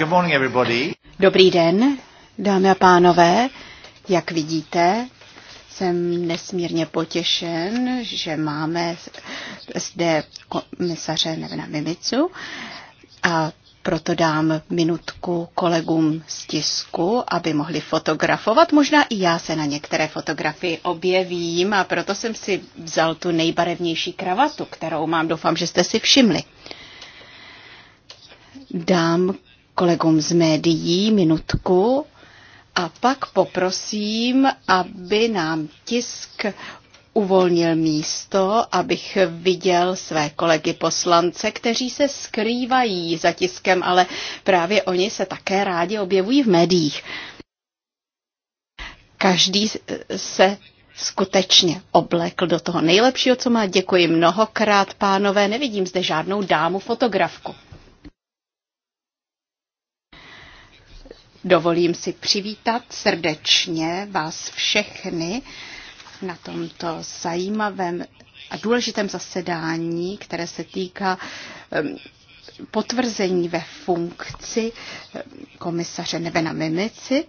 Uh, Dobrý den, dámy a pánové. Jak vidíte, jsem nesmírně potěšen, že máme zde komisaře Nevena Mimicu a proto dám minutku kolegům z tisku, aby mohli fotografovat. Možná i já se na některé fotografii objevím a proto jsem si vzal tu nejbarevnější kravatu, kterou mám. Doufám, že jste si všimli. Dám kolegům z médií minutku a pak poprosím, aby nám tisk uvolnil místo, abych viděl své kolegy poslance, kteří se skrývají za tiskem, ale právě oni se také rádi objevují v médiích. Každý se skutečně oblekl do toho nejlepšího, co má. Děkuji mnohokrát, pánové. Nevidím zde žádnou dámu fotografku. Dovolím si přivítat srdečně vás všechny na tomto zajímavém a důležitém zasedání, které se týká potvrzení ve funkci komisaře nebena Mimici.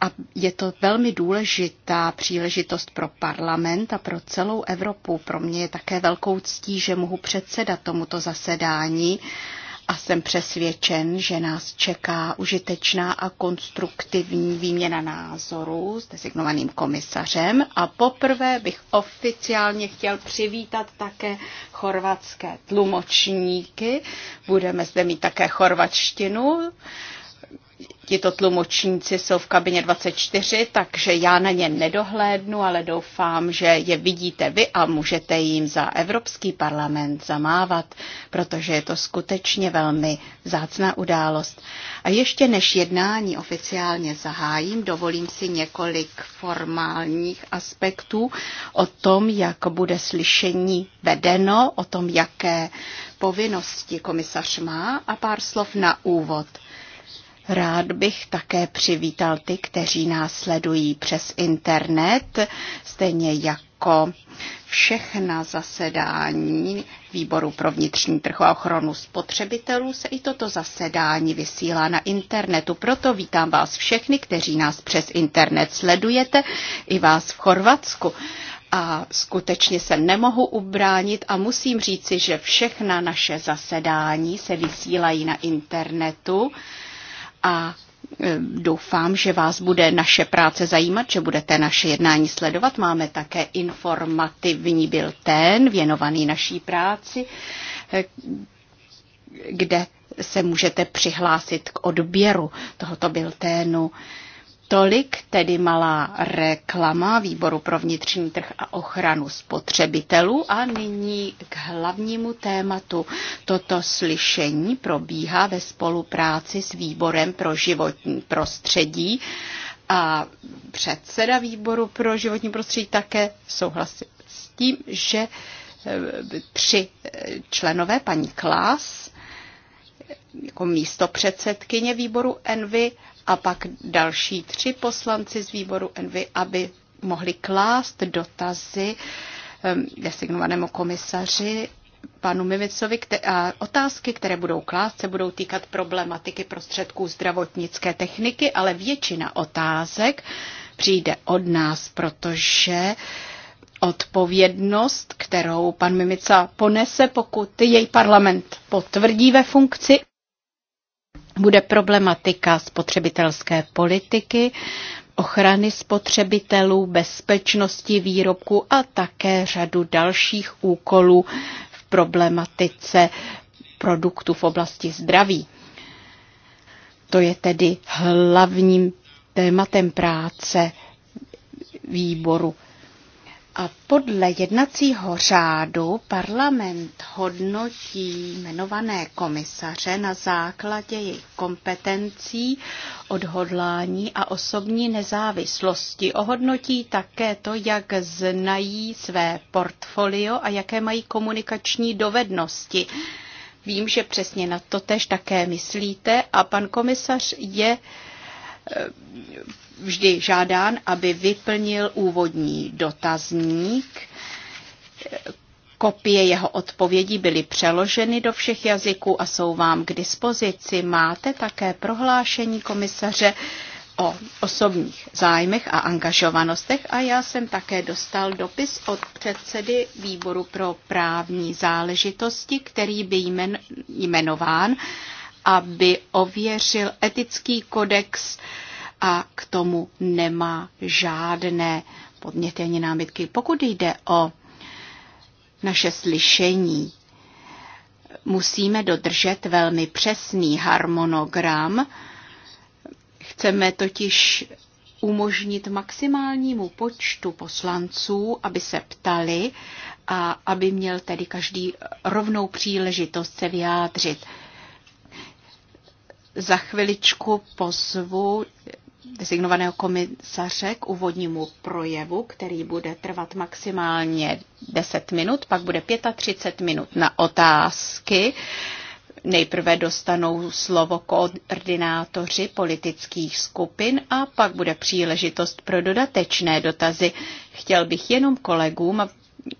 A je to velmi důležitá příležitost pro parlament a pro celou Evropu. Pro mě je také velkou ctí, že mohu předsedat tomuto zasedání a jsem přesvědčen, že nás čeká užitečná a konstruktivní výměna názorů s designovaným komisařem a poprvé bych oficiálně chtěl přivítat také chorvatské tlumočníky. Budeme zde mít také chorvatštinu Tito tlumočníci jsou v kabině 24, takže já na ně nedohlédnu, ale doufám, že je vidíte vy a můžete jim za Evropský parlament zamávat, protože je to skutečně velmi zácná událost. A ještě než jednání oficiálně zahájím, dovolím si několik formálních aspektů o tom, jak bude slyšení vedeno, o tom, jaké povinnosti komisař má a pár slov na úvod – Rád bych také přivítal ty, kteří nás sledují přes internet, stejně jako všechna zasedání Výboru pro vnitřní trhu a ochranu spotřebitelů se i toto zasedání vysílá na internetu. Proto vítám vás všechny, kteří nás přes internet sledujete, i vás v Chorvatsku. A skutečně se nemohu ubránit a musím říci, že všechna naše zasedání se vysílají na internetu a e, Doufám, že vás bude naše práce zajímat, že budete naše jednání sledovat. Máme také informativní bilten věnovaný naší práci, e, kde se můžete přihlásit k odběru tohoto bilténu. Tolik tedy malá reklama výboru pro vnitřní trh a ochranu spotřebitelů. A nyní k hlavnímu tématu. Toto slyšení probíhá ve spolupráci s výborem pro životní prostředí a předseda výboru pro životní prostředí také souhlasí s tím, že eh, tři eh, členové, paní Klás, jako místo předsedkyně výboru Envy a pak další tři poslanci z výboru Envy, aby mohli klást dotazy ehm, designovanému komisaři panu Mimicovi a otázky, které budou klást, se budou týkat problematiky prostředků zdravotnické techniky, ale většina otázek přijde od nás, protože uh, odpovědnost, kterou pan Mimica ponese, pokud jej parlament potvrdí ve funkci, bude problematika spotřebitelské politiky, ochrany spotřebitelů, bezpečnosti výrobku a také řadu dalších úkolů v problematice produktů v oblasti zdraví. To je tedy hlavním tématem práce výboru a podle jednacího řádu parlament hodnotí jmenované komisaře na základě jejich kompetencí, odhodlání a osobní nezávislosti. Ohodnotí také to, jak znají své portfolio a jaké mají komunikační dovednosti. Vím, že přesně na to tež také myslíte a pan komisař je vždy žádán, aby vyplnil úvodní dotazník. Kopie jeho odpovědí byly přeloženy do všech jazyků a jsou vám k dispozici. Máte také prohlášení komisaře o osobních zájmech a angažovanostech a já jsem také dostal dopis od předsedy výboru pro právní záležitosti, který by jmen, jmenován aby ověřil etický kodex a k tomu nemá žádné podněty ani námitky. Pokud jde o naše slyšení, musíme dodržet velmi přesný harmonogram. Chceme totiž umožnit maximálnímu počtu poslanců, aby se ptali a aby měl tedy každý rovnou příležitost se vyjádřit. Za chviličku pozvu designovaného komisaře k úvodnímu projevu, který bude trvat maximálně 10 minut, pak bude 35 minut na otázky. Nejprve dostanou slovo koordinátoři politických skupin a pak bude příležitost pro dodatečné dotazy. Chtěl bych jenom kolegům a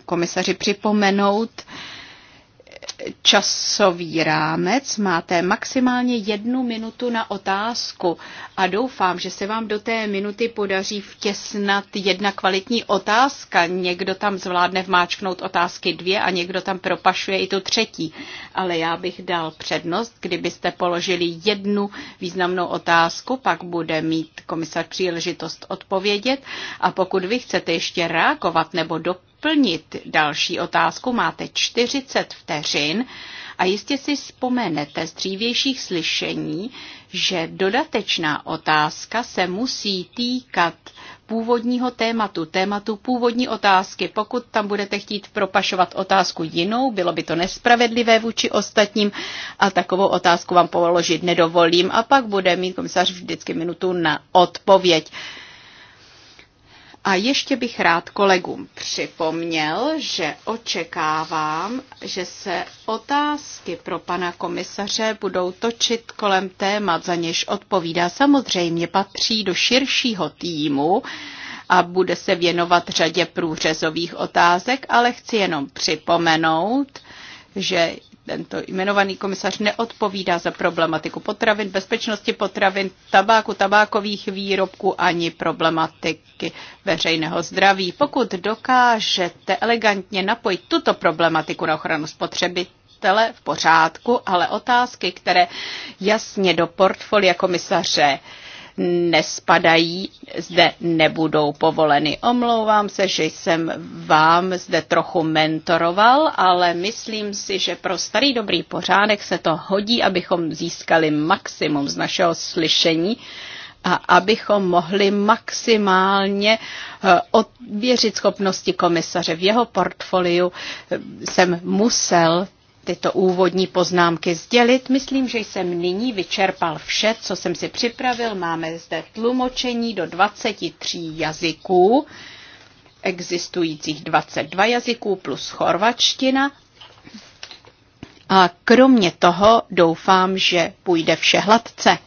komisaři připomenout, časový rámec. Máte maximálně jednu minutu na otázku a doufám, že se vám do té minuty podaří vtěsnat jedna kvalitní otázka. Někdo tam zvládne vmáčknout otázky dvě a někdo tam propašuje i tu třetí. Ale já bych dal přednost, kdybyste položili jednu významnou otázku, pak bude mít komisar příležitost odpovědět a pokud vy chcete ještě reagovat nebo doplnit, doplnit další otázku. Máte 40 vteřin a jistě si vzpomenete z dřívějších slyšení, že dodatečná otázka se musí týkat původního tématu, tématu původní otázky. Pokud tam budete chtít propašovat otázku jinou, bylo by to nespravedlivé vůči ostatním a takovou otázku vám položit nedovolím a pak bude mít komisař vždycky minutu na odpověď. A ještě bych rád kolegům připomněl, že očekávám, že se otázky pro pana komisaře budou točit kolem témat, za něž odpovídá. Samozřejmě patří do širšího týmu a bude se věnovat řadě průřezových otázek, ale chci jenom připomenout, že tento jmenovaný komisař neodpovídá za problematiku potravin, bezpečnosti potravin, tabáku, tabákových výrobků ani problematiky veřejného zdraví. Pokud dokážete elegantně napojit tuto problematiku na ochranu spotřeby, v pořádku, ale otázky, které jasně do portfolia komisaře nespadají, zde nebudou povoleny. Omlouvám se, že jsem vám zde trochu mentoroval, ale myslím si, že pro starý dobrý pořádek se to hodí, abychom získali maximum z našeho slyšení a abychom mohli maximálně eh, odvěřit schopnosti komisaře. V jeho portfoliu eh, jsem musel tyto úvodní poznámky sdělit. Myslím, že jsem nyní vyčerpal vše, co jsem si připravil. Máme zde tlumočení do 23 jazyků, existujících 22 jazyků plus chorvačtina. A kromě toho doufám, že půjde vše hladce.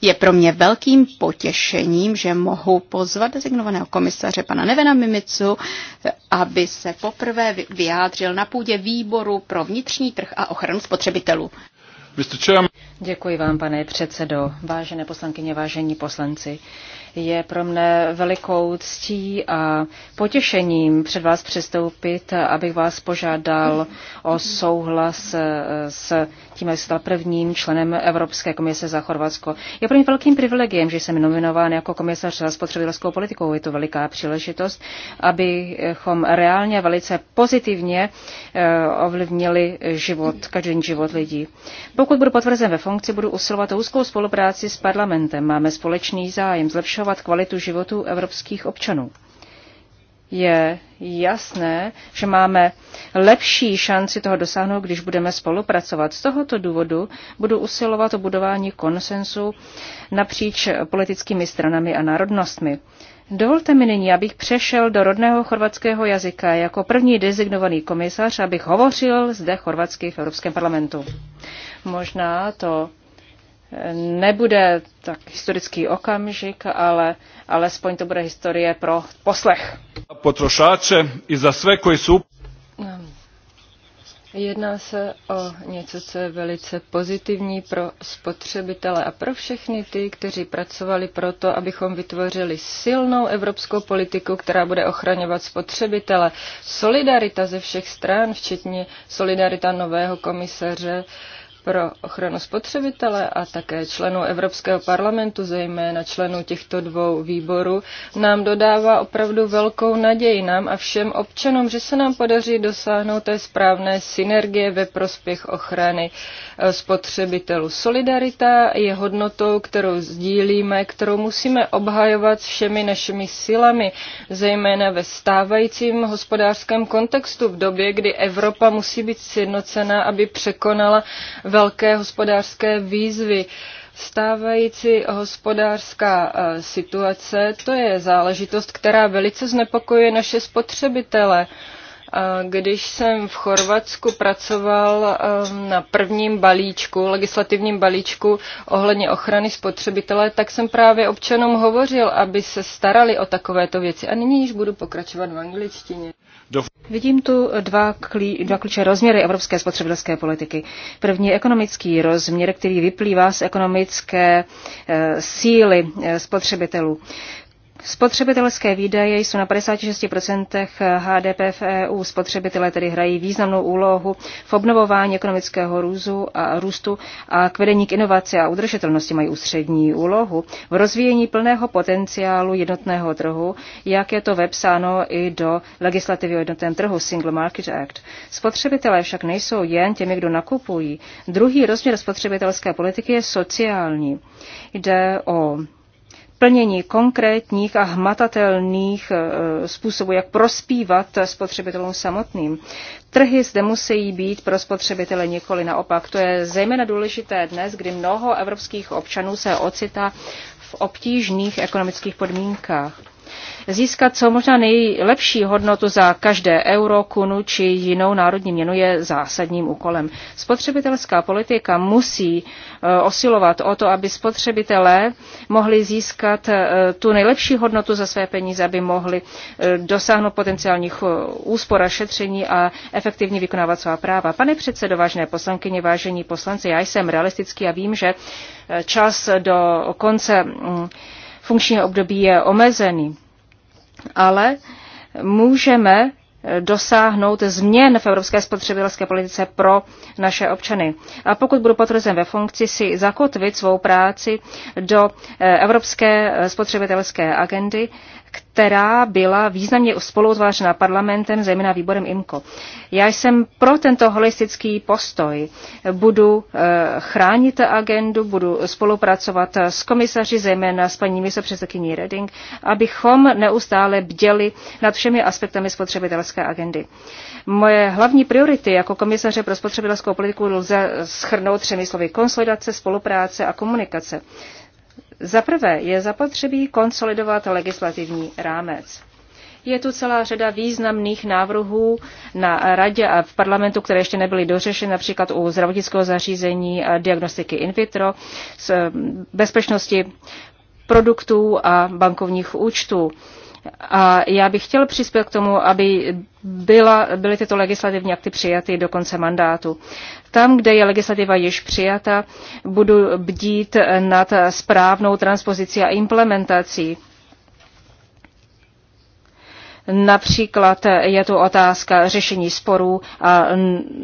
Je pro mě velkým potěšením, že mohu pozvat designovaného komisaře pana Nevena Mimicu, aby se poprvé vyjádřil na půdě výboru pro vnitřní trh a ochranu spotřebitelů. Děkuji vám, pane předsedo, vážené poslankyně, vážení poslanci. Je pro mne velikou ctí a potěšením před vás přestoupit, abych vás požádal o souhlas eh, s tím, jak stal prvním členem Evropské komise za Chorvatsko. Je pro mě velkým privilegiem, že jsem nominován jako komisař za spotřebitelskou politikou. Je to veliká příležitost, abychom reálně velice pozitivně eh, ovlivnili život, každý život lidí. Pokud budu potvrzen ve funkci, budu usilovat o úzkou spolupráci s parlamentem. Máme společný zájem zlepšovat zlepšovat kvalitu životů evropských občanů. Je jasné, že máme lepší šanci toho dosáhnout, když budeme spolupracovat. Z tohoto důvodu budu usilovat o budování konsensu napříč politickými stranami a národnostmi. Dovolte mi nyní, abych přešel do rodného chorvatského jazyka jako první designovaný komisař, abych hovořil zde chorvatsky v Evropském parlamentu. Možná to nebude tak historický okamžik, ale alespoň to bude historie pro poslech. Potrošáče i za své, koji jsou... Jedná se o něco, co je velice pozitivní pro spotřebitele a pro všechny ty, kteří pracovali pro to, abychom vytvořili silnou evropskou politiku, která bude ochraňovat spotřebitele. Solidarita ze všech stran, včetně solidarita nového komisaře, eh, pro ochranu spotřebitele a také členů Evropského parlamentu, zejména členů těchto dvou výborů, nám dodává opravdu velkou naději nám a všem občanům, že se nám podaří dosáhnout té správné synergie ve prospěch ochrany eh, spotřebitelů. Solidarita je hodnotou, kterou sdílíme, kterou musíme obhajovat všemi našimi silami, zejména ve stávajícím hospodářském kontextu v době, kdy Evropa musí být sjednocená, aby překonala velké velké hospodářské výzvy. Stávající hospodářská e, situace, to je záležitost, která velice znepokojuje naše spotřebitele. Když jsem v Chorvatsku pracoval ehm, na prvním balíčku, legislativním balíčku ohledně ochrany spotřebitele, tak jsem právě občanům hovořil, aby se starali o takovéto věci. A nyní již budu pokračovat v angličtině. Do... Vidím tu dva, klí, dva klíče rozměry evropské spotřebitelské politiky. První je ekonomický rozměr, který vyplývá z ekonomické e, síly e, spotřebitelů. Spotřebitelské výdaje jsou na 56% HDP v EU. Spotřebitelé tedy hrají významnou úlohu v obnovování ekonomického růzu a růstu a k vedení k inovaci a udržitelnosti mají ústřední úlohu v rozvíjení plného potenciálu jednotného trhu, jak je to vepsáno i do legislativy o jednotném trhu Single Market Act. Spotřebitelé však nejsou jen těmi, kdo nakupují. Druhý rozměr spotřebitelské politiky je sociální. Jde o plnění konkrétních a hmatatelných e, způsobů, jak prospívat spotřebitelům samotným. Trhy zde musí být pro spotřebitele nikoli naopak. To je zejména důležité dnes, kdy mnoho evropských občanů se ocitá v obtížných ekonomických podmínkách. Získat co možná nejlepší hodnotu za každé euro, kunu či jinou národní měnu je zásadním úkolem. Spotřebitelská politika musí e, osilovat o to, aby spotřebitelé mohli získat e, tu nejlepší hodnotu za své peníze, aby mohli e, dosáhnout potenciálních úspor a šetření a efektivně vykonávat svá práva. Pane předsedo, vážné poslankyně, vážení poslanci, já jsem realistický a vím, že čas do konce mm, funkčního období je omezený. Ale můžeme dosáhnout změn v evropské spotřebitelské politice pro naše občany. A pokud budu potvrzen ve funkci, si zakotvit svou práci do eh, evropské spotřebitelské agendy která byla významně spolutvářena parlamentem, zejména výborem IMCO. Já jsem pro tento holistický postoj. Budu eh, chránit agendu, budu spolupracovat s komisaři, zejména s paní místopředsedkyní Reding, abychom neustále bděli nad všemi aspektami spotřebitelské agendy. Moje hlavní priority jako komisaře pro spotřebitelskou politiku lze schrnout třemi slovy konsolidace, spolupráce a komunikace. Za prvé je zapotřebí konsolidovat legislativní rámec. Je tu celá řada významných návrhů na radě a v parlamentu, které ještě nebyly dořešeny, například u zdravotnického zařízení a diagnostiky in vitro, eh, bezpečnosti produktů a bankovních účtů. A já bych chtěl přispět k tomu, aby byla, byly tyto legislativní akty přijaty do konce mandátu. Tam, kde je legislativa již přijata, budu bdít nad správnou transpozicí a implementací. Například je tu otázka řešení sporů a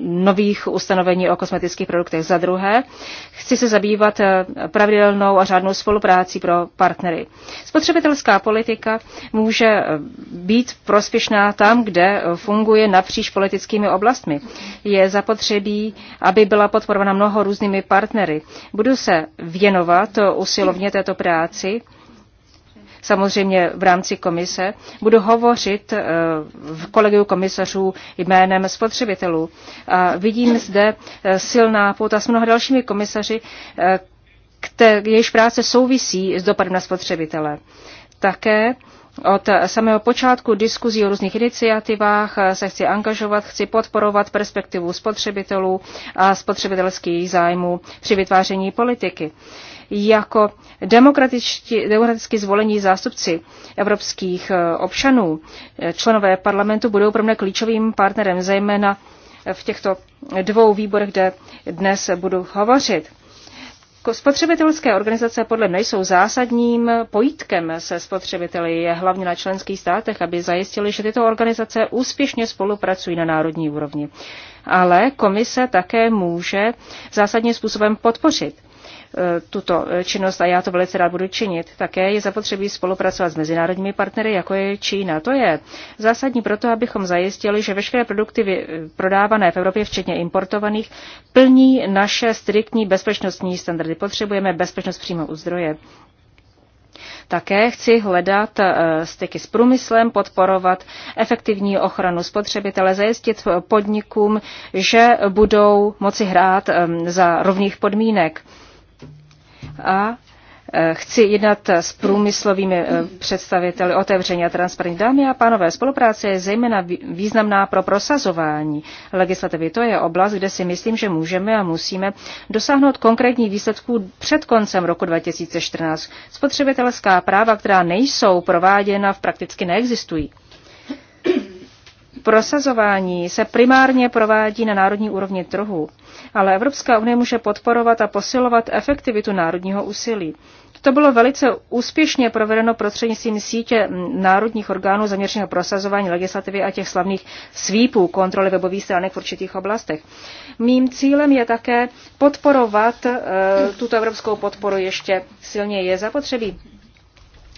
nových ustanovení o kosmetických produktech. Za druhé, chci se zabývat eh, pravidelnou a řádnou spoluprácí pro partnery. Spotřebitelská politika může eh, být prospěšná tam, kde funguje napříč politickými oblastmi. Je zapotřebí, aby byla podporována mnoho různými partnery. Budu se věnovat usilovně této práci samozřejmě v rámci komise. Budu hovořit eh, v kolegiu komisařů jménem spotřebitelů. A vidím zde eh, silná pouta s mnoha dalšími komisaři, eh, jejichž práce souvisí s dopadem na spotřebitele. Také od samého počátku diskuzí o různých iniciativách se chci angažovat, chci podporovat perspektivu spotřebitelů a spotřebitelských zájmů při vytváření politiky jako demokraticky zvolení zástupci evropských eh, občanů. Eh, členové parlamentu budou pro mě klíčovým partnerem, zejména v těchto dvou výborech, kde dnes budu hovořit. Spotřebitelské organizace podle mě jsou zásadním pojítkem se spotřebiteli, je hlavně na členských státech, aby zajistili, že tyto organizace úspěšně spolupracují na národní úrovni. Ale komise také může zásadním způsobem podpořit tuto činnost a já to velice rád budu činit. Také je zapotřebí spolupracovat s mezinárodními partnery, jako je Čína. To je zásadní proto, abychom zajistili, že veškeré produkty prodávané v Evropě, včetně importovaných, plní naše striktní bezpečnostní standardy. Potřebujeme bezpečnost přímo u zdroje. Také chci hledat eh, styky s průmyslem, podporovat efektivní ochranu spotřebitele, zajistit podnikům, že budou moci hrát eh, za rovných podmínek a e, chci jednat s průmyslovými e, představiteli otevřeně a transparentně. Dámy a pánové, spolupráce je zejména významná pro prosazování legislativy. To je oblast, kde si myslím, že můžeme a musíme dosáhnout konkrétních výsledků před koncem roku 2014. Spotřebitelská práva, která nejsou prováděna, v prakticky neexistují. Prosazování se primárně provádí na národní úrovni trhu ale Evropská unie může podporovat a posilovat efektivitu národního úsilí. To bylo velice úspěšně provedeno prostřednictvím sítě národních orgánů zaměřeného prosazování legislativy a těch slavných svípů kontroly webových stránek v určitých oblastech. Mým cílem je také podporovat e, tuto evropskou podporu ještě silněji. Je zapotřebí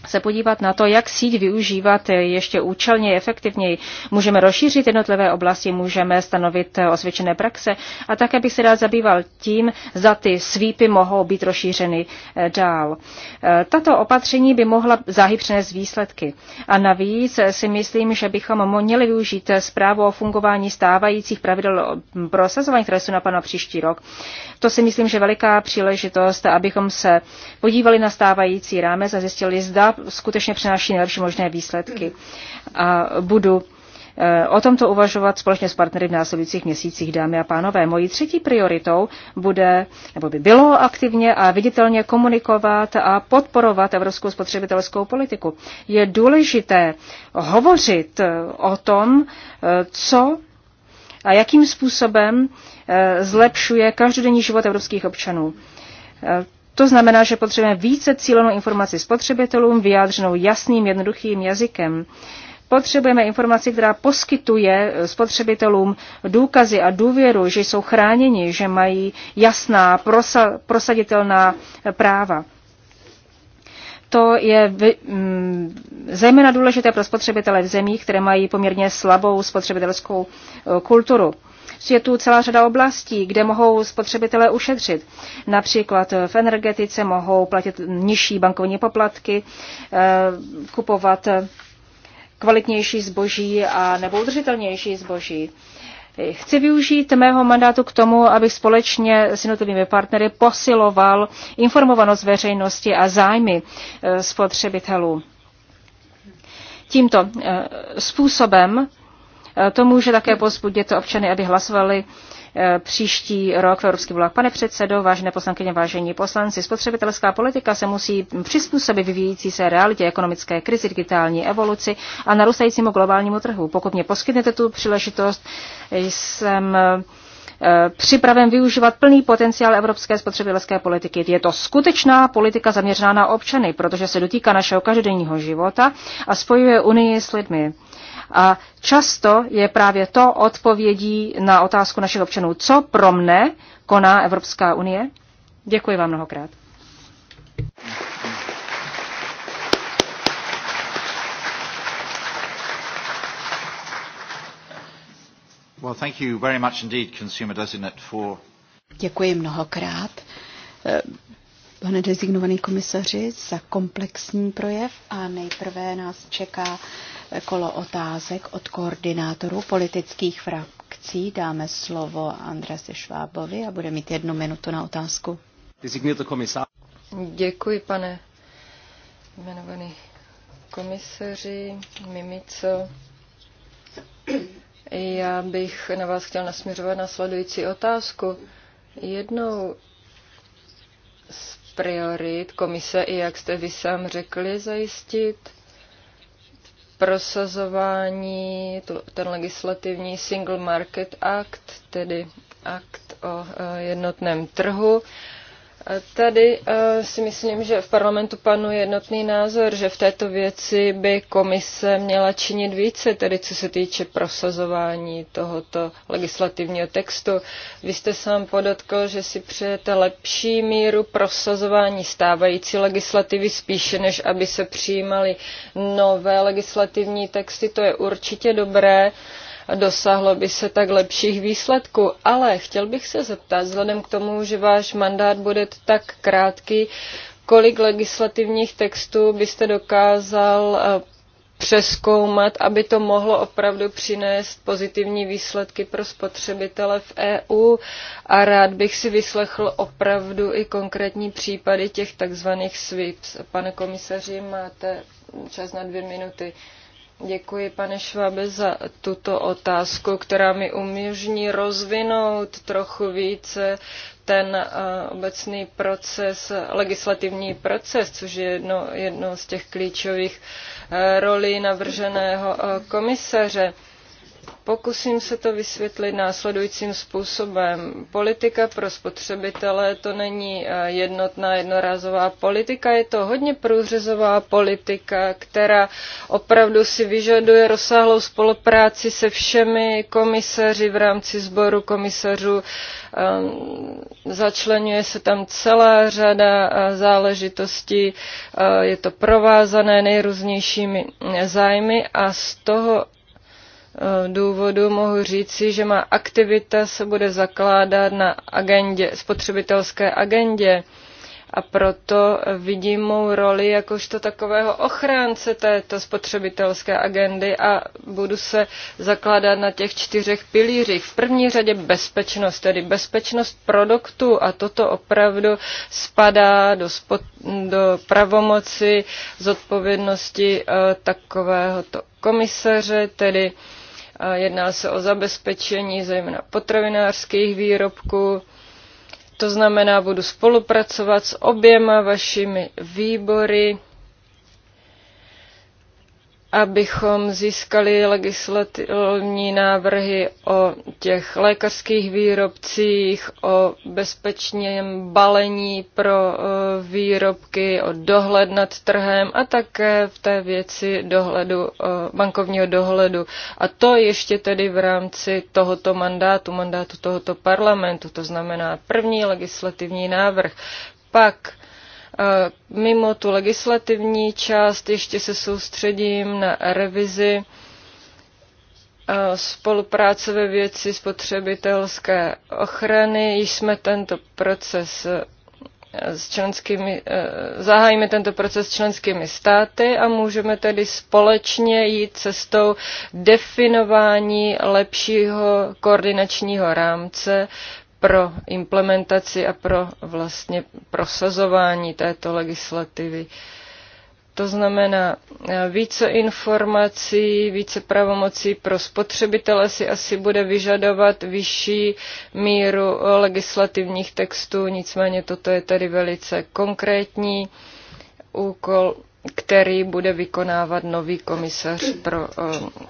se podívat na to, jak síť využívat ještě účelně, efektivněji. Můžeme rozšířit jednotlivé oblasti, můžeme stanovit osvědčené praxe a také bych se rád zabýval tím, za ty svípy mohou být rozšířeny eh, dál. Eh, tato opatření by mohla záhy přinést výsledky. A navíc eh, si myslím, že bychom měli využít zprávu o fungování stávajících pravidel mm, prosazování, které jsou na pana příští rok. To si myslím, že veliká příležitost, abychom se podívali na stávající rámec a zjistili, zda skutečně přináší nejlepší možné výsledky. A budu eh, O tomto uvažovat společně s partnery v následujících měsících, dámy a pánové. Mojí třetí prioritou bude, nebo by bylo aktivně a viditelně komunikovat a podporovat evropskou spotřebitelskou politiku. Je důležité hovořit eh, o tom, eh, co a jakým způsobem eh, zlepšuje každodenní život evropských občanů. Eh, to znamená, že potřebujeme více cílenou informaci spotřebitelům, vyjádřenou jasným, jednoduchým jazykem. Potřebujeme informaci, která poskytuje eh, spotřebitelům důkazy a důvěru, že jsou chráněni, že mají jasná, prosaditelná práva. To je mm, zejména důležité pro spotřebitele v zemích, které mají poměrně slabou spotřebitelskou eh, kulturu. Je tu celá řada oblastí, kde mohou spotřebitelé ušetřit. Například eh, v energetice mohou platit nižší bankovní poplatky, eh, kupovat kvalitnější zboží a nebo udržitelnější zboží. Chci využít mého mandátu k tomu, abych společně s jednotlivými partnery posiloval informovanost veřejnosti a zájmy e, spotřebitelů. Tímto e, způsobem e, to může také pozbudit občany, aby hlasovali Eh, příští rok v Evropských volbách. Pane předsedo, vážené poslankyně, vážení poslanci, spotřebitelská politika se musí přizpůsobit vyvíjící se realitě ekonomické krizi, digitální evoluci a narůstajícímu globálnímu trhu. Pokud mě poskytnete tu příležitost, jsem eh, připraven využívat plný potenciál evropské spotřebitelské politiky. Je to skutečná politika zaměřená na občany, protože se dotýká našeho každodenního života a spojuje Unii s lidmi. A často je právě to odpovědí na otázku našich občanů, co pro mne koná Evropská unie. Děkuji vám mnohokrát. Well, thank you very much indeed, Consumer Designate, for... Děkuji mnohokrát, eh, pane designovaný komisaři, za komplexní projev a nejprve nás čeká kolo otázek od koordinátorů politických frakcí. Dáme slovo Andrasi Švábovi a bude mít jednu minutu na otázku. Děkuji, pane jmenovaný komisaři Mimico. Já bych na vás chtěl nasměřovat následující otázku. Jednou z priorit komise, i jak jste vy sám řekli, zajistit prosazování, to, ten legislativní Single Market Act, tedy akt o eh, jednotném trhu Tady eh, si myslím, že v parlamentu panuje jednotný názor, že v této věci by komise měla činit více, tedy co se týče prosazování tohoto legislativního textu. Vy jste sám podotkl, že si přejete lepší míru prosazování stávající legislativy spíše, než aby se přijímaly nové legislativní texty. To je určitě dobré. Uh, dosáhlo by se tak lepších výsledků. Ale chtěl bych se zeptat, vzhledem k tomu, že váš mandát bude tak krátký, kolik legislativních textů byste dokázal eh, přeskoumat, aby to mohlo opravdu přinést pozitivní výsledky pro spotřebitele v EU a rád bych si vyslechl opravdu i konkrétní případy těch takzvaných SWIPs. Pane komisaři, máte čas na dvě minuty. Uh, Děkuji, pane Švabe, za tuto otázku, která mi umožní rozvinout trochu více ten eh, obecný proces, legislativní proces, což je jedno, jedno z těch klíčových eh, rolí navrženého eh, komisaře. Pokusím se to vysvětlit následujícím způsobem. Politika pro spotřebitele to není eh, jednotná jednorázová politika, je to hodně průřezová politika, která opravdu si vyžaduje rozsáhlou spolupráci se všemi komisaři v rámci sboru komisařů. Ehm, začlenuje se tam celá řada eh, záležitostí, eh, je to provázané nejrůznějšími zájmy a z toho Eh, důvodu mohu říci, že má aktivita se bude zakládat na agendě, spotřebitelské agendě. A proto vidím mou roli jakožto takového ochránce této spotřebitelské agendy a budu se zakládat na těch čtyřech pilířích. V první řadě bezpečnost, tedy bezpečnost produktu a toto opravdu spadá do, spot, do pravomoci zodpovědnosti uh, takovéhoto komisaře, tedy uh, jedná se o zabezpečení zejména potravinářských výrobků. To znamená, budu spolupracovat s oběma vašimi výbory abychom získali legislativní návrhy o těch lékařských výrobcích, o bezpečném balení pro e, výrobky, o dohled nad trhem a také v té věci dohledu, e, bankovního dohledu. A to ještě tedy v rámci tohoto mandátu, mandátu tohoto parlamentu, to znamená první legislativní návrh. Pak Eh, mimo tu legislativní část ještě se soustředím na revizi eh, spolupráce ve věci spotřebitelské ochrany. Již jsme tento proces eh, s členskými, zahájíme tento proces s členskými státy a můžeme tedy společně jít cestou definování lepšího koordinačního rámce pro implementaci a pro vlastně prosazování této legislativy. To znamená více informací, více pravomocí pro spotřebitele si asi bude vyžadovat vyšší míru legislativních textů, nicméně toto je tady velice konkrétní úkol, který bude vykonávat nový komisař pro eh,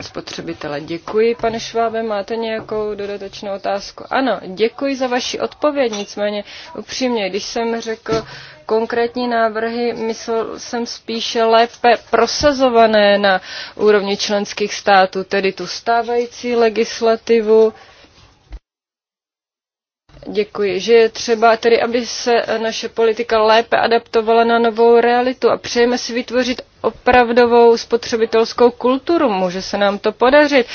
spotřebitele. Děkuji, pane Švábe, máte nějakou dodatečnou otázku? Ano, děkuji za vaši odpověď, nicméně upřímně, když jsem řekl konkrétní návrhy, myslel jsem spíše lépe prosazované na úrovni členských států, tedy tu stávající legislativu, Děkuji, že je třeba tedy, aby se naše politika lépe adaptovala na novou realitu a přejeme si vytvořit opravdovou spotřebitelskou kulturu. Může se nám to podařit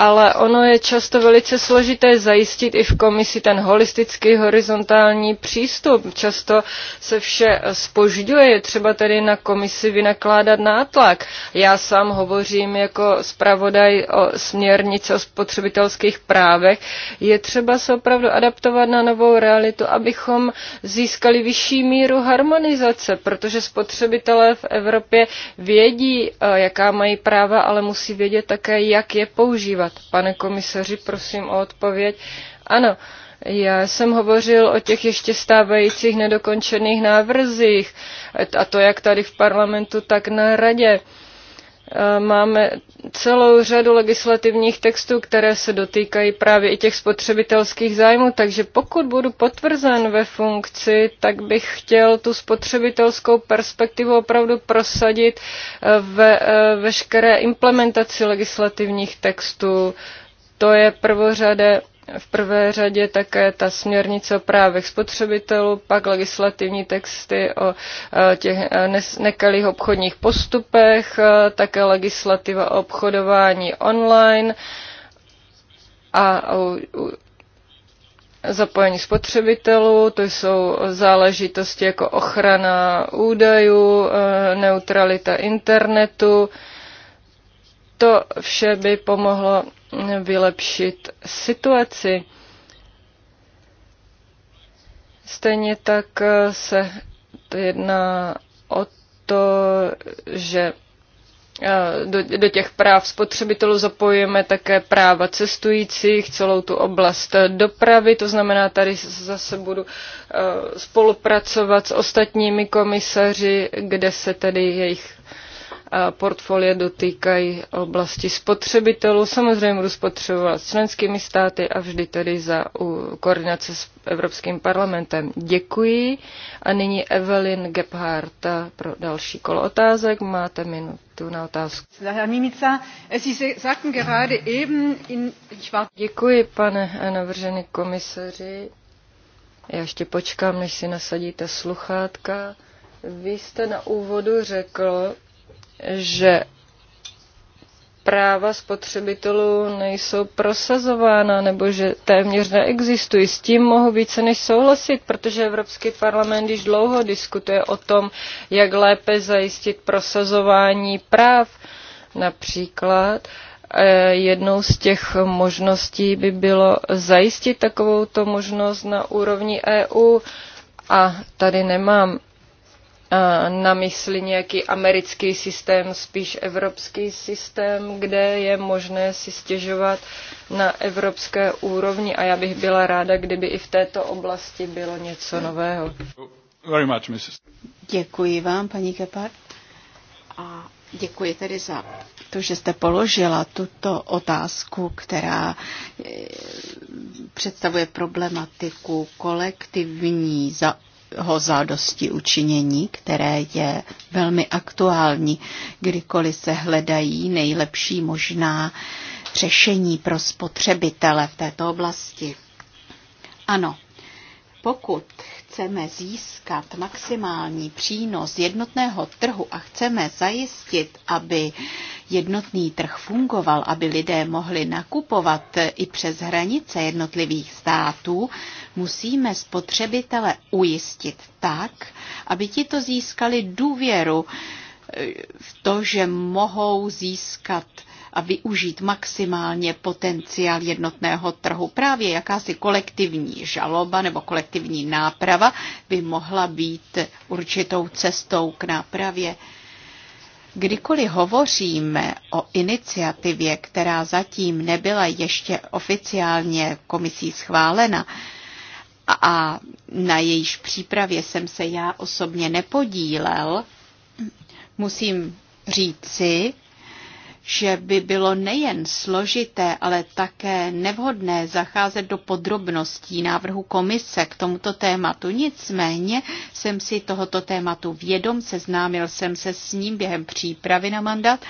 ale ono je často velice složité zajistit i v komisi ten holistický horizontální přístup. Často se vše spožďuje, je třeba tedy na komisi vynakládat nátlak. Já sám hovořím jako zpravodaj o směrnici o spotřebitelských právech. Je třeba se opravdu adaptovat na novou realitu, abychom získali vyšší míru harmonizace, protože spotřebitelé v Evropě vědí, eh, jaká mají práva, ale musí vědět také, jak je používat stát. Pane komisaři, prosím o odpověď. Ano, já jsem hovořil o těch ještě stávajících nedokončených návrzích, a to jak tady v parlamentu, tak na radě. Eh, máme celou řadu legislativních textů, které se dotýkají právě i těch spotřebitelských zájmů, takže pokud budu potvrzen ve funkci, tak bych chtěl tu spotřebitelskou perspektivu opravdu prosadit eh, ve eh, veškeré implementaci legislativních textů. To je prvořadé v prvé řadě také ta směrnice o právech spotřebitelů, pak legislativní texty o e, těch e, nekalých obchodních postupech, e, také legislativa o obchodování online a o zapojení spotřebitelů, to jsou záležitosti jako ochrana údajů, neutralita internetu. To vše by pomohlo vylepšit situaci. Stejně tak eh, se jedná o to, že eh, do, do těch práv spotřebitelů zapojujeme také práva cestujících, celou tu oblast dopravy, to znamená, tady zase budu eh, spolupracovat s ostatními komisaři, kde se tedy jejich portfolie dotýkají oblasti spotřebitelů. Samozřejmě budu spotřebovat s členskými státy a vždy tedy za koordinace s Evropským parlamentem. Děkuji. A nyní Evelyn Gebhardt pro další kolo otázek. Máte minutu na otázku. Děkuji, pane navržený komisaři. Já ještě počkám, než si nasadíte sluchátka. Vy jste na úvodu řekl, že práva spotřebitelů nejsou prosazována nebo že téměř neexistují. S tím mohu více než souhlasit, protože Evropský parlament již dlouho diskutuje o tom, jak lépe zajistit prosazování práv. Například eh, jednou z těch možností by bylo zajistit takovouto možnost na úrovni EU a tady nemám na mysli nějaký americký systém, spíš evropský systém, kde je možné si stěžovat na evropské úrovni a já bych byla ráda, kdyby i v této oblasti bylo něco nového. Děkuji vám, paní Gepard. A děkuji tedy za to, že jste položila tuto otázku, která eh, představuje problematiku kolektivní za jeho zádosti učinění, které je velmi aktuální, kdykoliv se hledají nejlepší možná řešení pro spotřebitele v této oblasti. Ano, pokud chceme získat maximální přínos jednotného trhu a chceme zajistit, aby jednotný trh fungoval, aby lidé mohli nakupovat i přes hranice jednotlivých států, musíme spotřebitele ujistit tak, aby ti to získali důvěru eh, v to, že mohou získat a využít maximálně potenciál jednotného trhu. Právě jakási kolektivní žaloba nebo kolektivní náprava by mohla být určitou cestou k nápravě. Kdykoliv hovoříme o iniciativě, která zatím nebyla ještě oficiálně komisí schválena, a na jejíž přípravě jsem se já osobně nepodílel, musím říci, že by bylo nejen složité, ale také nevhodné zacházet do podrobností návrhu komise k tomuto tématu. Nicméně jsem si tohoto tématu vědom, seznámil jsem se s ním během přípravy na mandát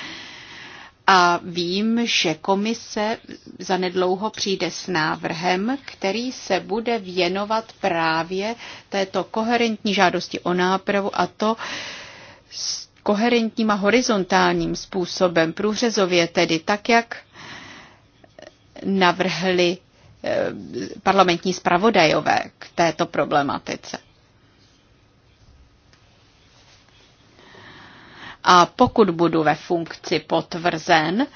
a vím, že komise zanedlouho přijde s návrhem, který se bude věnovat právě této koherentní žádosti o nápravu a to z koherentním a horizontálním způsobem, průřezově tedy tak, jak navrhli eh, parlamentní zpravodajové k této problematice. A pokud budu ve funkci potvrzen,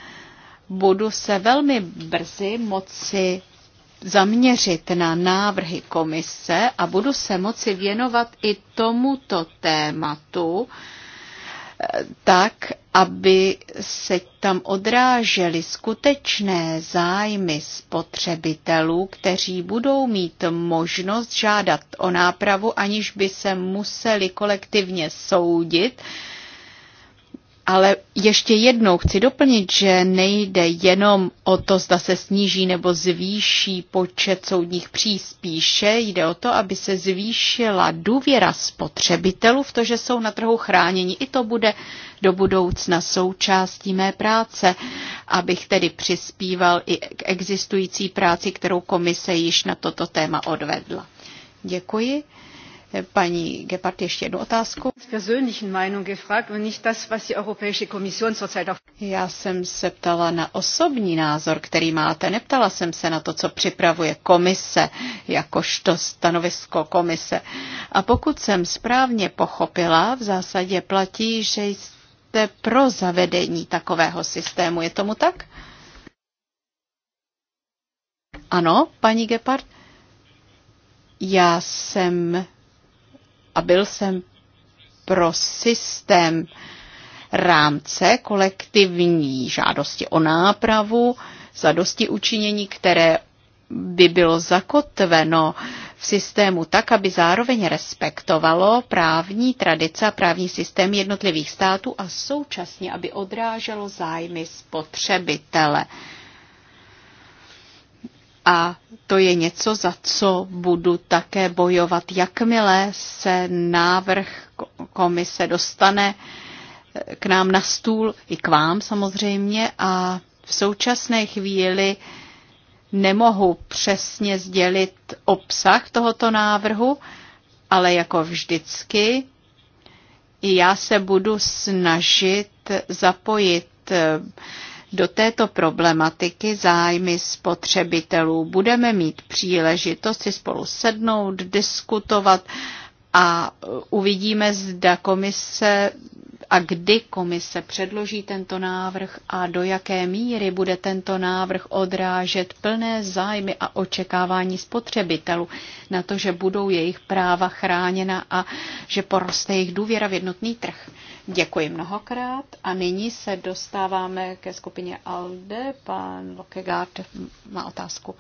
budu se velmi brzy moci zaměřit na návrhy komise a budu se moci věnovat i tomuto tématu, tak, aby se tam odrážely skutečné zájmy spotřebitelů, kteří budou mít možnost žádat o nápravu, aniž by se museli kolektivně soudit, ale ještě jednou chci doplnit, že nejde jenom o to, zda se sníží nebo zvýší počet soudních příspíše, jde o to, aby se zvýšila důvěra spotřebitelů v to, že jsou na trhu chráněni. I to bude do budoucna součástí mé práce, abych tedy přispíval i k existující práci, kterou komise již na toto téma odvedla. Děkuji. Paní Gepard, ještě jednu otázku. Já jsem se ptala na osobní názor, který máte. Neptala jsem se na to, co připravuje komise, jakožto stanovisko komise. A pokud jsem správně pochopila, v zásadě platí, že jste pro zavedení takového systému. Je tomu tak? Ano, paní Gepard? Já jsem a byl jsem pro systém rámce kolektivní žádosti o nápravu, zadosti učinění, které by bylo zakotveno v systému tak, aby zároveň respektovalo právní tradice a právní systém jednotlivých států a současně, aby odráželo zájmy spotřebitele. A to je něco, za co budu také bojovat, jakmile se návrh komise dostane eh, k nám na stůl, i k vám samozřejmě. A v současné chvíli nemohu přesně sdělit obsah tohoto návrhu, ale jako vždycky já se budu snažit zapojit eh, do této problematiky zájmy spotřebitelů. Budeme mít příležitost si spolu sednout, diskutovat a uvidíme, zda komise a kdy komise předloží tento návrh a do jaké míry bude tento návrh odrážet plné zájmy a očekávání spotřebitelů na to, že budou jejich práva chráněna a že poroste jejich důvěra v jednotný trh. Děkuji mnohokrát a nyní se dostáváme ke skupině ALDE. Pan Lokegaard má otázku.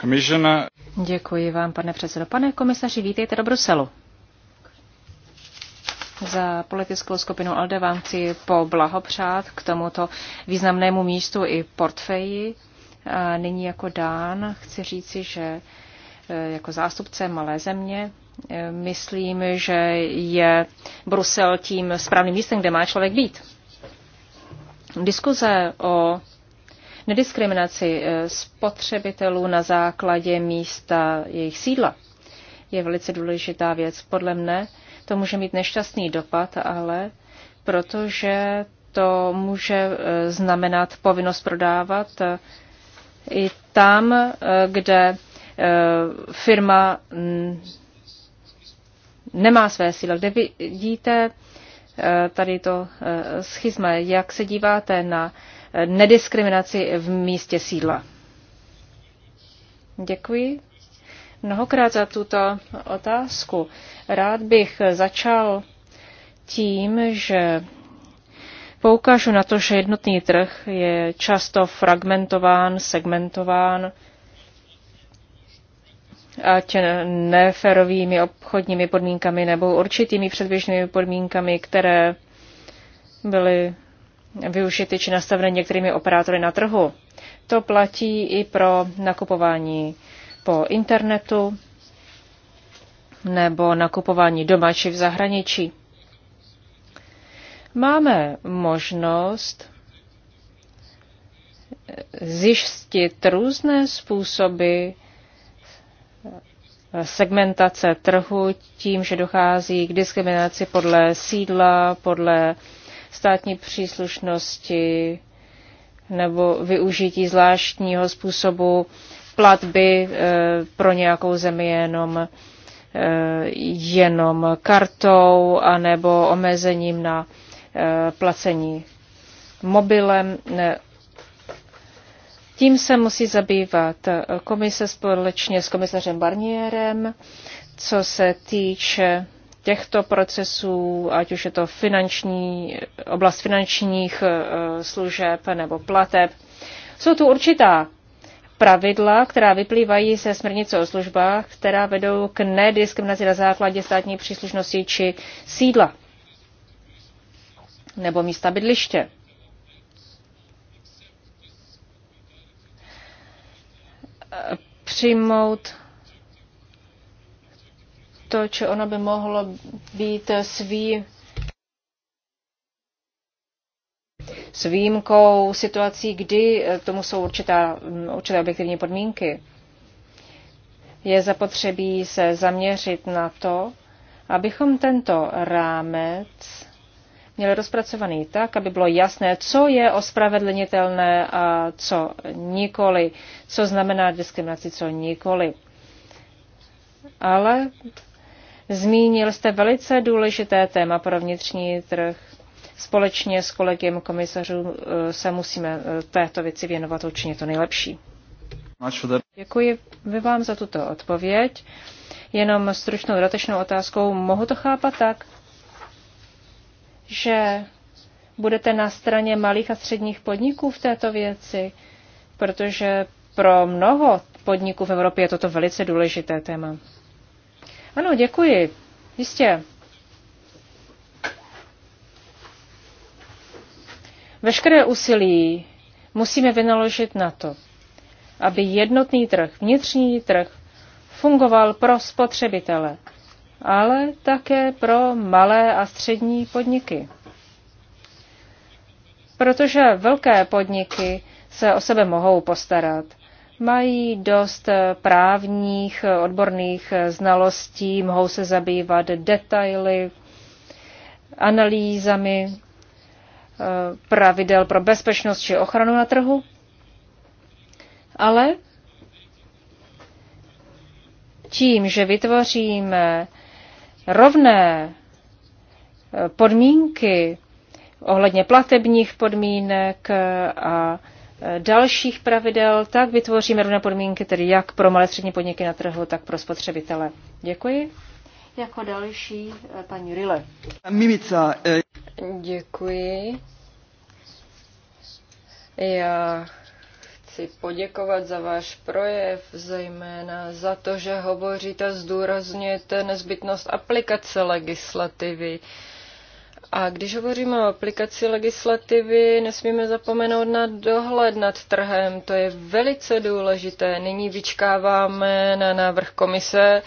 Commissioner. Děkuji vám, pane předsedo. Pane komisaři, vítejte do Bruselu. Za politickou skupinu ALDE vám chci poblahopřát k tomuto významnému místu i portfeji. A nyní jako dán chci říci, že e, jako zástupce malé země myslím, že je Brusel tím správným místem, kde má člověk být. Diskuze o nediskriminaci eh, spotřebitelů na základě místa jejich sídla je velice důležitá věc. Podle mne to může mít nešťastný dopad, ale protože to může eh, znamenat povinnost prodávat eh, i tam, kde firma mm, nemá své síly. Kde vidíte eh, tady to eh, schizma, jak se díváte na eh, nediskriminaci v místě sídla? Děkuji mnohokrát za tuto otázku. Rád bych začal tím, že poukážu na to, že jednotný trh je často fragmentován, segmentován, ať neférovými obchodními podmínkami nebo určitými předběžnými podmínkami, které byly využity či nastaveny některými operátory na trhu. To platí i pro nakupování po internetu nebo nakupování doma či v zahraničí. Máme možnost zjistit různé způsoby segmentace trhu tím, že dochází k diskriminaci podle sídla, podle státní příslušnosti nebo využití zvláštního způsobu platby eh, pro nějakou zemi jenom, eh, jenom kartou anebo omezením na eh, placení mobilem tím se musí zabývat eh, komise společně s komisařem Barnierem, co se týče těchto procesů, ať už je to finanční, oblast finančních eh, služeb nebo plateb. Jsou tu určitá pravidla, která vyplývají ze směrnice o službách, která vedou k nediskriminaci na základě státní příslušnosti či sídla nebo místa bydliště. přijmout to, co ono by mohlo být svý s výjimkou situací, kdy k tomu jsou určitá, určité objektivní podmínky. Je zapotřebí se zaměřit na to, abychom tento rámec měli rozpracovaný tak, aby bylo jasné, co je ospravedlnitelné a co nikoli, co znamená diskriminaci, co nikoli. Ale zmínil jste velice důležité téma pro vnitřní trh. Společně s kolegiem komisařů eh, se musíme eh, této věci věnovat určitě to nejlepší. Děkuji vám za tuto odpověď. Jenom stručnou dodatečnou otázkou. Mohu to chápat tak, že budete na straně malých a středních podniků v této věci? Protože pro mnoho podniků v Evropě je toto velice důležité téma. Ano, děkuji. Jistě. Veškeré úsilí musíme vynaložit na to, aby jednotný trh, vnitřní trh, fungoval pro spotřebitele, ale také pro malé a střední podniky. Protože velké podniky se o sebe mohou postarat. Mají dost právních, odborných znalostí, mohou se zabývat detaily, analýzami eh, pravidel pro bezpečnost či ochranu na trhu. Ale tím, že vytvoříme rovné eh, podmínky ohledně platebních podmínek a eh, dalších pravidel, tak vytvoříme rovné podmínky tedy jak pro malé střední podniky na trhu, tak pro spotřebitele. Děkuji. Jako další eh, paní Rille. Mimica. Děkuji. Já chci poděkovat za váš projev, zejména za to, že hovoříte, zdůrazňujete nezbytnost aplikace legislativy. A když hovoříme o aplikaci legislativy, nesmíme zapomenout na dohled nad trhem. To je velice důležité. Nyní vyčkáváme na návrh komise,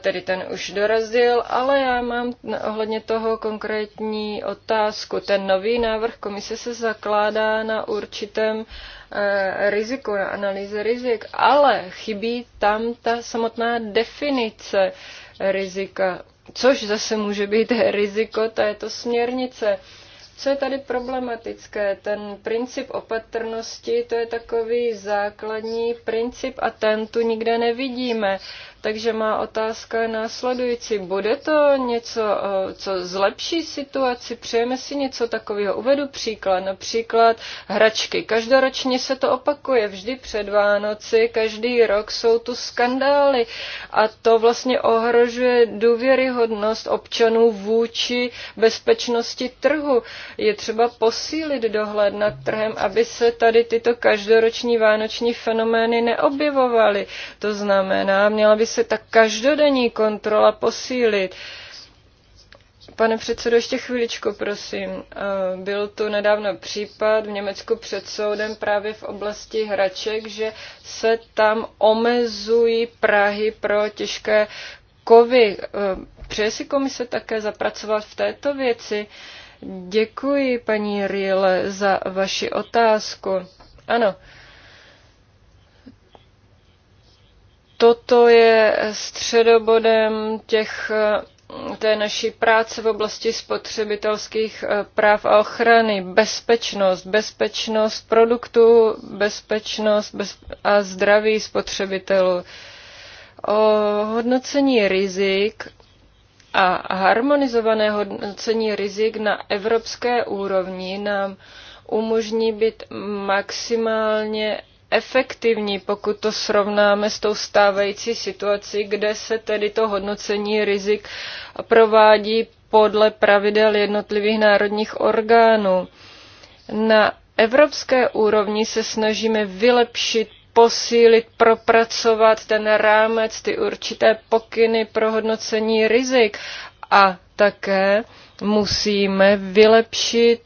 tedy ten už dorazil, ale já mám ohledně toho konkrétní otázku. Ten nový návrh komise se zakládá na určitém eh, riziku, na analýze rizik, ale chybí tam ta samotná definice rizika což zase může být riziko této směrnice. Co je tady problematické? Ten princip opatrnosti, to je takový základní princip a ten tu nikde nevidíme. Takže má otázka je následující. Bude to něco, eh, co zlepší situaci? Přejeme si něco takového? Uvedu příklad. Například hračky. Každoročně se to opakuje. Vždy před Vánoci, každý rok jsou tu skandály. A to vlastně ohrožuje důvěryhodnost občanů vůči bezpečnosti trhu. Je třeba posílit dohled nad trhem, aby se tady tyto každoroční vánoční fenomény neobjevovaly. To znamená, měla by se se ta každodenní kontrola posílit. Pane předsedo, ještě chviličku, prosím. Eh, byl tu nedávno případ v Německu před soudem právě v oblasti hraček, že se tam omezují Prahy pro těžké kovy. Eh, přeje si komise také zapracovat v této věci? Děkuji, paní Riele, za vaši otázku. Ano, toto je středobodem těch té naší práce v oblasti spotřebitelských eh, práv a ochrany, bezpečnost, bezpečnost produktů, bezpečnost bez, a zdraví spotřebitelů. O hodnocení rizik a harmonizované hodnocení rizik na evropské úrovni nám umožní být maximálně efektivní, pokud to srovnáme s tou stávající situací, kde se tedy to hodnocení rizik provádí podle pravidel jednotlivých národních orgánů. Na evropské úrovni se snažíme vylepšit posílit, propracovat ten rámec, ty určité pokyny pro hodnocení rizik a také musíme vylepšit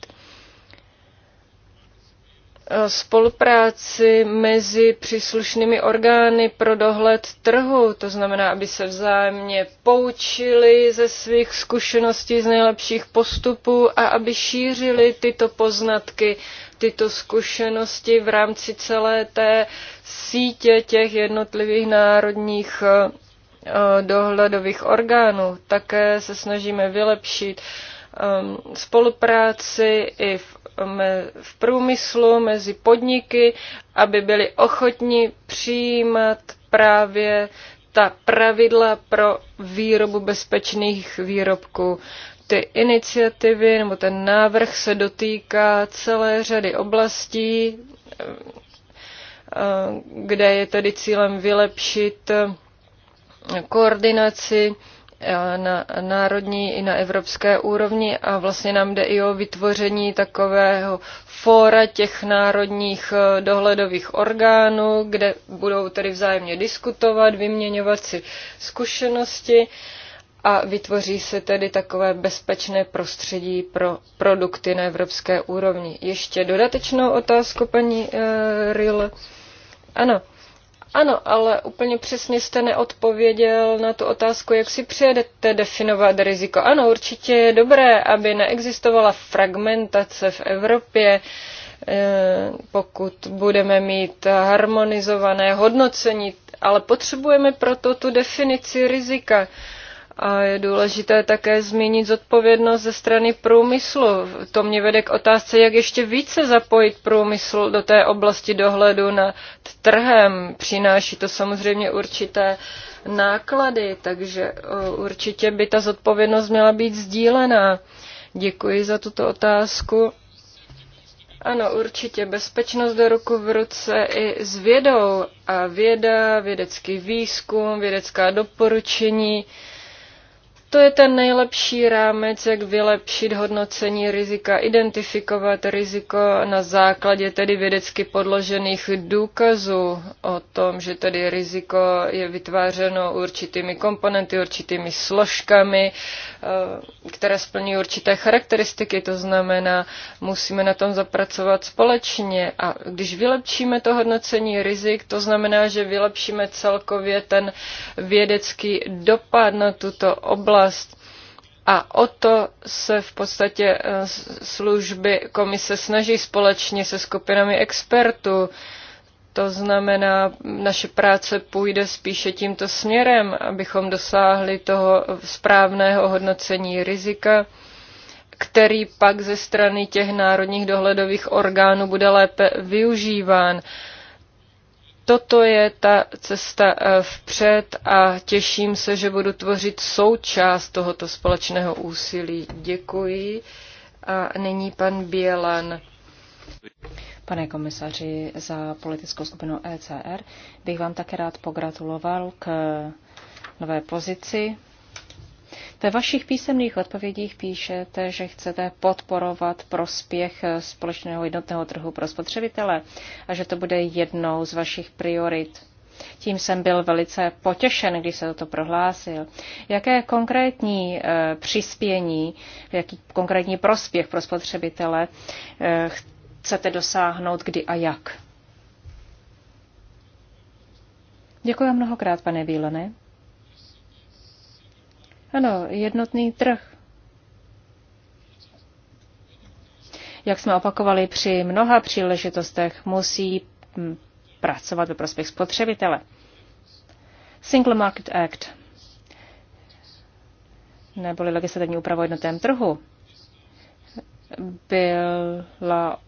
Eh, spolupráci mezi příslušnými orgány pro dohled trhu, to znamená, aby se vzájemně poučili ze svých zkušeností z nejlepších postupů a aby šířili tyto poznatky, tyto zkušenosti v rámci celé té sítě těch jednotlivých národních eh, eh, dohledových orgánů. Také se snažíme vylepšit ehm, spolupráci i v v průmyslu, mezi podniky, aby byli ochotni přijímat právě ta pravidla pro výrobu bezpečných výrobků. Ty iniciativy nebo ten návrh se dotýká celé řady oblastí, eh, kde je tedy cílem vylepšit eh, koordinaci Eh, na národní i na evropské úrovni a vlastně nám jde i o vytvoření takového fóra těch národních eh, dohledových orgánů, kde budou tedy vzájemně diskutovat, vyměňovat si zkušenosti a vytvoří se tedy takové bezpečné prostředí pro produkty na evropské úrovni. Ještě dodatečnou otázku, paní e, eh, Ril. Ano, ano, ale úplně přesně jste neodpověděl na tu otázku, jak si přijedete definovat riziko. Ano, určitě je dobré, aby neexistovala fragmentace v Evropě, eh, pokud budeme mít harmonizované hodnocení, ale potřebujeme proto tu definici rizika. A je důležité také zmínit zodpovědnost ze strany průmyslu. To mě vede k otázce, jak ještě více zapojit průmysl do té oblasti dohledu nad trhem. Přináší to samozřejmě určité náklady, takže určitě by ta zodpovědnost měla být sdílená. Děkuji za tuto otázku. Ano, určitě. Bezpečnost do ruku v ruce i s vědou. A věda, vědecký výzkum, vědecká doporučení to je ten nejlepší rámec, jak vylepšit hodnocení rizika, identifikovat riziko na základě tedy vědecky podložených důkazů o tom, že tedy riziko je vytvářeno určitými komponenty, určitými složkami, Eh, které splní určité charakteristiky, to znamená, musíme na tom zapracovat společně a když vylepšíme to hodnocení rizik, to znamená, že vylepšíme celkově ten vědecký dopad na tuto oblast. A o to se v podstatě eh, služby komise snaží společně se skupinami expertů. To znamená, naše práce půjde spíše tímto směrem, abychom dosáhli toho správného hodnocení rizika, který pak ze strany těch národních dohledových orgánů bude lépe využíván. Toto je ta cesta eh, vpřed a těším se, že budu tvořit součást tohoto společného úsilí. Děkuji. A nyní pan Bělan pane komisaři, za politickou skupinu ECR. Bych vám také rád pogratuloval k nové pozici. Ve vašich písemných odpovědích píšete, že chcete podporovat prospěch společného jednotného trhu pro spotřebitele a že to bude jednou z vašich priorit. Tím jsem byl velice potěšen, když se toto prohlásil. Jaké konkrétní eh, přispění, jaký konkrétní prospěch pro spotřebitele eh, chcete dosáhnout, kdy a jak. Děkuji mnohokrát, pane Vílene. Ano, jednotný trh. Jak jsme opakovali při mnoha příležitostech, musí hm, pracovat ve prospěch spotřebitele. Single Market Act neboli legislativní úprava o jednotném trhu byla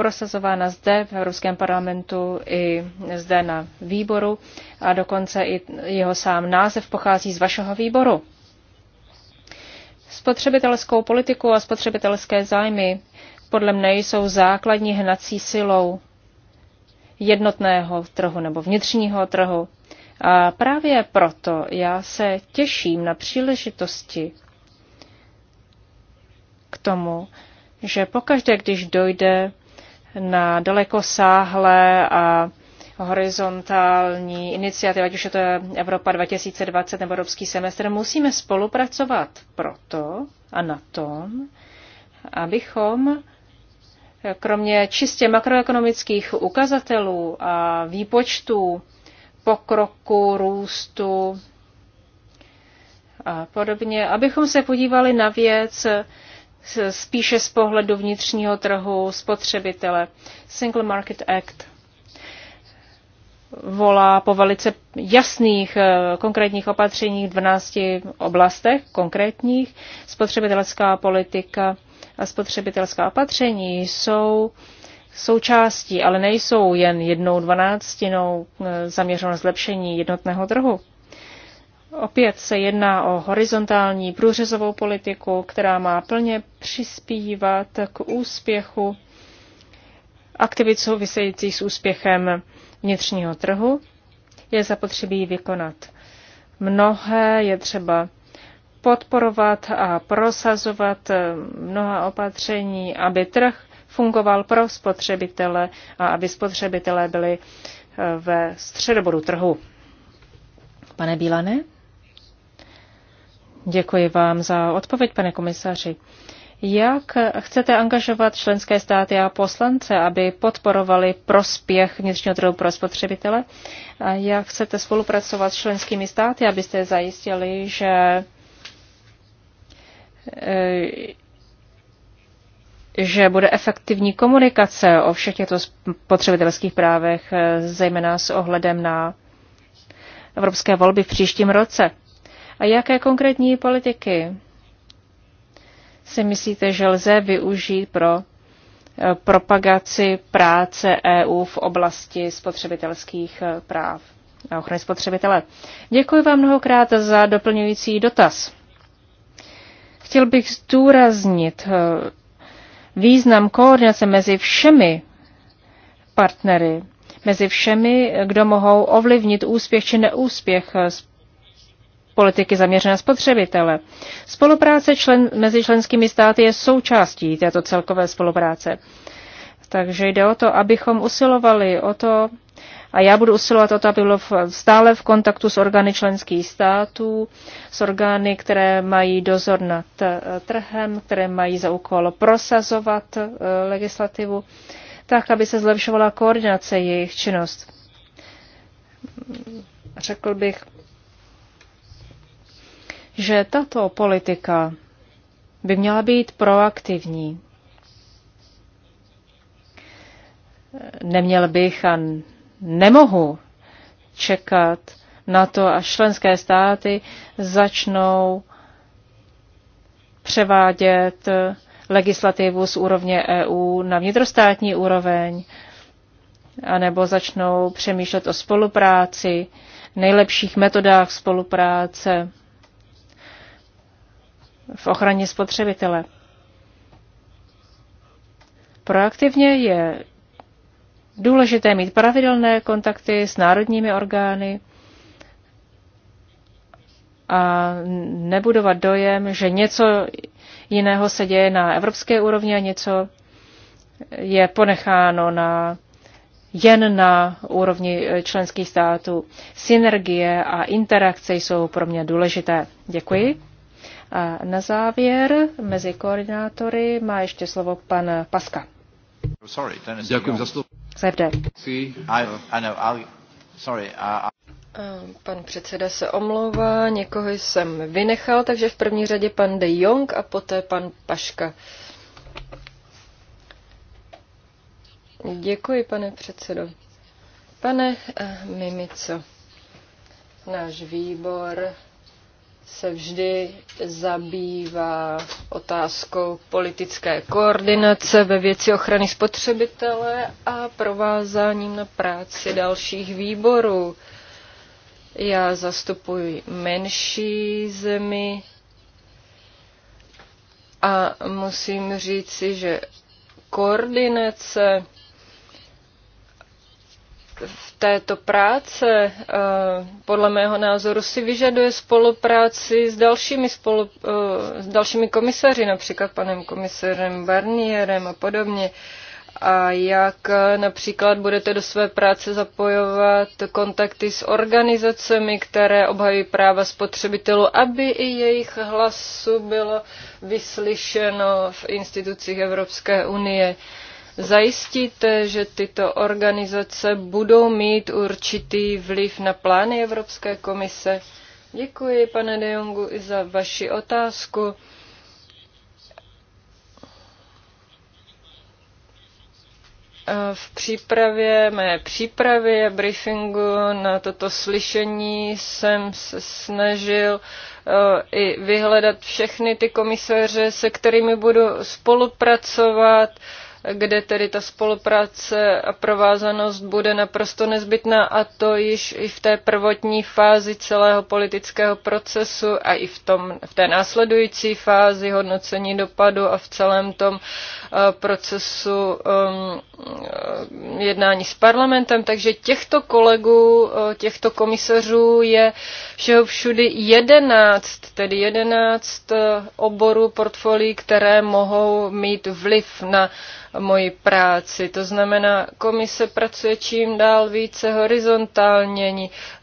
prosazována zde v Evropském parlamentu i zde na výboru a dokonce i jeho sám název pochází z vašeho výboru. Spotřebitelskou politiku a spotřebitelské zájmy podle mne jsou základní hnací silou jednotného trhu nebo vnitřního trhu. A právě proto já se těším na příležitosti k tomu, že pokaždé, když dojde na dalekosáhlé a horizontální iniciativy, ať už je to Evropa 2020 nebo Evropský semestr, musíme spolupracovat proto a na tom, abychom kromě čistě makroekonomických ukazatelů a výpočtů pokroku, růstu a podobně, abychom se podívali na věc spíše z pohledu vnitřního trhu spotřebitele. Single Market Act volá po velice jasných eh, konkrétních opatřeních v 12 oblastech konkrétních. Spotřebitelská politika a spotřebitelská opatření jsou součástí, ale nejsou jen jednou dvanáctinou eh, zaměřenou na zlepšení jednotného trhu. Opět se jedná o horizontální průřezovou politiku, která má plně přispívat k úspěchu aktivit souvisejících s úspěchem vnitřního trhu. Je zapotřebí vykonat mnohé, je třeba podporovat a prosazovat eh, mnoha opatření, aby trh fungoval pro spotřebitele a aby spotřebitelé byli eh, ve středobodu trhu. Pane Bílane? Děkuji vám za odpověď, pane komisaři. Jak chcete angažovat členské státy a poslance, aby podporovali prospěch vnitřního trhu pro spotřebitele? A jak chcete spolupracovat s členskými státy, abyste zajistili, že e, že bude efektivní komunikace o všech těchto spotřebitelských právech, e, zejména s ohledem na evropské volby v příštím roce. A jaké konkrétní politiky si myslíte, že lze využít pro eh, propagaci práce EU v oblasti spotřebitelských eh, práv a ochrany spotřebitele. Děkuji vám mnohokrát za doplňující dotaz. Chtěl bych zdůraznit eh, význam koordinace mezi všemi partnery, mezi všemi, kdo mohou ovlivnit úspěch či neúspěch politiky zaměřené spotřebitele. Spolupráce člen, mezi členskými státy je součástí této celkové spolupráce. Takže jde o to, abychom usilovali o to, a já budu usilovat o to, aby bylo v, stále v kontaktu s orgány členských států, s orgány, které mají dozor nad eh, trhem, které mají za úkol prosazovat eh, legislativu, tak, aby se zlepšovala koordinace jejich činnost. Řekl bych, že tato politika by měla být proaktivní. Neměl bych a nemohu čekat na to, až členské státy začnou převádět legislativu z úrovně EU na vnitrostátní úroveň, anebo začnou přemýšlet o spolupráci, nejlepších metodách spolupráce v ochraně spotřebitele. Proaktivně je důležité mít pravidelné kontakty s národními orgány a nebudovat dojem, že něco jiného se děje na evropské úrovni a něco je ponecháno na, jen na úrovni eh, členských států. Synergie a interakce jsou pro mě důležité. Děkuji. A na závěr mezi koordinátory má ještě slovo pan Paska. Děkuji za slovo. Pan předseda se omlouvá, někoho jsem vynechal, takže v první řadě pan De Jong a poté pan Paška. Děkuji, pane předsedo. Pane eh, Mimico, náš výbor se vždy zabývá otázkou politické koordinace ve věci ochrany spotřebitele a provázáním na práci dalších výborů. Já zastupuji menší zemi a musím říci, že koordinace v této práce eh, podle mého názoru si vyžaduje spolupráci s dalšími, spolu, eh, s dalšími komisaři, například panem komisařem Barnierem a podobně. A jak eh, například budete do své práce zapojovat kontakty s organizacemi, které obhajují práva spotřebitelů, aby i jejich hlasu bylo vyslyšeno v institucích Evropské unie. Uh, zajistíte, že tyto organizace budou mít určitý vliv na plány Evropské komise? Děkuji, pane De Jongu, i za vaši otázku. V přípravě, mé přípravě briefingu na toto slyšení jsem se snažil e, i vyhledat všechny ty komisaře, se kterými budu spolupracovat, kde tedy ta spolupráce a provázanost bude naprosto nezbytná a to již i v té prvotní fázi celého politického procesu a i v, tom, v té následující fázi hodnocení dopadu a v celém tom eh, procesu eh, jednání s parlamentem. Takže těchto kolegů, eh, těchto komisařů je všeho všudy jedenáct, tedy jedenáct oborů portfolií, které mohou mít vliv na moji práci. To znamená, komise pracuje čím dál více horizontálně,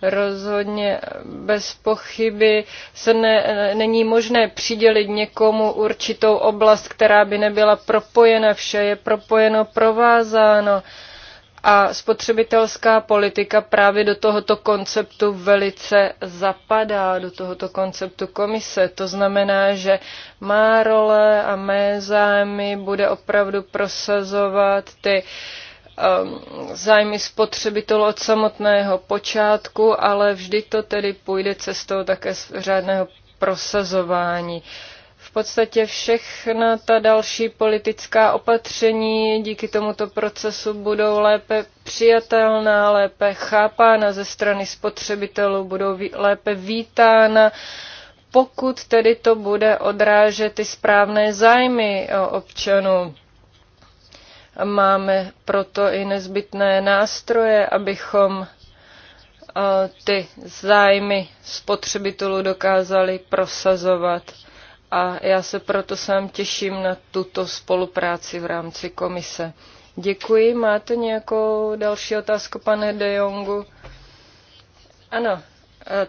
rozhodně bez pochyby se ne, není možné přidělit někomu určitou oblast, která by nebyla propojena, vše je propojeno, provázáno. A spotřebitelská politika právě do tohoto konceptu velice zapadá, do tohoto konceptu komise. To znamená, že má role a mé zájmy bude opravdu prosazovat ty um, zájmy spotřebitelů od samotného počátku, ale vždy to tedy půjde cestou také řádného prosazování. Uh, podstatě všechna ta další politická opatření díky tomuto procesu budou lépe přijatelná, lépe chápána ze strany spotřebitelů, budou lépe vítána, pokud tedy to bude odrážet ty správné zájmy eh, občanů. Máme proto i nezbytné nástroje, abychom eh, ty zájmy spotřebitelů dokázali prosazovat a já se proto sám těším na tuto spolupráci v rámci komise. Děkuji. Máte nějakou další otázku, pane De Jongu? Ano,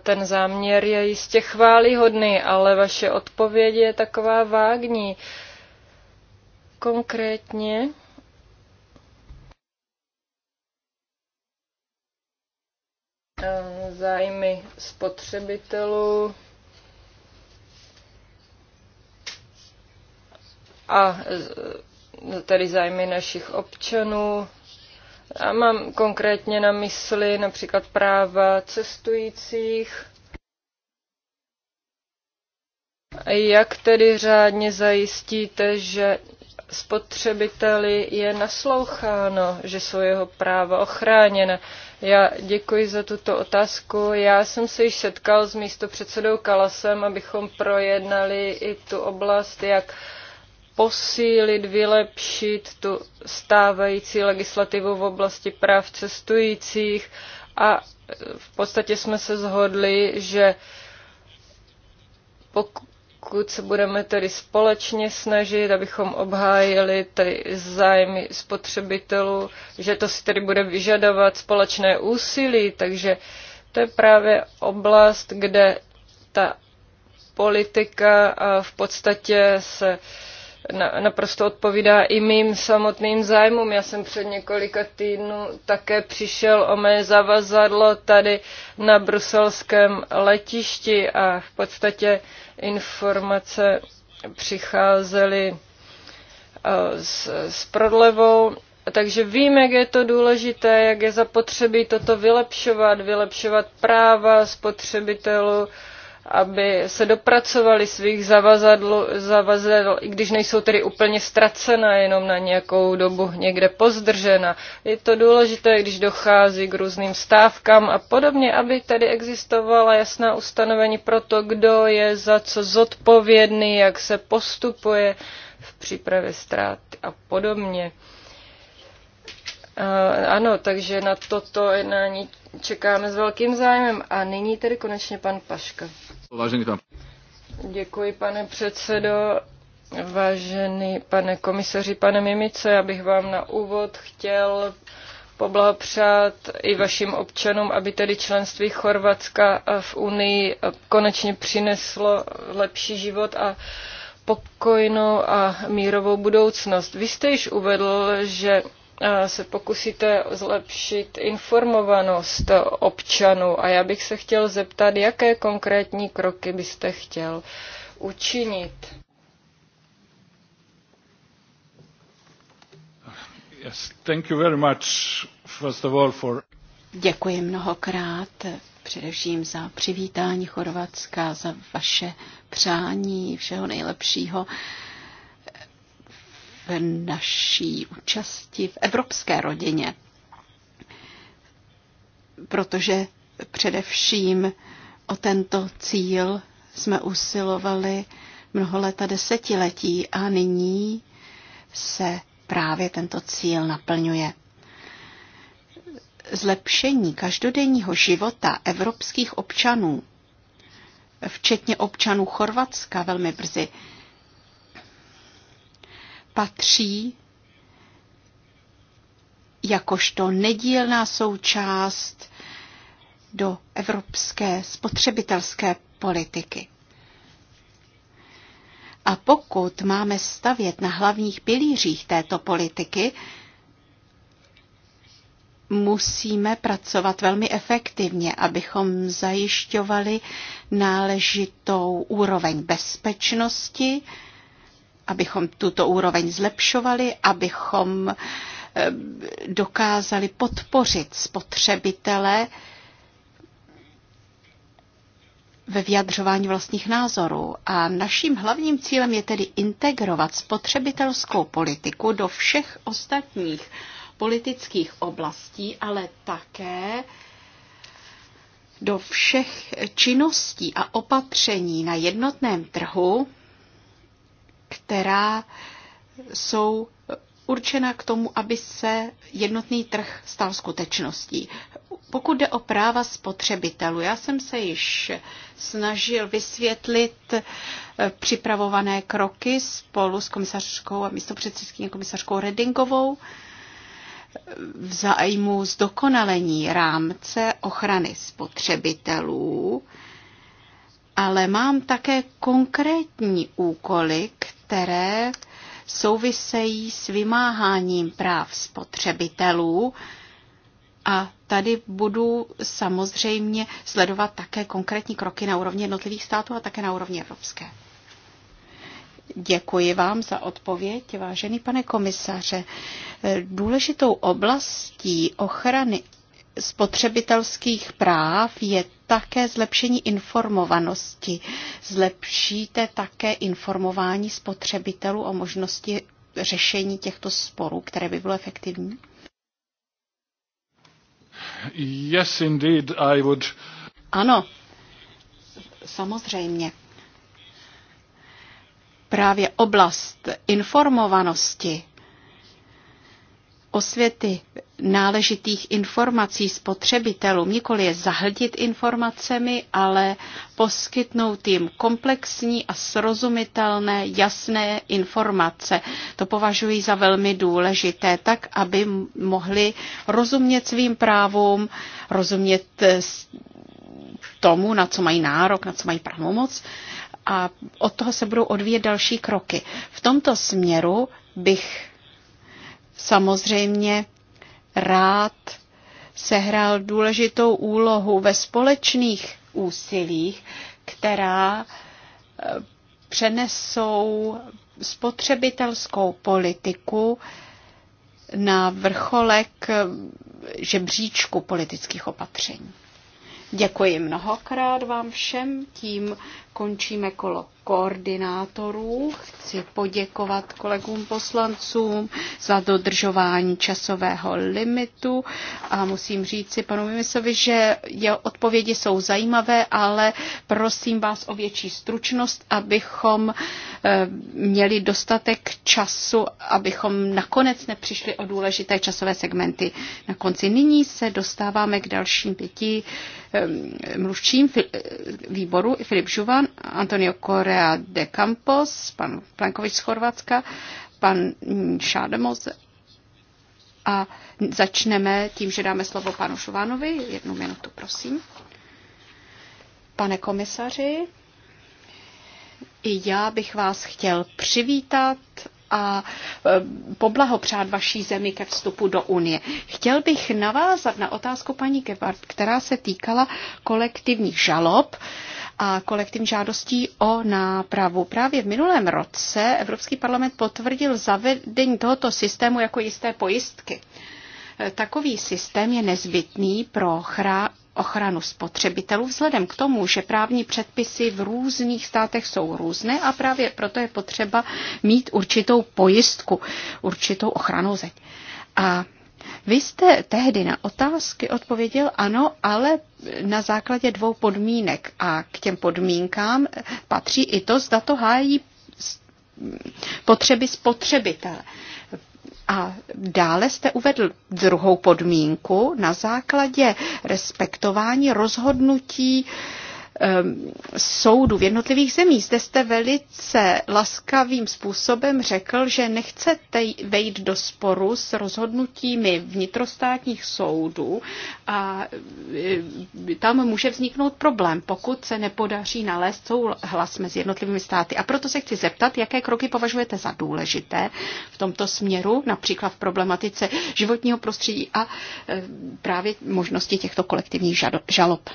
ten záměr je jistě chválihodný, ale vaše odpověď je taková vágní. Konkrétně? Ehm, zájmy spotřebitelů. a tedy zájmy našich občanů. A mám konkrétně na mysli například práva cestujících. Jak tedy řádně zajistíte, že spotřebiteli je nasloucháno, že jsou jeho práva ochráněna? Já děkuji za tuto otázku. Já jsem se již setkal s místopředsedou Kalasem, abychom projednali i tu oblast, jak uh, posílit, vylepšit tu stávající legislativu v oblasti práv cestujících a e, v podstatě jsme se zhodli, že pokud se budeme tedy společně snažit, abychom obhájili ty zájmy spotřebitelů, že to si tedy bude vyžadovat společné úsilí, takže to je právě oblast, kde ta politika v podstatě se uh, naprosto odpovídá i mým samotným zájmům. Já jsem před několika týdnů také přišel o mé zavazadlo tady na bruselském letišti a v podstatě informace přicházely eh, s, s prodlevou. Takže vím, jak je to důležité, jak je zapotřebí toto vylepšovat, vylepšovat práva spotřebitelů, aby se dopracovali svých zavazadl, zavazadl, i když nejsou tedy úplně ztracena, jenom na nějakou dobu někde pozdržena. Je to důležité, když dochází k různým stávkám a podobně, aby tedy existovala jasná ustanovení pro to, kdo je za co zodpovědný, jak se postupuje v přípravě ztrát a podobně. Eh, ano, takže na toto jednání čekáme s velkým zájmem. A nyní tedy konečně pan Paška. Vážený pan. Děkuji, pane předsedo. Vážený pane komisaři, pane Mimice, já bych vám na úvod chtěl poblahopřát i vašim občanům, aby tedy členství Chorvatska v Unii konečně přineslo lepší život a pokojnou a mírovou budoucnost. Vy jste již uvedl, že se pokusíte zlepšit informovanost občanů a já bych se chtěl zeptat, jaké konkrétní kroky byste chtěl učinit. Yes, thank you very much, first of all for... Děkuji mnohokrát především za přivítání Chorvatska, za vaše přání všeho nejlepšího. Uh, v naší účasti v evropské rodině, protože především o tento cíl jsme usilovali mnoho let a desetiletí a nyní se právě tento cíl naplňuje. Zlepšení každodenního života evropských občanů, včetně občanů Chorvatska velmi brzy, patří jakožto nedílná součást do evropské spotřebitelské politiky. A pokud máme stavět na hlavních pilířích této politiky, musíme pracovat velmi efektivně, abychom zajišťovali náležitou úroveň bezpečnosti, abychom tuto úroveň zlepšovali, abychom eh, dokázali podpořit spotřebitele ve vyjadřování vlastních názorů. A naším hlavním cílem je tedy integrovat spotřebitelskou politiku do všech ostatních politických oblastí, ale také do všech činností a opatření na jednotném trhu, která jsou určena k tomu, aby se jednotný trh stal skutečností. Pokud jde o práva spotřebitelů, já jsem se již snažil vysvětlit eh, připravované kroky spolu s komisařkou a místopředsedkyní komisařkou Redingovou eh, v zájmu zdokonalení rámce ochrany spotřebitelů ale mám také konkrétní úkoly, které souvisejí s vymáháním práv spotřebitelů a tady budu samozřejmě sledovat také konkrétní kroky na úrovni jednotlivých států a také na úrovni evropské. Děkuji vám za odpověď, vážený pane komisaře. Důležitou oblastí ochrany spotřebitelských práv je také zlepšení informovanosti. Zlepšíte také informování spotřebitelů o možnosti řešení těchto sporů, které by bylo efektivní? Yes, indeed, I would... Ano, samozřejmě. Právě oblast informovanosti, osvěty náležitých informací spotřebitelům, nikoli je zahltit informacemi, ale poskytnout jim komplexní a srozumitelné, jasné informace. To považuji za velmi důležité, tak aby mohli rozumět svým právům, rozumět eh, tomu, na co mají nárok, na co mají pravomoc a od toho se budou odvíjet další kroky. V tomto směru bych samozřejmě rád sehrál důležitou úlohu ve společných úsilích, která eh, přenesou spotřebitelskou politiku na vrcholek eh, žebříčku politických opatření. Děkuji mnohokrát vám všem, tím končíme kolo koordinátorů. Chci poděkovat kolegům poslancům za dodržování časového limitu a musím říct si panu Mimisovi, že jeho odpovědi jsou zajímavé, ale prosím vás o větší stručnost, abychom eh, měli dostatek času, abychom nakonec nepřišli o důležité časové segmenty na konci. Nyní se dostáváme k dalším pěti eh, mluvčím eh, výboru Filip Žuvan Antonio Correa de Campos, pan Plankovič z Chorvatska, pan Šádemos a začneme tím, že dáme slovo panu Šovánovi. Jednu minutu, prosím. Pane komisaři, i já bych vás chtěl přivítat a e, poblahopřát vaší zemi ke vstupu do Unie. Chtěl bych navázat na otázku paní Gebhardt, která se týkala kolektivních žalob. Uh, a kolektivní žádostí o nápravu. Právě v minulém roce Evropský parlament potvrdil zavedení tohoto systému jako jisté pojistky. Takový systém je nezbytný pro ochranu spotřebitelů vzhledem k tomu, že právní předpisy v různých státech jsou různé a právě proto je potřeba mít určitou pojistku, určitou ochranu zeď. A vy jste tehdy na otázky odpověděl ano, ale na základě dvou podmínek. A k těm podmínkám patří i to, zda to hájí potřeby spotřebitele. A dále jste uvedl druhou podmínku na základě respektování rozhodnutí eh, Ehm, soudů v jednotlivých zemích. Zde jste velice laskavým způsobem řekl, že nechcete vejít do sporu s rozhodnutími vnitrostátních soudů a e, tam může vzniknout problém, pokud se nepodaří nalézt souhlas mezi jednotlivými státy. A proto se chci zeptat, jaké kroky považujete za důležité v tomto směru, například v problematice životního prostředí a e, právě možnosti těchto kolektivních žalob.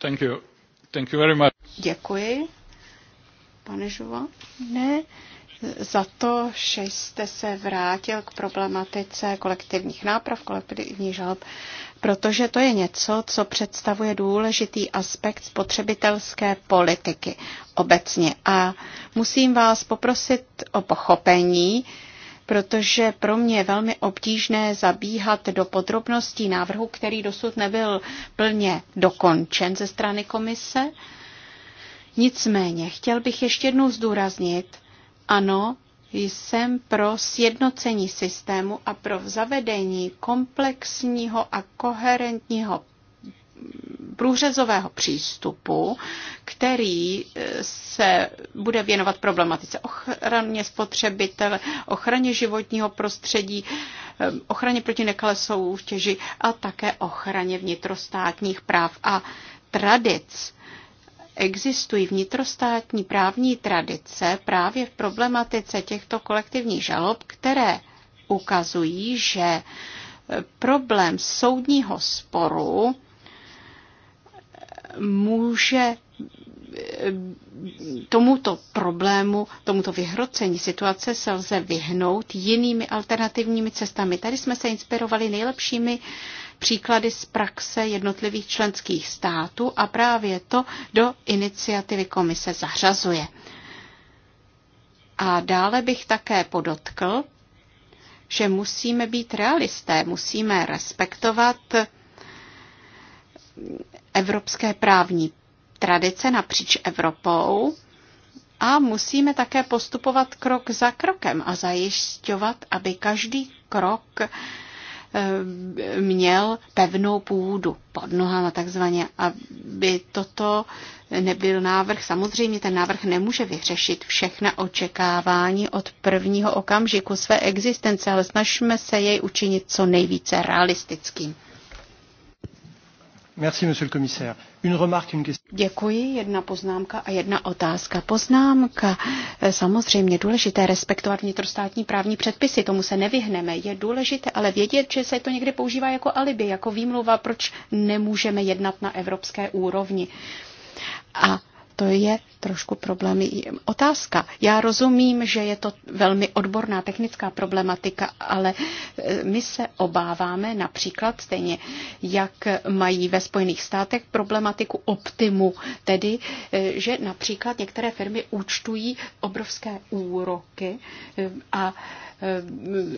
Thank you. Thank you very much. Děkuji, pane Žuva. Ne, za to, že jste se vrátil k problematice kolektivních náprav, kolektivních žalob, protože to je něco, co představuje důležitý aspekt spotřebitelské politiky obecně. A musím vás poprosit o pochopení, protože pro mě je velmi obtížné zabíhat do podrobností návrhu, který dosud nebyl plně dokončen ze strany komise. Nicméně, chtěl bych ještě jednou zdůraznit, ano, jsem pro sjednocení systému a pro zavedení komplexního a koherentního průřezového přístupu, který eh, se bude věnovat problematice ochraně spotřebitele, ochraně životního prostředí, eh, ochraně proti nekalé soutěži a také ochraně vnitrostátních práv a tradic existují vnitrostátní právní tradice právě v problematice těchto kolektivních žalob, které ukazují, že eh, problém soudního sporu může eh, tomuto problému, tomuto vyhrocení situace se lze vyhnout jinými alternativními cestami. Tady jsme se inspirovali nejlepšími příklady z praxe jednotlivých členských států a právě to do iniciativy komise zařazuje. A dále bych také podotkl, že musíme být realisté, musíme respektovat evropské právní tradice napříč Evropou a musíme také postupovat krok za krokem a zajišťovat, aby každý krok eh, měl pevnou půdu pod nohama takzvaně, aby toto nebyl návrh. Samozřejmě ten návrh nemůže vyřešit všechna očekávání od prvního okamžiku své existence, ale snažíme se jej učinit co nejvíce realistickým. Děkuji, jedna poznámka a jedna otázka. Poznámka. E, samozřejmě důležité respektovat vnitrostátní právní předpisy, tomu se nevyhneme. Je důležité ale vědět, že se to někdy používá jako alibi, jako výmluva, proč nemůžeme jednat na evropské úrovni. A to je trošku problémy. Otázka. Já rozumím, že je to velmi odborná technická problematika, ale e, my se obáváme například stejně, jak mají ve Spojených státech problematiku optimu, tedy, e, že například některé firmy účtují obrovské úroky e, a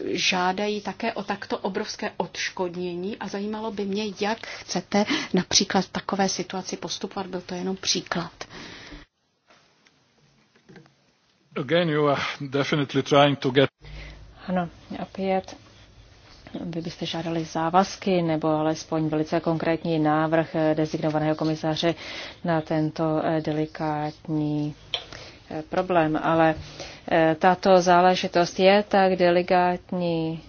žádají také o takto obrovské odškodnění a zajímalo by mě, jak chcete například v takové situaci postupovat. Byl to jenom příklad. Again, you are definitely trying to get... Ano, opět vy byste žádali závazky nebo alespoň velice konkrétní návrh designovaného komisaře na tento eh, delikátní eh, problém, ale eh, tato záležitost je tak delikátní,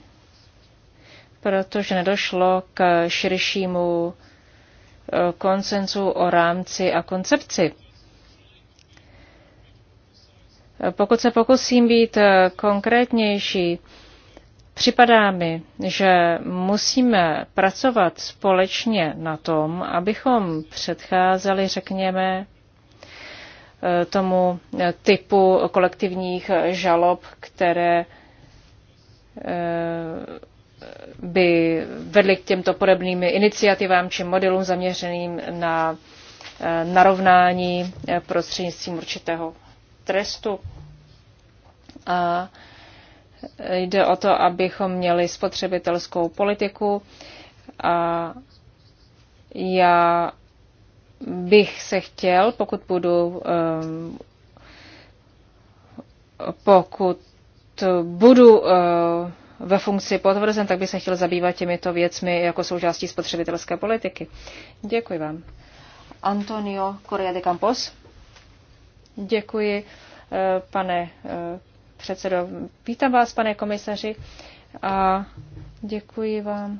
protože nedošlo k širšímu konsenzu o rámci a koncepci pokud se pokusím být eh, konkrétnější, připadá mi, že musíme pracovat společně na tom, abychom předcházeli, řekněme, eh, tomu eh, typu kolektivních žalob, které by vedly k těmto podobným iniciativám či modelům zaměřeným na narovnání prostřednictvím určitého trestu. A jde o to, abychom měli spotřebitelskou politiku a já bych se chtěl, pokud budu, eh, pokud budu eh, ve funkci potvrzen, tak bych se chtěl zabývat těmito věcmi jako součástí spotřebitelské politiky. Děkuji vám. Antonio Correa de Campos. Děkuji, eh, pane eh, předsedo. Vítám vás, pane komisaři, a děkuji vám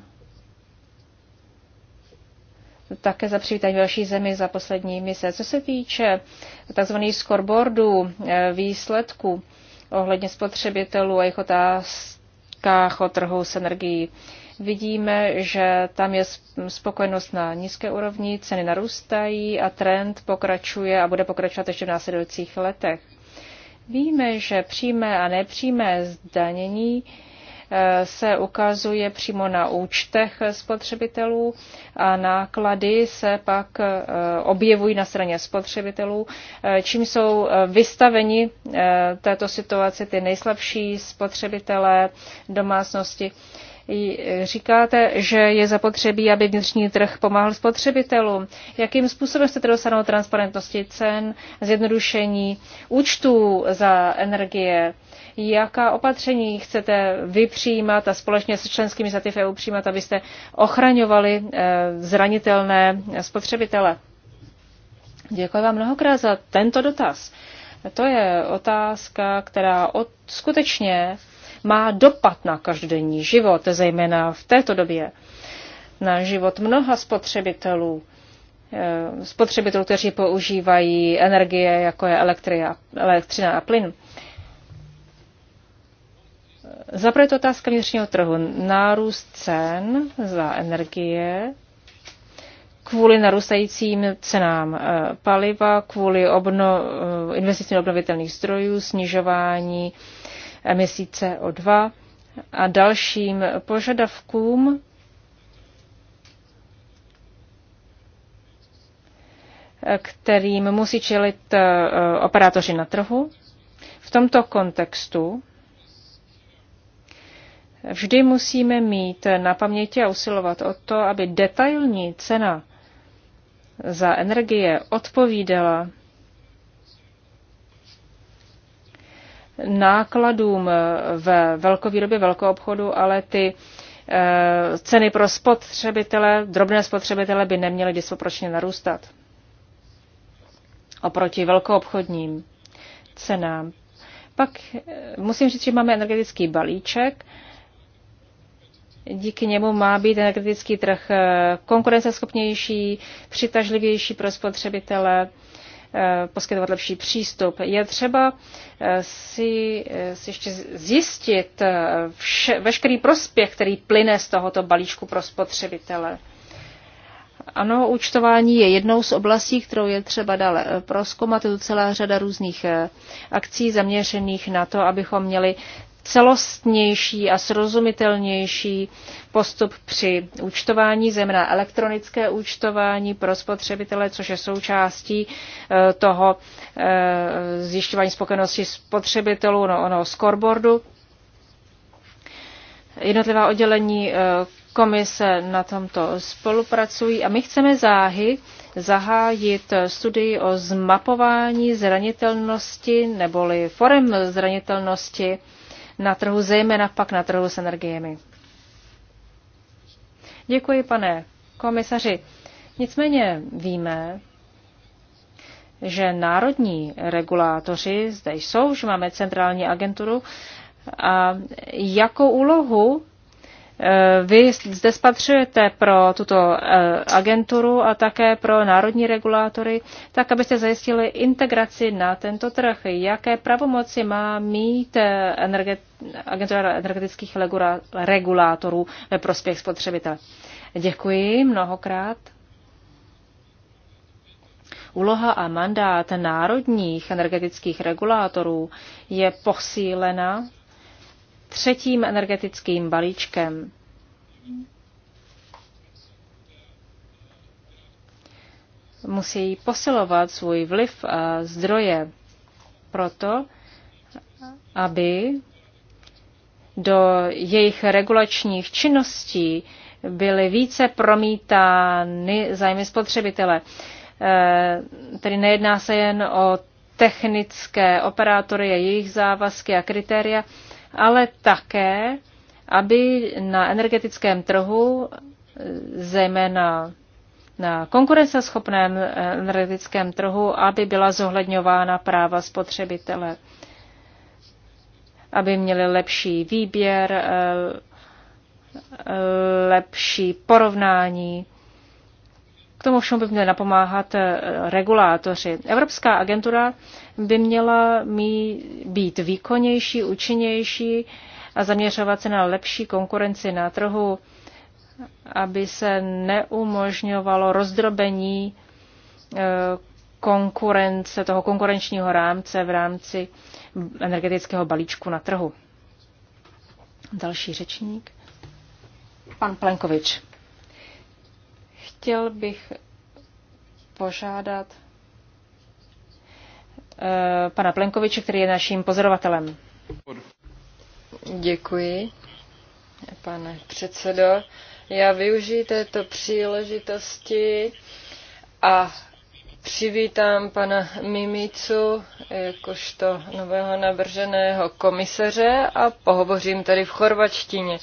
také za přivítání další zemi za poslední měsíc. Co se týče tzv. scoreboardů eh, výsledků ohledně spotřebitelů a jejich otázkách o trhu s energií, vidíme, že tam je spokojenost na nízké úrovni, ceny narůstají a trend pokračuje a bude pokračovat ještě v následujících letech. Víme, že přímé a nepřímé zdanění eh, se ukazuje přímo na účtech spotřebitelů a náklady se pak eh, objevují na straně spotřebitelů, eh, čím jsou vystaveni této situaci ty nejslabší spotřebitelé domácnosti. Říkáte, že je zapotřebí, aby vnitřní trh pomáhal spotřebitelům. Jakým způsobem chcete dosáhnout transparentnosti cen, zjednodušení účtů za energie? Jaká opatření chcete vypřijímat a společně se členskými státy EU přijímat, abyste ochraňovali eh, zranitelné spotřebitele? Děkuji vám mnohokrát za tento dotaz. To je otázka, která od, skutečně má dopad na každodenní život, zejména v této době, na život mnoha spotřebitelů, eh, spotřebitelů, kteří používají energie, jako je elektřina a plyn. Zaprvé to otázka vnitřního trhu. Nárůst cen za energie kvůli narůstajícím cenám eh, paliva, kvůli obno, eh, investicím obnovitelných zdrojů, snižování emisí CO2 a dalším požadavkům kterým musí čelit eh, operátoři na trhu. V tomto kontextu vždy musíme mít na paměti a usilovat o to, aby detailní cena za energie odpovídala nákladům ve velkovýrobě, velkoobchodu, ale ty eh, ceny pro spotřebitele, drobné spotřebitele by neměly disproporčně narůstat oproti velkoobchodním cenám. Pak eh, musím říct, že máme energetický balíček. Díky němu má být energetický trh eh, konkurenceschopnější, přitažlivější pro spotřebitele. Eh, poskytovat lepší přístup. Je třeba eh, si, eh, si ještě zjistit vše, veškerý prospěch, který plyne z tohoto balíčku pro spotřebitele. Ano, účtování je jednou z oblastí, kterou je třeba dále proskoumat. Je tu celá řada různých akcí zaměřených na to, abychom měli celostnější a srozumitelnější postup při účtování, zejména elektronické účtování pro spotřebitele, což je součástí eh, toho eh, zjišťování spokojenosti spotřebitelů, no, ono scoreboardu. Jednotlivá oddělení eh, komise na tomto spolupracují a my chceme záhy zahájit studii o zmapování zranitelnosti neboli forem zranitelnosti na trhu, zejména pak na trhu s energiemi. Děkuji, pane komisaři. Nicméně víme, že národní regulátoři zde jsou, že máme centrální agenturu. A jakou úlohu Eh, vy zde spatřujete pro tuto eh, agenturu a také pro národní regulátory, tak abyste zajistili integraci na tento trh. Jaké pravomoci má mít eh, energet, agentura energetických regulátorů ve prospěch spotřebitele? Děkuji mnohokrát. Úloha a mandát národních energetických regulátorů je posílena třetím energetickým balíčkem. Musí posilovat svůj vliv a zdroje proto, aby do jejich regulačních činností byly více promítány zájmy spotřebitele. E, tedy nejedná se jen o technické operátory a jejich závazky a kritéria, ale také, aby na energetickém trhu, zejména na konkurenceschopném eh, energetickém trhu, aby byla zohledňována práva spotřebitele, aby měli lepší výběr, eh, eh, lepší porovnání tomu všemu by měli napomáhat eh, regulátoři. Evropská agentura by měla mít, být výkonnější, účinnější a zaměřovat se na lepší konkurenci na trhu, aby se neumožňovalo rozdrobení eh, konkurence, toho konkurenčního rámce v rámci energetického balíčku na trhu. Další řečník. Pan Plenkovič. Chtěl bych požádat eh, pana Plenkoviče, který je naším pozorovatelem. Děkuji, pane předsedo. Já využiji této příležitosti a přivítám pana Mimicu jakožto nového navrženého komisaře a pohovořím tady v chorvačtině.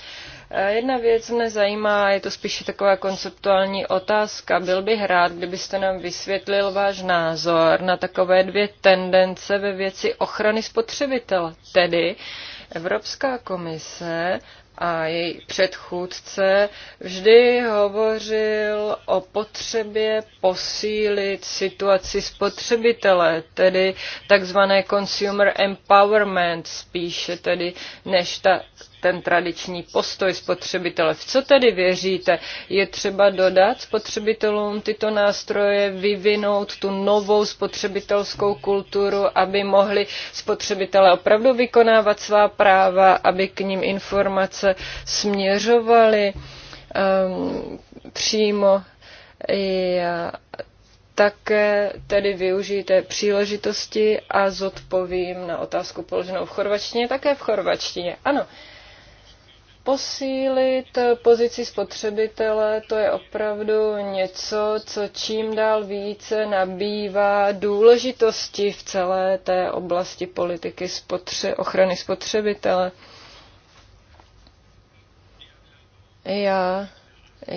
Eh, jedna věc mne zajímá, je to spíše taková konceptuální otázka. Byl bych rád, kdybyste nám vysvětlil váš názor na takové dvě tendence ve věci ochrany spotřebitele. Tedy Evropská komise a její předchůdce vždy hovořil o potřebě posílit situaci spotřebitele, tedy takzvané consumer empowerment spíše, tedy než ta ten tradiční postoj spotřebitele. V co tedy věříte? Je třeba dodat spotřebitelům tyto nástroje, vyvinout tu novou spotřebitelskou kulturu, aby mohli spotřebitelé opravdu vykonávat svá práva, aby k ním informace směřovaly um, přímo. Já také tedy využijte příležitosti a zodpovím na otázku položenou v chorvačtině, také v chorvačtině. Ano, Posílit pozici spotřebitele, to je opravdu něco, co čím dál více nabývá důležitosti v celé té oblasti politiky spotře- ochrany spotřebitele. Já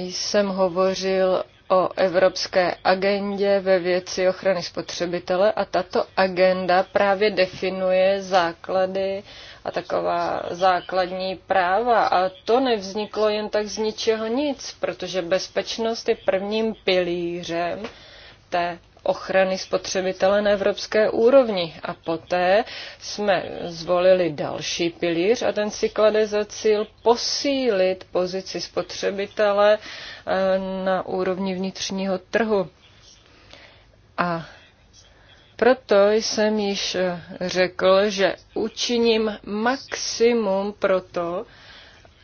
jsem hovořil o evropské agendě ve věci ochrany spotřebitele a tato agenda právě definuje základy a taková základní práva. A to nevzniklo jen tak z ničeho nic, protože bezpečnost je prvním pilířem té ochrany spotřebitele na evropské úrovni. A poté jsme zvolili další pilíř a ten si klade za cíl posílit pozici spotřebitele eh, na úrovni vnitřního trhu. A proto jsem již eh, řekl, že učiním maximum pro to,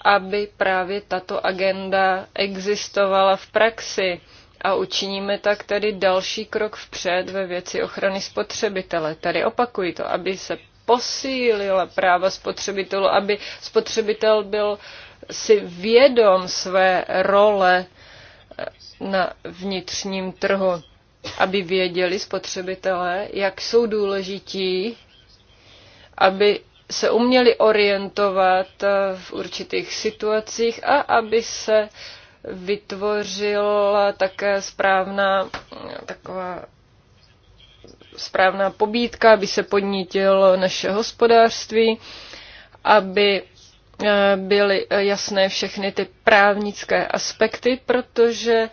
aby právě tato agenda existovala v praxi a učiníme tak tedy další krok vpřed ve věci ochrany spotřebitele. Tady opakuji to, aby se posílila práva spotřebitelů, aby spotřebitel byl si vědom své role eh, na vnitřním trhu, aby věděli spotřebitelé, jak jsou důležití, aby se uměli orientovat eh, v určitých situacích a aby se vytvořila také správná taková správná pobídka, aby se podnítil naše hospodářství, aby eh, byly jasné všechny ty právnické aspekty, protože eh,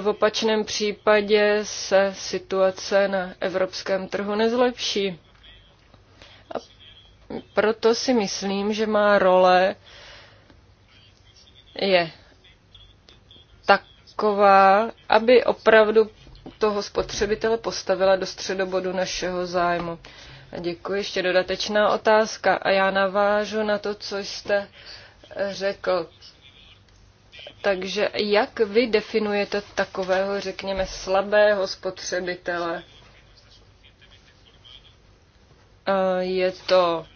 v opačném případě se situace na evropském trhu nezlepší. A proto si myslím, že má role je taková, aby opravdu toho spotřebitele postavila do středobodu našeho zájmu. A děkuji. Ještě dodatečná otázka. A já navážu na to, co jste eh, řekl. Takže jak vy definujete takového, řekněme, slabého spotřebitele? Eh, je to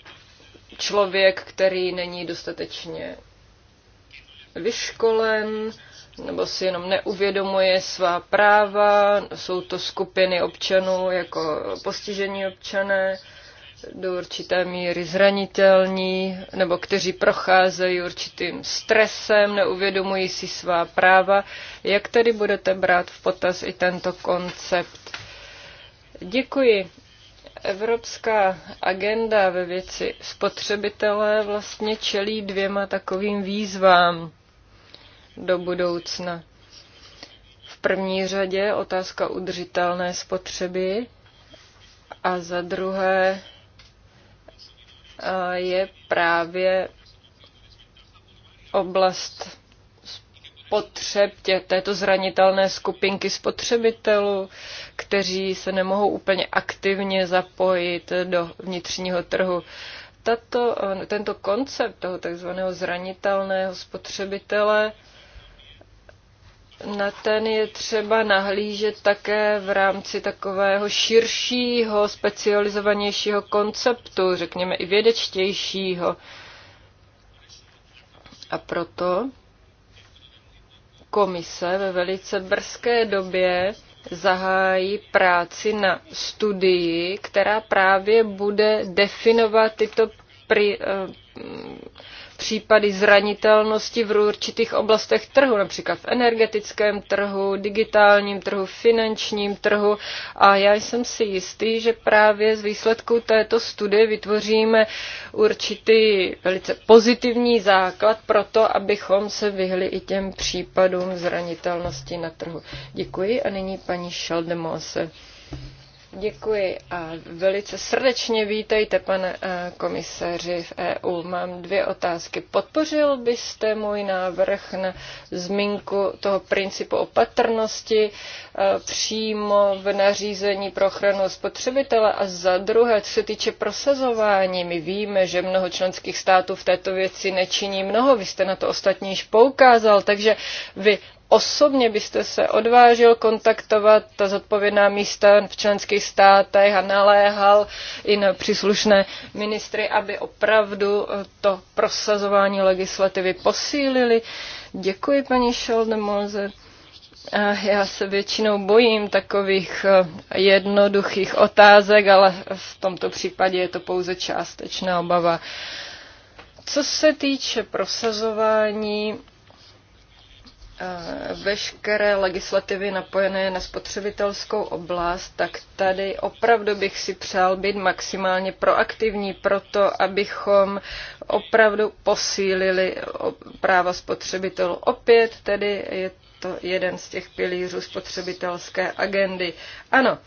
člověk, který není dostatečně vyškolen, nebo si jenom neuvědomuje svá práva, jsou to skupiny občanů jako postižení občané, do určité míry zranitelní, nebo kteří procházejí určitým stresem, neuvědomují si svá práva. Jak tedy budete brát v potaz i tento koncept? Děkuji. Evropská agenda ve věci spotřebitelé vlastně čelí dvěma takovým výzvám do budoucna. V první řadě otázka udržitelné spotřeby a za druhé je právě oblast potřeb tě, této zranitelné skupinky spotřebitelů, kteří se nemohou úplně aktivně zapojit do vnitřního trhu. Tato, tento koncept toho takzvaného zranitelného spotřebitele na ten je třeba nahlížet také v rámci takového širšího, specializovanějšího konceptu, řekněme i vědečtějšího. A proto komise ve velice brzké době zahájí práci na studii, která právě bude definovat tyto pri, eh, případy zranitelnosti v určitých oblastech trhu, například v energetickém trhu, digitálním trhu, finančním trhu. A já jsem si jistý, že právě z výsledku této studie vytvoříme určitý velice pozitivní základ pro to, abychom se vyhli i těm případům zranitelnosti na trhu. Děkuji a nyní paní Šeldemose. Děkuji a velice srdečně vítejte, pane eh, komisaři v EU. Mám dvě otázky. Podpořil byste můj návrh na zmínku toho principu opatrnosti eh, přímo v nařízení pro ochranu spotřebitele? A za druhé, co se týče prosazování, my víme, že mnoho členských států v této věci nečiní mnoho. Vy jste na to ostatně již poukázal, takže vy osobně byste se odvážil kontaktovat ta zodpovědná místa v členských státech a naléhal i na příslušné ministry, aby opravdu eh, to prosazování legislativy posílili? Děkuji, paní Šeldemolze. Já se většinou bojím takových eh, jednoduchých otázek, ale v tomto případě je to pouze částečná obava. Co se týče prosazování Eh, veškeré legislativy napojené na spotřebitelskou oblast, tak tady opravdu bych si přál být maximálně proaktivní pro to, abychom opravdu posílili práva spotřebitelů. Opět tedy je to jeden z těch pilířů spotřebitelské agendy. Ano,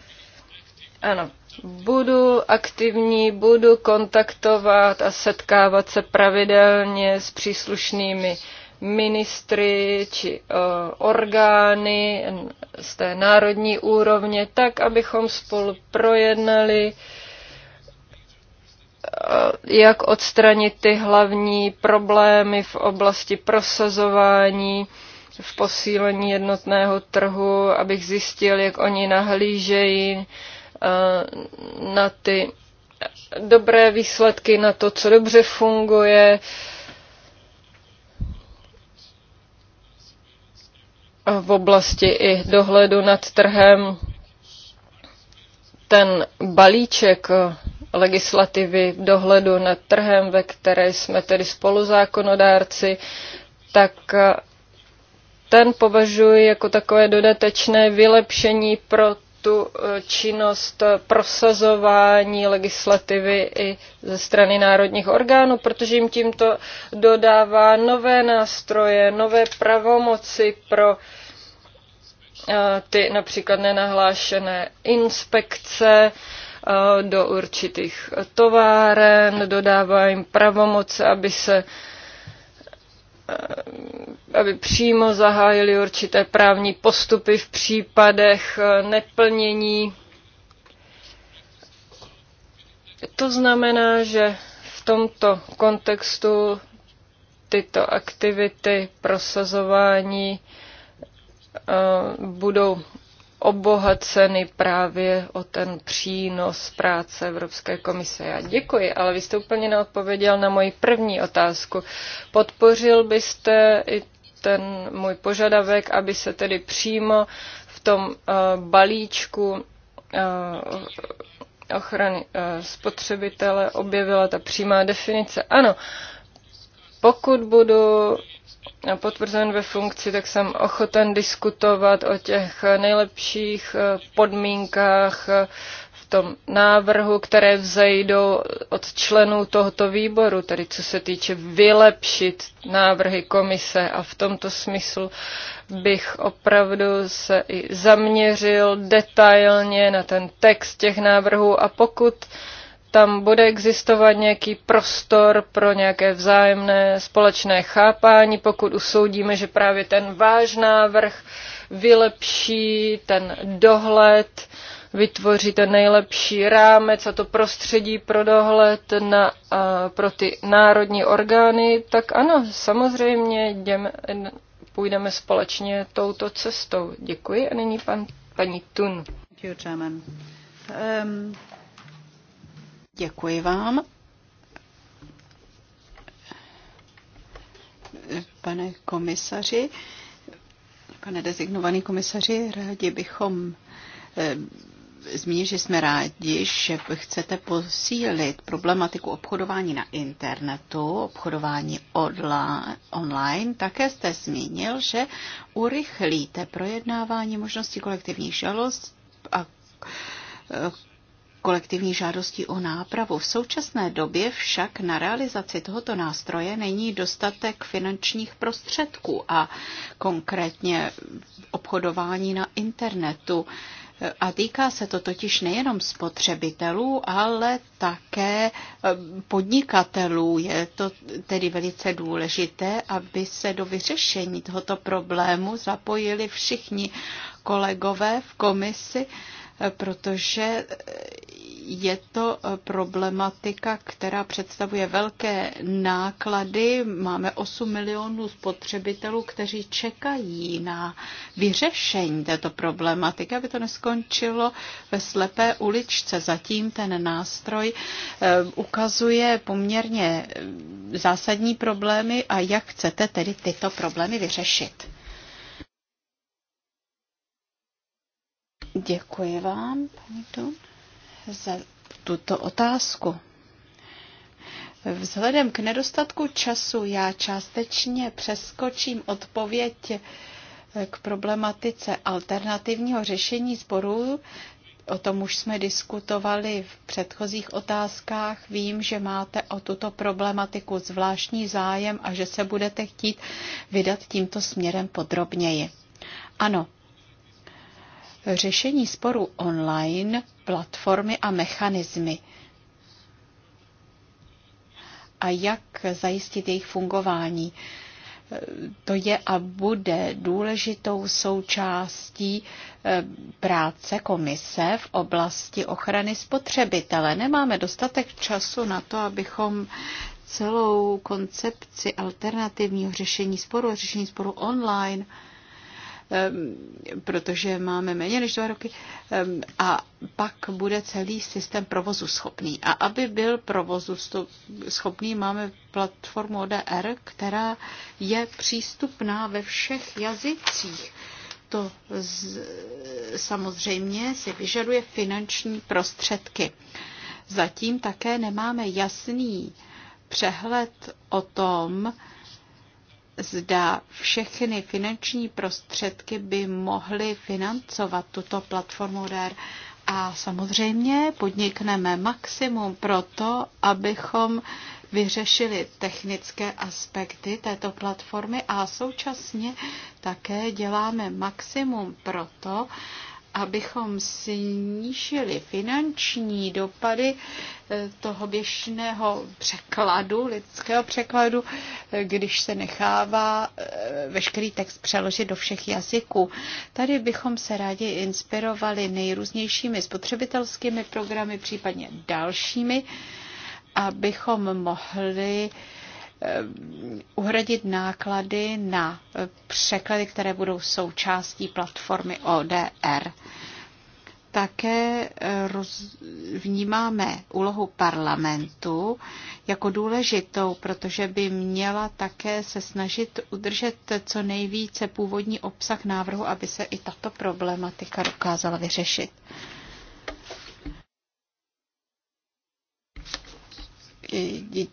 ano, budu aktivní, budu kontaktovat a setkávat se pravidelně s příslušnými uh, ministry či eh, orgány z té národní úrovně, tak abychom spolu projednali, eh, jak odstranit ty hlavní problémy v oblasti prosazování, v posílení jednotného trhu, abych zjistil, jak oni nahlížejí eh, na ty dobré výsledky, na to, co dobře funguje, v oblasti i dohledu nad trhem. Ten balíček legislativy dohledu nad trhem, ve které jsme tedy spoluzákonodárci, tak ten považuji jako takové dodatečné vylepšení pro tu eh, činnost prosazování legislativy i ze strany národních orgánů, protože jim tímto dodává nové nástroje, nové pravomoci pro uh, ty například nenahlášené inspekce do určitých továren, dodává jim pravomoce, aby se aby přímo zahájili určité právní postupy v případech neplnění. To znamená, že v tomto kontextu tyto aktivity prosazování uh, Eh, budou obohaceny právě o ten přínos práce Evropské komise. Já děkuji, ale vy jste úplně neodpověděl na moji první otázku. Podpořil byste i ten můj požadavek, aby se tedy přímo v tom uh, balíčku uh, ochrany uh, spotřebitele objevila ta přímá definice. Ano, pokud budu potvrzen ve funkci, tak jsem ochoten diskutovat o těch nejlepších eh, podmínkách eh, v tom návrhu, které vzejdou od členů tohoto výboru, tedy co se týče vylepšit návrhy komise a v tomto smyslu bych opravdu se i zaměřil detailně na ten text těch návrhů a pokud tam bude existovat nějaký prostor pro nějaké vzájemné společné chápání, pokud usoudíme, že právě ten váš návrh vylepší ten dohled, vytvoří ten nejlepší rámec a to prostředí pro dohled na, a, pro ty národní orgány, tak ano, samozřejmě jdeme, půjdeme společně touto cestou. Děkuji a nyní pan, paní Tun. Thank you, Děkuji vám. Pane komisaři, pane designovaný komisaři, rádi bychom eh, zmínili, že jsme rádi, že chcete posílit problematiku obchodování na internetu, obchodování online. Také jste zmínil, že urychlíte projednávání možnosti kolektivních žalost a eh, kolektivní žádostí o nápravu. V současné době však na realizaci tohoto nástroje není dostatek finančních prostředků a konkrétně obchodování na internetu. A týká se to totiž nejenom spotřebitelů, ale také eh, podnikatelů. Je to tedy velice důležité, aby se do vyřešení tohoto problému zapojili všichni kolegové v komisi, protože je to problematika, která představuje velké náklady. Máme 8 milionů spotřebitelů, kteří čekají na vyřešení této problematiky, aby to neskončilo ve slepé uličce. Zatím ten nástroj eh, ukazuje poměrně eh, zásadní problémy a jak chcete tedy tyto problémy vyřešit. Děkuji vám, paní Don, za tuto otázku. Vzhledem k nedostatku času já částečně přeskočím odpověď k problematice alternativního řešení sporů. O tom už jsme diskutovali v předchozích otázkách. Vím, že máte o tuto problematiku zvláštní zájem a že se budete chtít vydat tímto směrem podrobněji. Ano, řešení sporu online, platformy a mechanismy a jak zajistit jejich fungování. To je a bude důležitou součástí eh, práce komise v oblasti ochrany spotřebitele. Nemáme dostatek času na to, abychom celou koncepci alternativního řešení sporu řešení sporu online Ehm, protože máme méně než dva roky ehm, a pak bude celý systém provozu schopný. A aby byl provozu schopný, máme platformu ODR, která je přístupná ve všech jazycích. To z, samozřejmě si vyžaduje finanční prostředky. Zatím také nemáme jasný přehled o tom, zda všechny finanční prostředky by mohly financovat tuto platformu DER. A samozřejmě podnikneme maximum pro to, abychom vyřešili technické aspekty této platformy a současně také děláme maximum pro to, abychom snížili finanční dopady eh, toho běžného překladu, lidského překladu, eh, když se nechává eh, veškerý text přeložit do všech jazyků. Tady bychom se rádi inspirovali nejrůznějšími spotřebitelskými programy, případně dalšími, abychom mohli eh, Eh, uhradit náklady na eh, překlady, které budou součástí platformy ODR. Také eh, roz, vnímáme úlohu parlamentu jako důležitou, protože by měla také se snažit udržet co nejvíce původní obsah návrhu, aby se i tato problematika dokázala vyřešit.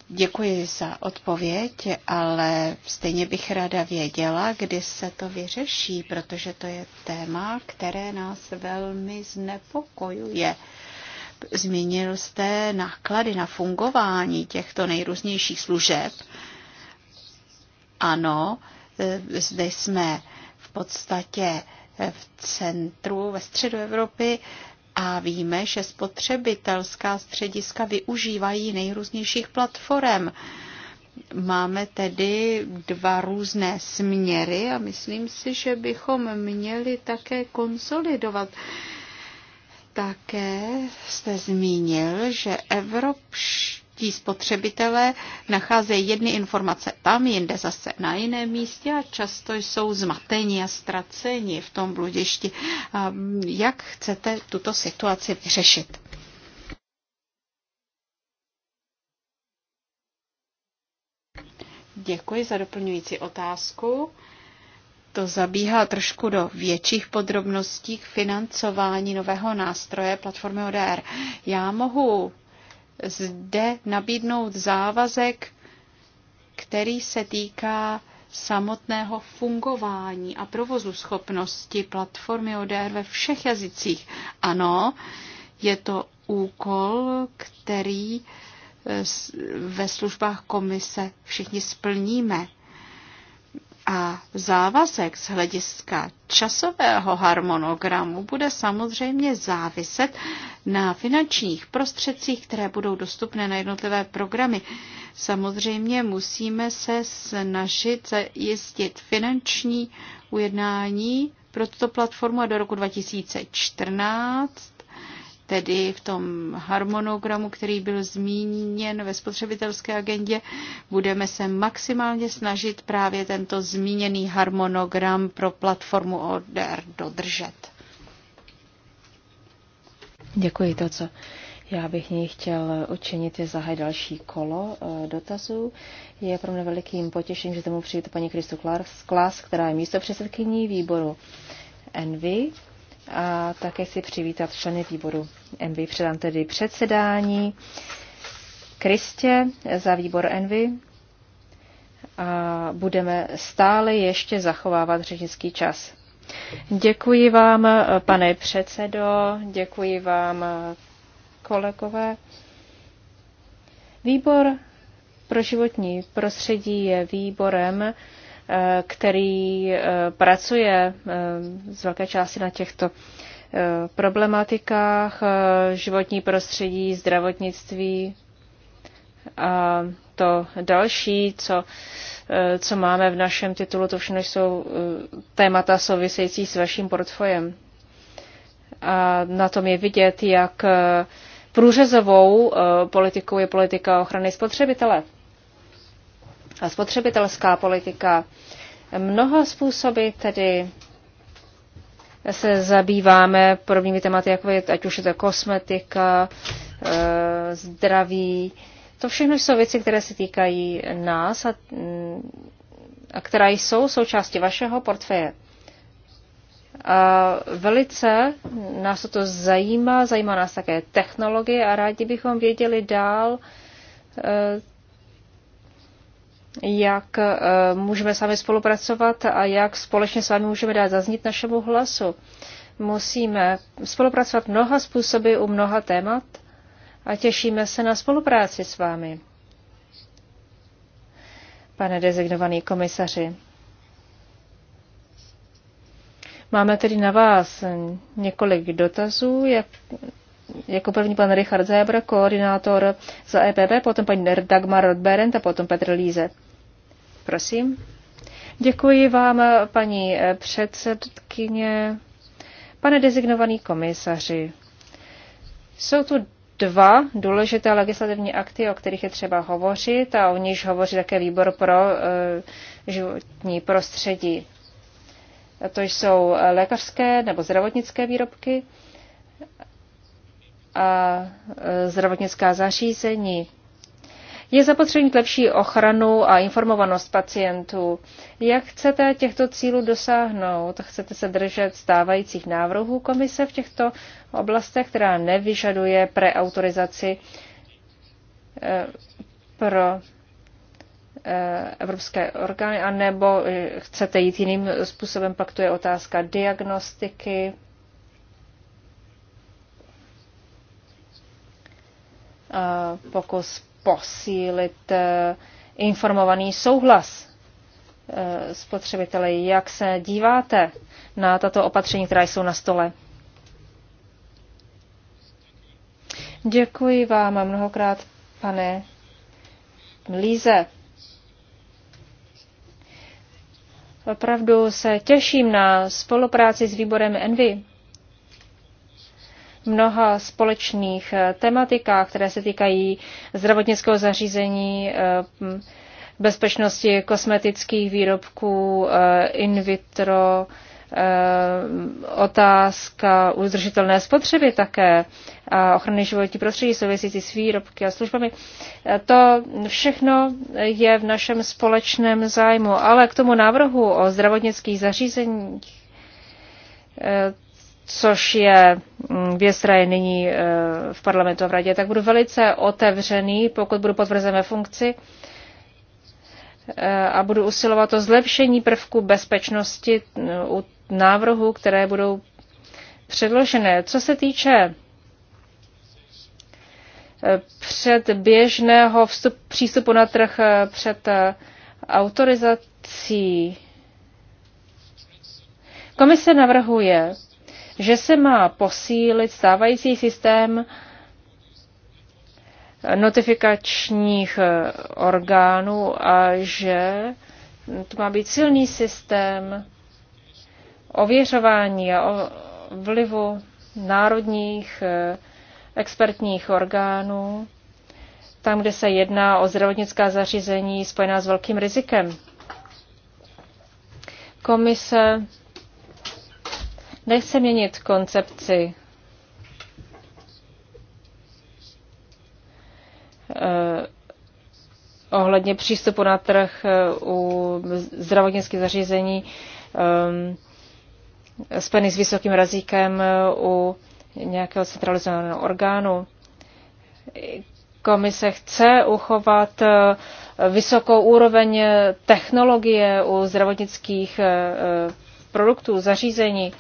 Děkuji za odpověď, ale stejně bych ráda věděla, kdy se to vyřeší, protože to je téma, které nás velmi znepokojuje. Zmínil jste náklady na fungování těchto nejrůznějších služeb. Ano, e, zde jsme v podstatě v centru, ve středu Evropy, a víme, že spotřebitelská střediska využívají nejrůznějších platform. Máme tedy dva různé směry a myslím si, že bychom měli také konsolidovat. Také jste zmínil, že evropští ti spotřebitelé nacházejí jedny informace tam, jinde zase na jiném místě a často jsou zmateni a ztraceni v tom bludišti. A mm, jak chcete tuto situaci vyřešit? Děkuji za doplňující otázku. To zabíhá trošku do větších podrobností k financování nového nástroje platformy ODR. Já mohu zde nabídnout závazek, který se týká samotného fungování a provozu schopnosti platformy ODR ve všech jazycích. Ano, je to úkol, který eh, ve službách komise všichni splníme. A závazek z hlediska časového harmonogramu bude samozřejmě záviset na finančních prostředcích, které budou dostupné na jednotlivé programy. Samozřejmě musíme se snažit zajistit finanční ujednání pro tuto platformu a do roku 2014 tedy v tom harmonogramu, který byl zmíněn ve spotřebitelské agendě, budeme se maximálně snažit právě tento zmíněný harmonogram pro platformu ODR dodržet. Děkuji to, co já bych ní chtěl učinit je zahájit další kolo eh, dotazů. Je pro mě velikým potěšením, že tomu přijde paní Kristu Klas, která je místo předsedkyní výboru Envy a také si přivítat členy výboru Envy. Předám tedy předsedání Kristě za výbor Envy a budeme stále ještě zachovávat řečnický čas. Děkuji vám, pane předsedo, děkuji vám, kolegové. Výbor pro životní prostředí je výborem, který eh, pracuje eh, z velké části na těchto eh, problematikách životní prostředí, zdravotnictví a to další, co, co máme v našem titulu, to všechno jsou témata související s vaším portfojem. A na tom je vidět, jak průřezovou politikou je politika ochrany spotřebitele a spotřebitelská politika. Mnoha způsoby tedy se zabýváme podobnými tématy, jako je, ať už je to kosmetika, eh, zdraví. To všechno jsou věci, které se týkají nás a, mm, a které jsou součástí vašeho portfeje. A velice nás to zajímá, zajímá nás také technologie a rádi bychom věděli dál, eh, jak eh, můžeme sami spolupracovat a jak společně s vámi můžeme dát zaznít našemu hlasu. Musíme spolupracovat mnoha způsoby u mnoha témat a těšíme se na spolupráci s vámi, pane dezignovaný komisaři. Máme tedy na vás několik dotazů, jak jako první pan Richard Zebr, koordinátor za EPP, potom paní Dagmar Berend a potom Petr Líze. Prosím. Děkuji vám, paní předsedkyně. Pane designovaný komisaři, jsou tu dva důležité legislativní akty, o kterých je třeba hovořit a o níž hovoří také výbor pro e, životní prostředí. To jsou lékařské nebo zdravotnické výrobky a zdravotnická zařízení. Je zapotřebí lepší ochranu a informovanost pacientů. Jak chcete těchto cílů dosáhnout? Chcete se držet stávajících návrhů komise v těchto oblastech, která nevyžaduje preautorizaci e, pro e, evropské orgány, anebo e, chcete jít jiným způsobem, pak tu je otázka diagnostiky Eh, pokus posílit eh, informovaný souhlas eh, spotřebiteli. Jak se díváte na tato opatření, která jsou na stole? Děkuji vám a mnohokrát, pane Líze. Opravdu se těším na spolupráci s výborem Envy mnoha společných eh, tematikách, které se týkají zdravotnického zařízení, eh, bezpečnosti kosmetických výrobků, eh, in vitro, otázka udržitelné spotřeby také a ochrany životní prostředí související s výrobky a službami. To všechno je v našem společném zájmu, ale k tomu návrhu o zdravotnických zařízeních což je mm, věc, která je nyní eh, v parlamentu a v radě, tak budu velice otevřený, pokud budu potvrzen ve funkci eh, a budu usilovat o zlepšení prvku bezpečnosti eh, u návrhu, které budou předložené. Co se týče běžného vstup, přístupu na trh před autorizací, komise navrhuje že se má posílit stávající systém notifikačních eh, orgánů a že to má být silný systém ověřování a vlivu národních eh, expertních orgánů tam, kde se jedná o zdravotnická zařízení spojená s velkým rizikem. Komise Nechce měnit koncepci eh, ohledně přístupu na trh eh, u zdravotnických zařízení eh, spojených s vysokým razíkem u nějakého centralizovaného orgánu. Komise chce uchovat vysokou úroveň technologie u zdravotnických produktů, zařízení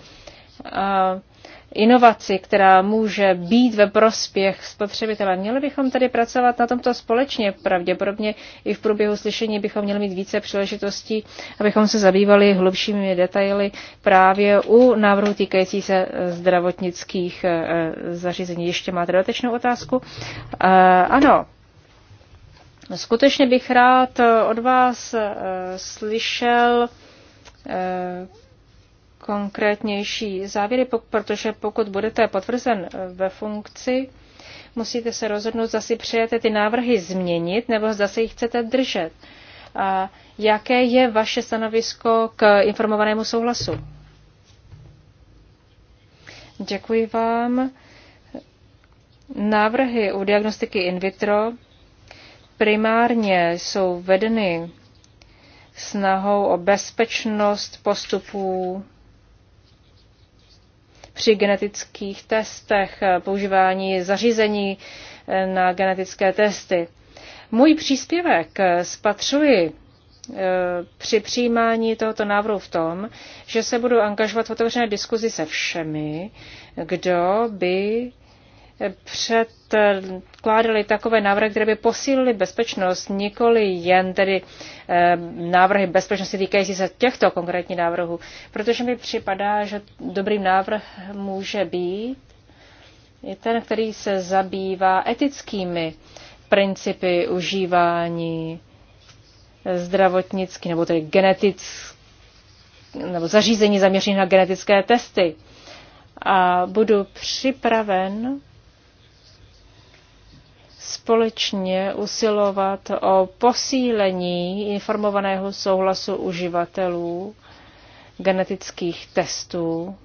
inovaci, která může být ve prospěch spotřebitele. Měli bychom tady pracovat na tomto společně. Pravděpodobně i v průběhu slyšení bychom měli mít více příležitostí, abychom se zabývali hlubšími detaily právě u návrhu týkající se e, zdravotnických e, zařízení. Ještě máte dotečnou otázku? E, ano. Skutečně bych rád od vás slyšel konkrétnější závěry, protože pokud budete potvrzen eh, ve funkci, musíte se rozhodnout, zda si přejete ty návrhy změnit nebo zda se jich chcete držet. A jaké je vaše stanovisko k informovanému souhlasu? Děkuji vám. Návrhy u diagnostiky in vitro primárně jsou vedeny snahou o bezpečnost postupů při genetických testech, eh, používání zařízení eh, na genetické testy. Můj příspěvek eh, spatřuji při přijímání tohoto návrhu v tom, že se budu angažovat v otevřené diskuzi se všemi, kdo by předkládali takové návrhy, které by posílily bezpečnost, nikoli jen tedy eh, návrhy bezpečnosti týkající se těchto konkrétních návrhů. Protože mi připadá, že dobrý návrh může být i ten, který se zabývá etickými principy užívání zdravotnických nebo tedy genetických nebo zařízení zaměřených na genetické testy. A budu připraven společně usilovat o posílení informovaného souhlasu uživatelů genetických testů,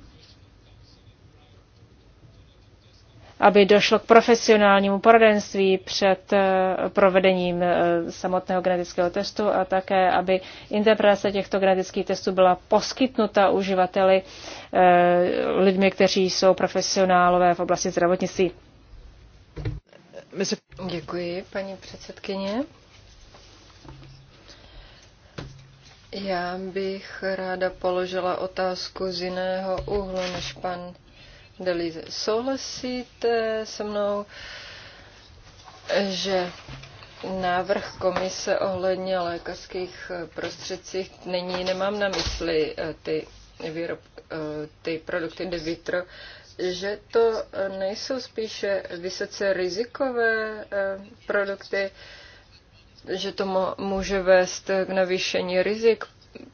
aby došlo k profesionálnímu poradenství před eh, provedením eh, samotného genetického testu a také, aby interpretace těchto genetických testů byla poskytnuta uživateli eh, lidmi, kteří jsou profesionálové v oblasti zdravotnictví. Děkuji, paní předsedkyně. Já bych ráda položila otázku z jiného úhlu než pan Delize. Souhlasíte se mnou, že návrh komise ohledně lékařských prostředcích není, nemám na mysli eh, ty, výrob, eh, ty produkty de vitro, že to nejsou spíše vysoce rizikové eh, produkty, že to může vést k navýšení rizik.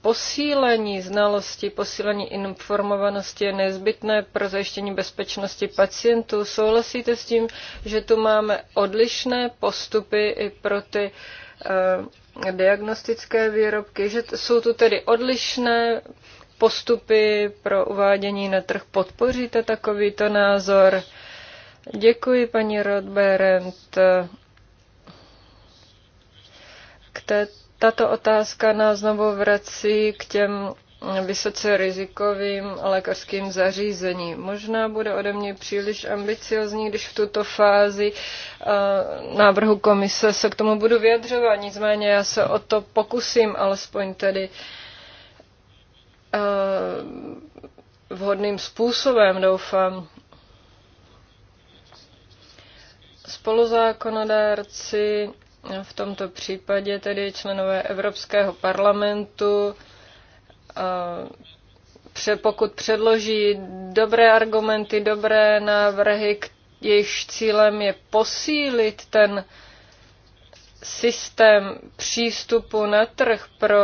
Posílení znalosti, posílení informovanosti je nezbytné pro zajištění bezpečnosti pacientů. Souhlasíte s tím, že tu máme odlišné postupy i pro ty eh, diagnostické výrobky, že jsou tu tedy odlišné postupy pro uvádění na trh. Podpoříte takovýto názor? Děkuji, paní Rodberent. K té, tato otázka nás znovu vrací k těm vysoce rizikovým lékařským zařízením. Možná bude ode mě příliš ambiciozní, když v tuto fázi eh, návrhu komise se k tomu budu vyjadřovat. Nicméně já se o to pokusím, alespoň tedy Eh, vhodným způsobem, doufám. Spoluzákonodárci, eh, v tomto případě tedy členové Evropského parlamentu, eh, pokud předloží dobré argumenty, dobré návrhy, jejichž cílem je posílit ten systém přístupu na trh pro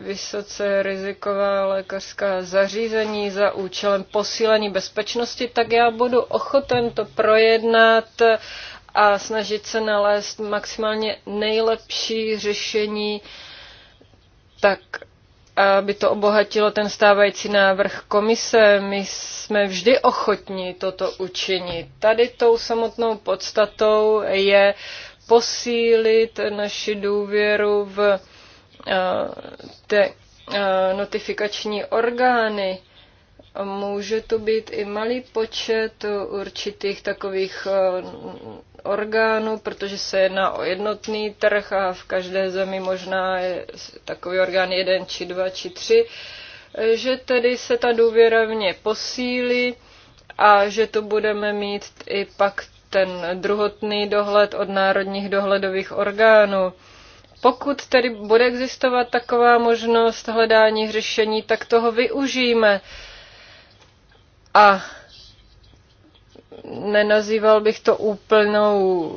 vysoce riziková lékařská zařízení za účelem posílení bezpečnosti, tak já budu ochoten to projednat a snažit se nalézt maximálně nejlepší řešení, tak aby to obohatilo ten stávající návrh komise. My jsme vždy ochotní toto učinit. Tady tou samotnou podstatou je posílit naši důvěru v eh, te eh, notifikační orgány. Může to být i malý počet určitých takových eh, orgánů, protože se jedná o jednotný trh a v každé zemi možná je takový orgán jeden, či dva, či tři, že tedy se ta důvěra v ně posílí a že to budeme mít i pak ten druhotný dohled od národních dohledových orgánů. Pokud tedy bude existovat taková možnost hledání řešení, tak toho využijeme. A nenazýval bych to úplnou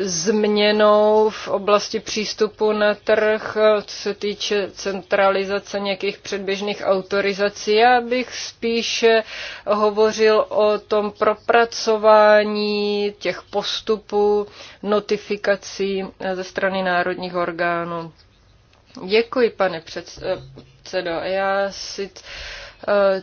změnou v oblasti přístupu na trh, co se týče centralizace nějakých předběžných autorizací. Já bych spíše hovořil o tom propracování těch postupů, notifikací ze strany národních orgánů. Děkuji, pane předsedo. Já si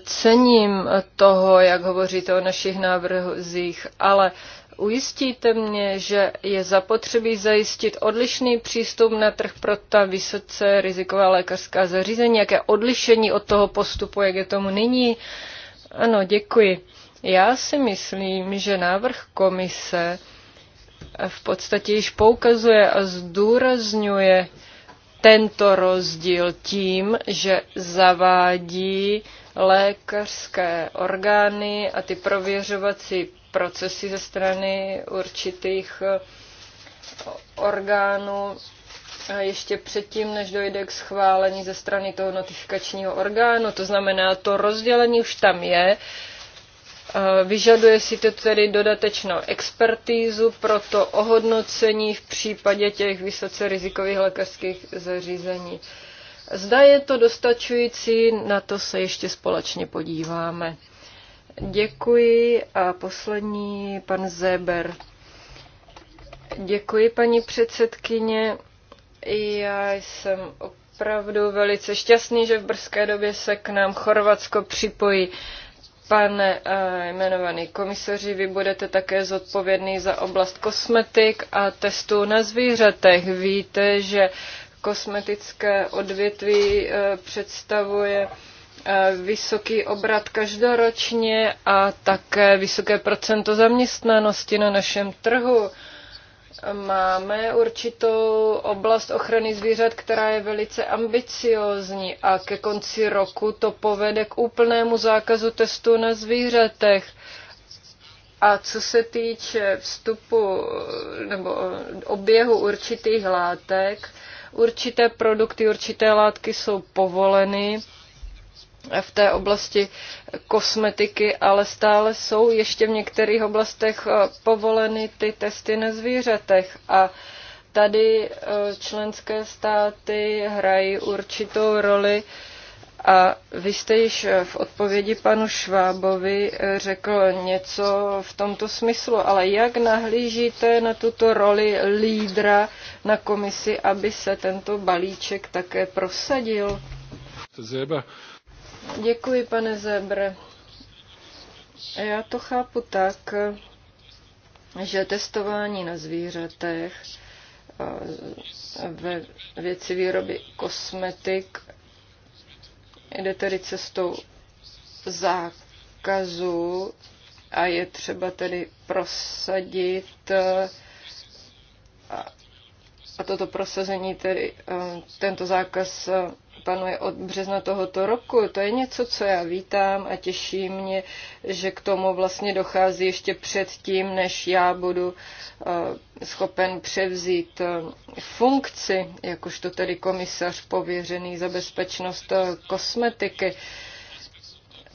cením toho, jak hovoříte o našich návrzích, ale ujistíte mě, že je zapotřebí zajistit odlišný přístup na trh pro ta vysoce riziková lékařská zařízení, jaké odlišení od toho postupu, jak je tomu nyní. Ano, děkuji. Já si myslím, že návrh komise v podstatě již poukazuje a zdůrazňuje tento rozdíl tím, že zavádí lékařské orgány a ty prověřovací procesy ze strany určitých eh, orgánů ještě předtím, než dojde k schválení ze strany toho notifikačního orgánu. To znamená, to rozdělení už tam je. Eh, vyžaduje si to tedy dodatečnou expertízu pro to ohodnocení v případě těch vysoce rizikových lékařských zařízení. Zda je to dostačující, na to se ještě společně podíváme. Děkuji a poslední pan Zeber. Děkuji, paní předsedkyně. Já jsem opravdu velice šťastný, že v brzké době se k nám Chorvatsko připojí. Pane eh, jmenovaný komisaři, vy budete také zodpovědný za oblast kosmetik a testů na zvířatech. Víte, že kosmetické odvětví eh, představuje eh, vysoký obrat každoročně a také vysoké procento zaměstnanosti na našem trhu. Máme určitou oblast ochrany zvířat, která je velice ambiciózní a ke konci roku to povede k úplnému zákazu testů na zvířatech. A co se týče vstupu eh, nebo oběhu určitých látek, Určité produkty, určité látky jsou povoleny v té oblasti kosmetiky, ale stále jsou ještě v některých oblastech eh, povoleny ty testy na zvířatech. A tady eh, členské státy hrají určitou roli a vy jste již eh, v odpovědi panu Švábovi eh, řekl něco v tomto smyslu, ale jak nahlížíte na tuto roli lídra na komisi, aby se tento balíček také prosadil? Zeba. Děkuji, pane Zebre. Já to chápu tak, že testování na zvířatech eh, ve věci výroby kosmetik Jde tedy cestou zákazu a je třeba tedy prosadit a toto prosazení, tedy eh, tento zákaz eh, panuje od března tohoto roku. To je něco, co já vítám a těší mě, že k tomu vlastně dochází ještě předtím, než já budu eh, schopen převzít eh, funkci, jakožto tedy komisař pověřený za bezpečnost eh, kosmetiky.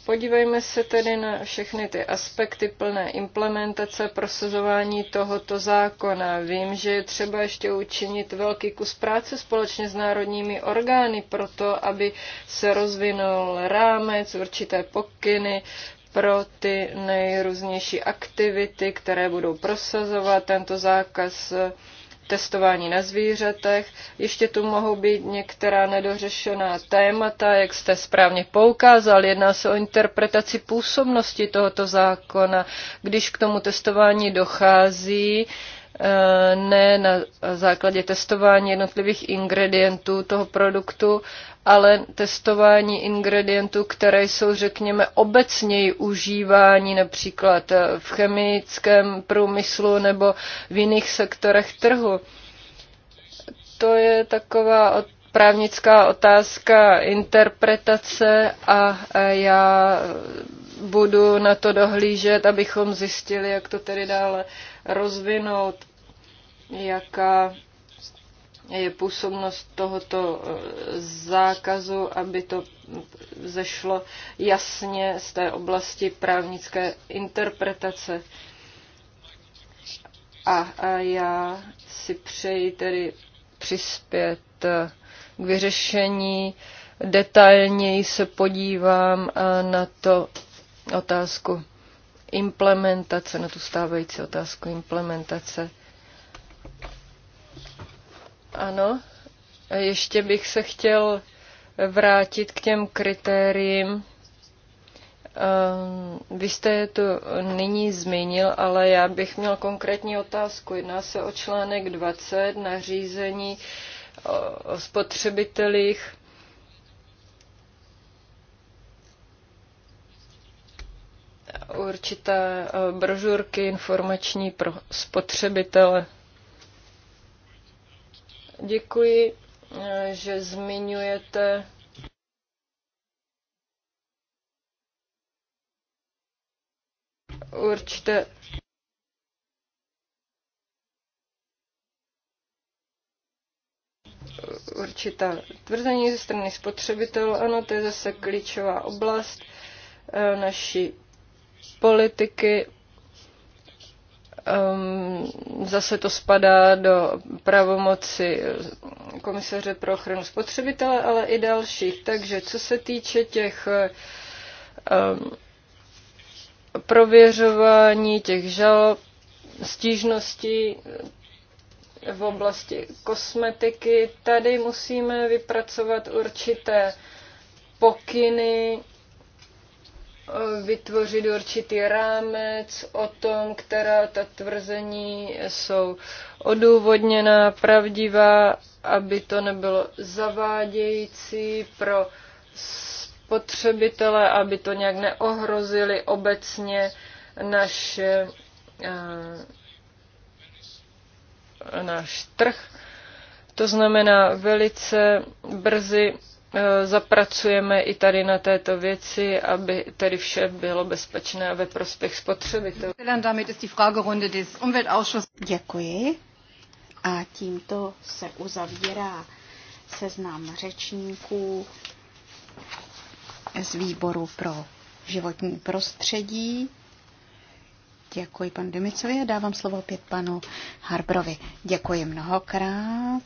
Podívejme se tedy na všechny ty aspekty plné implementace prosazování tohoto zákona. Vím, že je třeba ještě učinit velký kus práce společně s národními orgány pro to, aby se rozvinul rámec, určité pokyny pro ty nejrůznější aktivity, které budou prosazovat tento zákaz testování na zvířatech. Ještě tu mohou být některá nedořešená témata, jak jste správně poukázal. Jedná se o interpretaci působnosti tohoto zákona, když k tomu testování dochází Eh, ne na základě testování jednotlivých ingredientů toho produktu, ale testování ingredientů, které jsou, řekněme, obecněji užívání například eh, v chemickém průmyslu nebo v jiných sektorech trhu. To je taková právnická otázka interpretace a já budu na to dohlížet, abychom zjistili, jak to tedy dále rozvinout, jaká je působnost tohoto eh, zákazu, aby to zešlo jasně z té oblasti právnické interpretace. A já si přeji tedy přispět eh, k vyřešení. Detailněji se podívám eh, na to otázku implementace, na tu stávající otázku implementace. Ano, a ještě bych se chtěl vrátit k těm kritériím. Ehm, vy jste je tu nyní zmínil, ale já bych měl konkrétní otázku. Jedná se o článek 20 nařízení o spotřebitelích určité eh, brožurky informační pro spotřebitele. Děkuji, eh, že zmiňujete určité určitá tvrzení ze strany spotřebitelů. Ano, to je zase klíčová oblast eh, naší politiky. Um, zase to spadá do pravomoci komisaře pro ochranu spotřebitele, ale i dalších. Takže co se týče těch um, prověřování těch žalob, stížností v oblasti kosmetiky, tady musíme vypracovat určité pokyny vytvořit určitý rámec o tom, která ta tvrzení jsou odůvodněná, pravdivá, aby to nebylo zavádějící pro spotřebitele, aby to nějak neohrozili obecně naše, eh, náš trh. To znamená, velice brzy E, zapracujeme i tady na této věci, aby tedy vše bylo bezpečné a ve prospěch spotřebitelů. Děkuji. A tímto se uzavírá seznam řečníků z výboru pro životní prostředí. Děkuji panu Dimicovi a dávám slovo opět panu Harbrovi. Děkuji mnohokrát.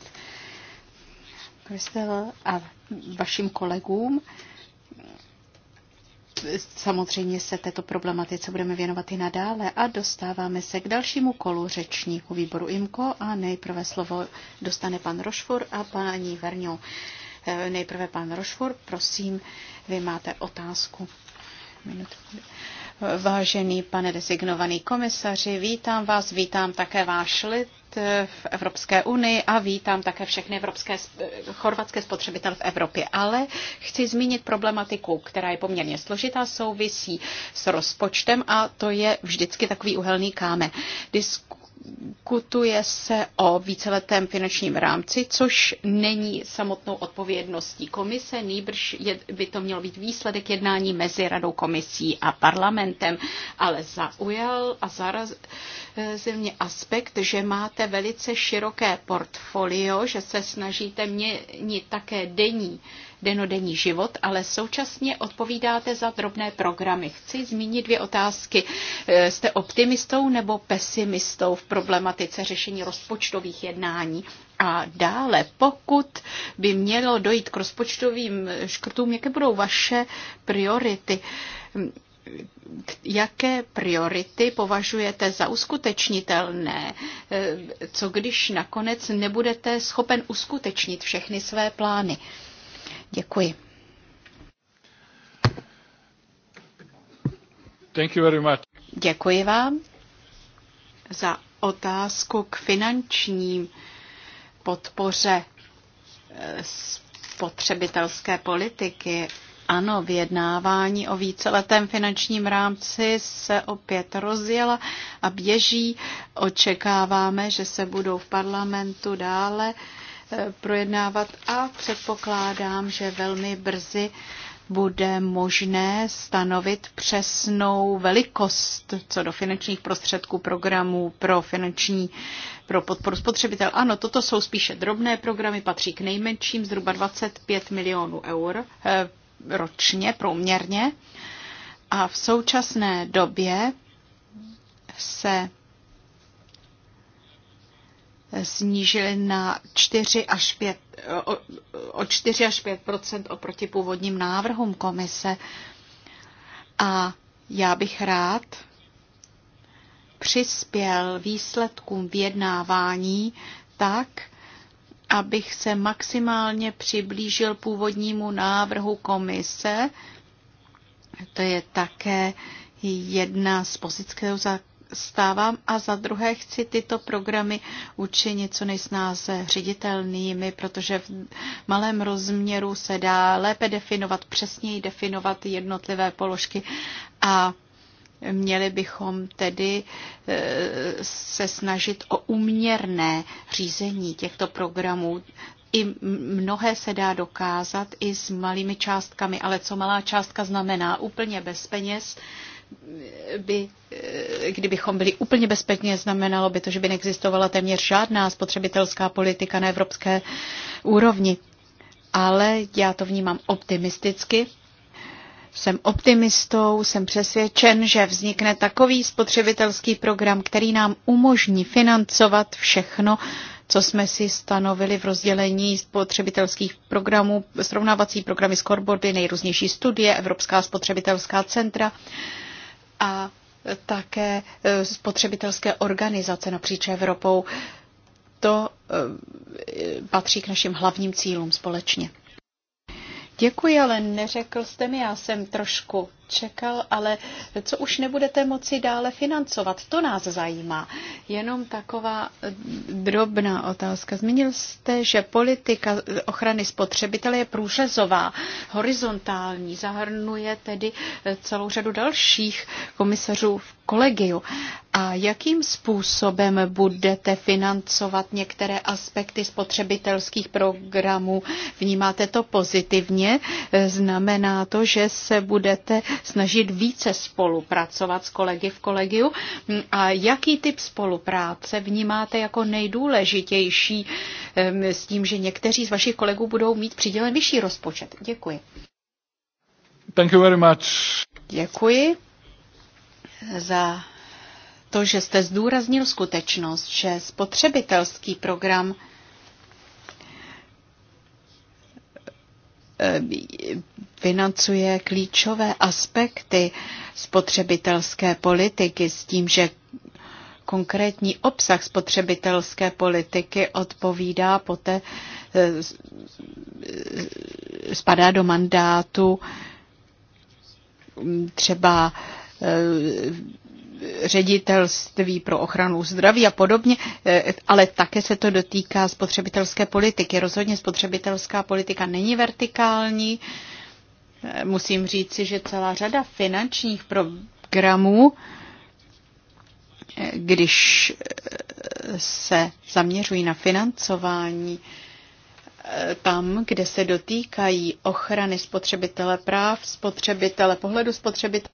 Kristel a vašim kolegům. Samozřejmě se této problematice budeme věnovat i nadále a dostáváme se k dalšímu kolu řečníku výboru IMKO a nejprve slovo dostane pan Rošfur a paní Verňo. Eh, nejprve pan Rošfur, prosím, vy máte otázku. Minutu. Vážený pane designovaný komisaři, vítám vás, vítám také váš lid eh, v Evropské unii a vítám také všechny evropské, eh, chorvatské spotřebitele v Evropě. Ale chci zmínit problematiku, která je poměrně složitá, souvisí s rozpočtem a to je vždycky takový uhelný kámen. Disku diskutuje se o víceletém finančním rámci, což není samotnou odpovědností komise, nýbrž je, by to mělo být výsledek jednání mezi radou komisí a parlamentem, ale zaujal a zarazil mě aspekt, že máte velice široké portfolio, že se snažíte měnit také denní uh, denodenní život, ale současně odpovídáte za drobné programy. Chci zmínit dvě otázky. E, jste optimistou nebo pesimistou v problematice řešení rozpočtových jednání? A dále, pokud by mělo dojít k rozpočtovým škrtům, jaké budou vaše priority? jaké priority považujete za uskutečnitelné, e, co když nakonec nebudete schopen uskutečnit všechny své plány. Děkuji. Thank you very much. Děkuji vám za otázku k finančním podpoře eh, spotřebitelské politiky. Ano, vyjednávání o víceletém finančním rámci se opět rozjela a běží. Očekáváme, že se budou v parlamentu dále Eh, projednávat a předpokládám, že velmi brzy bude možné stanovit přesnou velikost co do finančních prostředků programů pro finanční pro podporu spotřebitel. Ano, toto jsou spíše drobné programy, patří k nejmenším, zhruba 25 milionů eur eh, ročně průměrně. A v současné době se snížili na 4 až 5, o, o 4 až 5 oproti původním návrhům komise. A já bych rád přispěl výsledkům vyjednávání tak, abych se maximálně přiblížil původnímu návrhu komise. To je také jedna z pozic, kterou za stávám a za druhé chci tyto programy učinit co nejsnáze ředitelnými, protože v malém rozměru se dá lépe definovat, přesněji definovat jednotlivé položky a Měli bychom tedy e, se snažit o uměrné řízení těchto programů. I mnohé se dá dokázat i s malými částkami, ale co malá částka znamená úplně bez peněz, by, eh, kdybychom byli úplně bezpečně, znamenalo by to, že by neexistovala téměř žádná spotřebitelská politika na evropské úrovni. Ale já to vnímám optimisticky. Jsem optimistou, jsem přesvědčen, že vznikne takový spotřebitelský program, který nám umožní financovat všechno, co jsme si stanovili v rozdělení spotřebitelských programů, srovnávací programy scoreboardy, nejrůznější studie, Evropská spotřebitelská centra a také e, spotřebitelské organizace napříč Evropou. To e, patří k našim hlavním cílům společně. Děkuji, ale neřekl jste mi, já jsem trošku čekal, ale co už nebudete moci dále financovat, to nás zajímá. Jenom taková eh, drobná otázka. Zmínil jste, že politika ochrany spotřebitele je průřezová, horizontální, zahrnuje tedy eh, celou řadu dalších komisařů v kolegiu. A jakým způsobem budete financovat některé aspekty spotřebitelských programů? Vnímáte to pozitivně? Eh, Znamená to, že se budete snažit více spolupracovat s kolegy v kolegiu. A jaký typ spolupráce vnímáte jako nejdůležitější s tím, že někteří z vašich kolegů budou mít přidělen vyšší rozpočet? Děkuji. Thank you very much. Děkuji za to, že jste zdůraznil skutečnost, že spotřebitelský program Eh, financuje klíčové aspekty spotřebitelské politiky s tím, že konkrétní obsah spotřebitelské politiky odpovídá poté, eh, spadá do mandátu třeba eh, ředitelství pro ochranu zdraví a podobně, eh, ale také se to dotýká spotřebitelské politiky. Rozhodně spotřebitelská politika není vertikální. Eh, musím říci, že celá řada finančních programů, eh, když se zaměřují na financování, tam, kde se dotýkají ochrany spotřebitele práv, spotřebitele pohledu spotřebitele,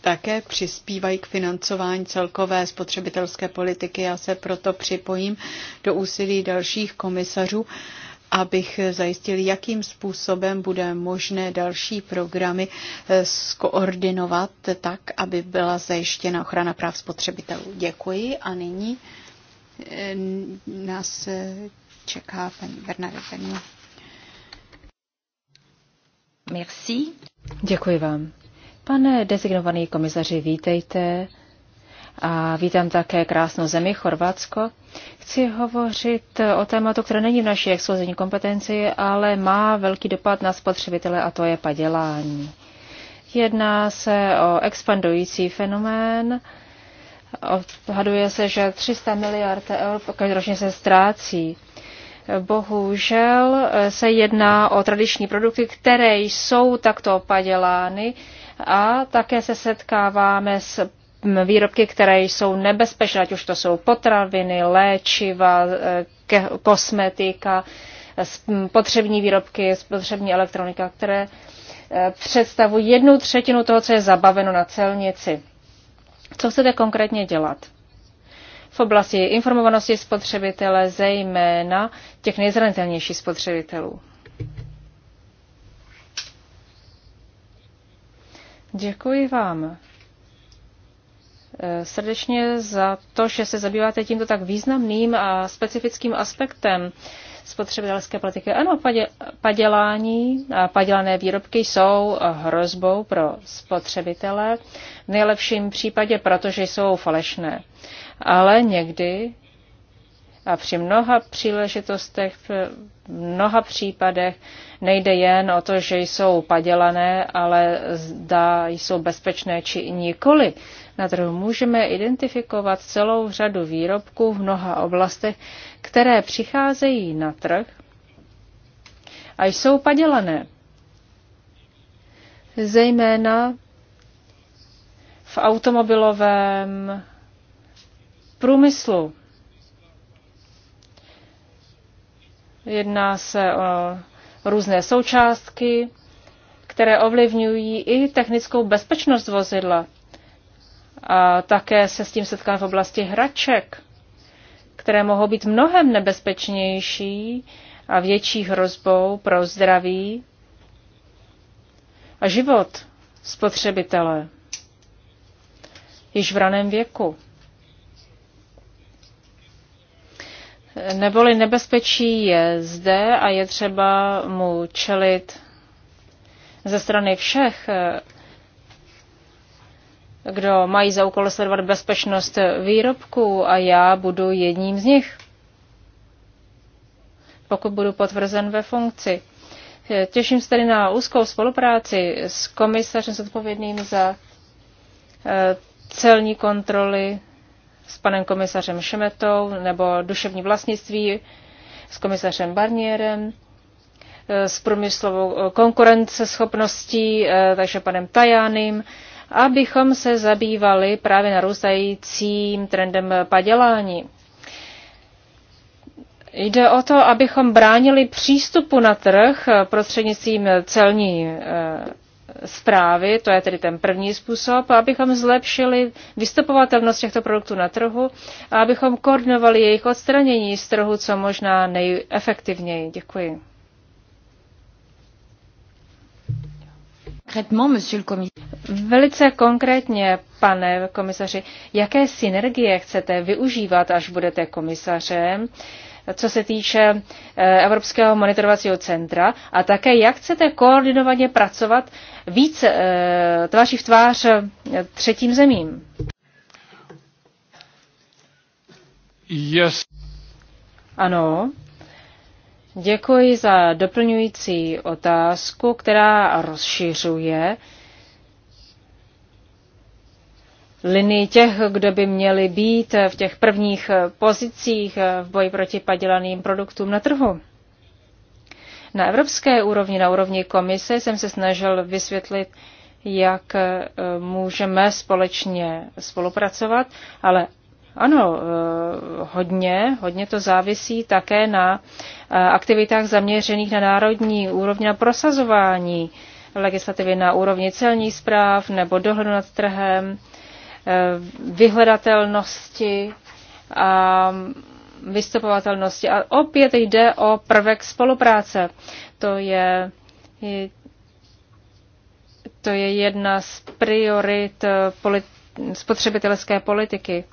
také přispívají k financování celkové spotřebitelské politiky. Já se proto připojím do úsilí dalších komisařů, abych zajistil, jakým způsobem bude možné další programy eh, skoordinovat tak, aby byla zajištěna ochrana práv spotřebitelů. Děkuji a nyní eh, nás eh, čeká paní Bernadette. Merci. Děkuji vám. Pane designovaný komisaři, vítejte a vítám také krásnou zemi Chorvatsko. Chci hovořit o tématu, které není v naší exkluzivní kompetenci, ale má velký dopad na spotřebitele a to je padělání. Jedná se o expandující fenomén. Odhaduje se, že 300 miliard eur každoročně se ztrácí. Bohužel se jedná o tradiční produkty, které jsou takto padělány a také se setkáváme s výrobky, které jsou nebezpečné, ať už to jsou potraviny, léčiva, eh, kosmetika, potřební výrobky, spotřební elektronika, které eh, představují jednu třetinu toho, co je zabaveno na celnici. Co chcete konkrétně dělat? V oblasti informovanosti spotřebitele, zejména těch nejzranitelnějších spotřebitelů. Děkuji vám eh, srdečně za to, že se zabýváte tímto tak významným a specifickým aspektem spotřebitelské politiky. Ano, padělání a padělané výrobky jsou hrozbou pro spotřebitele, v nejlepším případě, protože jsou falešné. Ale někdy a při mnoha příležitostech mnoha případech nejde jen o to, že jsou padělané, ale zda jsou bezpečné či nikoli. Na trhu můžeme identifikovat celou řadu výrobků v mnoha oblastech, které přicházejí na trh a jsou padělané. Zejména v automobilovém průmyslu Jedná se o různé součástky, které ovlivňují i technickou bezpečnost vozidla. A také se s tím setkám v oblasti hraček, které mohou být mnohem nebezpečnější a větší hrozbou pro zdraví a život spotřebitele již v raném věku. Neboli nebezpečí je zde a je třeba mu čelit ze strany všech, kdo mají za úkol sledovat bezpečnost výrobků a já budu jedním z nich, pokud budu potvrzen ve funkci. Těším se tedy na úzkou spolupráci s komisařem zodpovědným za eh, celní kontroly s panem komisařem Šemetou nebo duševní vlastnictví s komisařem Barnierem, eh, s průmyslovou eh, konkurenceschopností, eh, takže panem Tajánem, abychom se zabývali právě narůstajícím trendem padělání. Jde o to, abychom bránili přístupu na trh prostřednictvím celní zprávy, to je tedy ten první způsob, abychom zlepšili vystupovatelnost těchto produktů na trhu a abychom koordinovali jejich odstranění z trhu co možná nejefektivněji. Děkuji. Velice konkrétně, pane komisaři, jaké synergie chcete využívat, až budete komisařem? co se týče eh, Evropského monitorovacího centra a také jak chcete koordinovaně pracovat víc eh, tváří v tvář eh, třetím zemím. Yes. Ano. Děkuji za doplňující otázku, která rozšiřuje uh, linii těch, kdo by měli být v těch prvních eh, pozicích eh, v boji proti padělaným produktům na trhu. Na evropské úrovni, na úrovni komise jsem se snažil vysvětlit, jak eh, můžeme společně spolupracovat, ale ano, hodně, hodně to závisí také na aktivitách zaměřených na národní úrovni, na prosazování legislativy na úrovni celních zpráv nebo dohledu nad trhem Eh, vyhledatelnosti a vystupovatelnosti. A opět jde o prvek spolupráce. To je, to je jedna z priorit eh, polit, spotřebitelské politiky.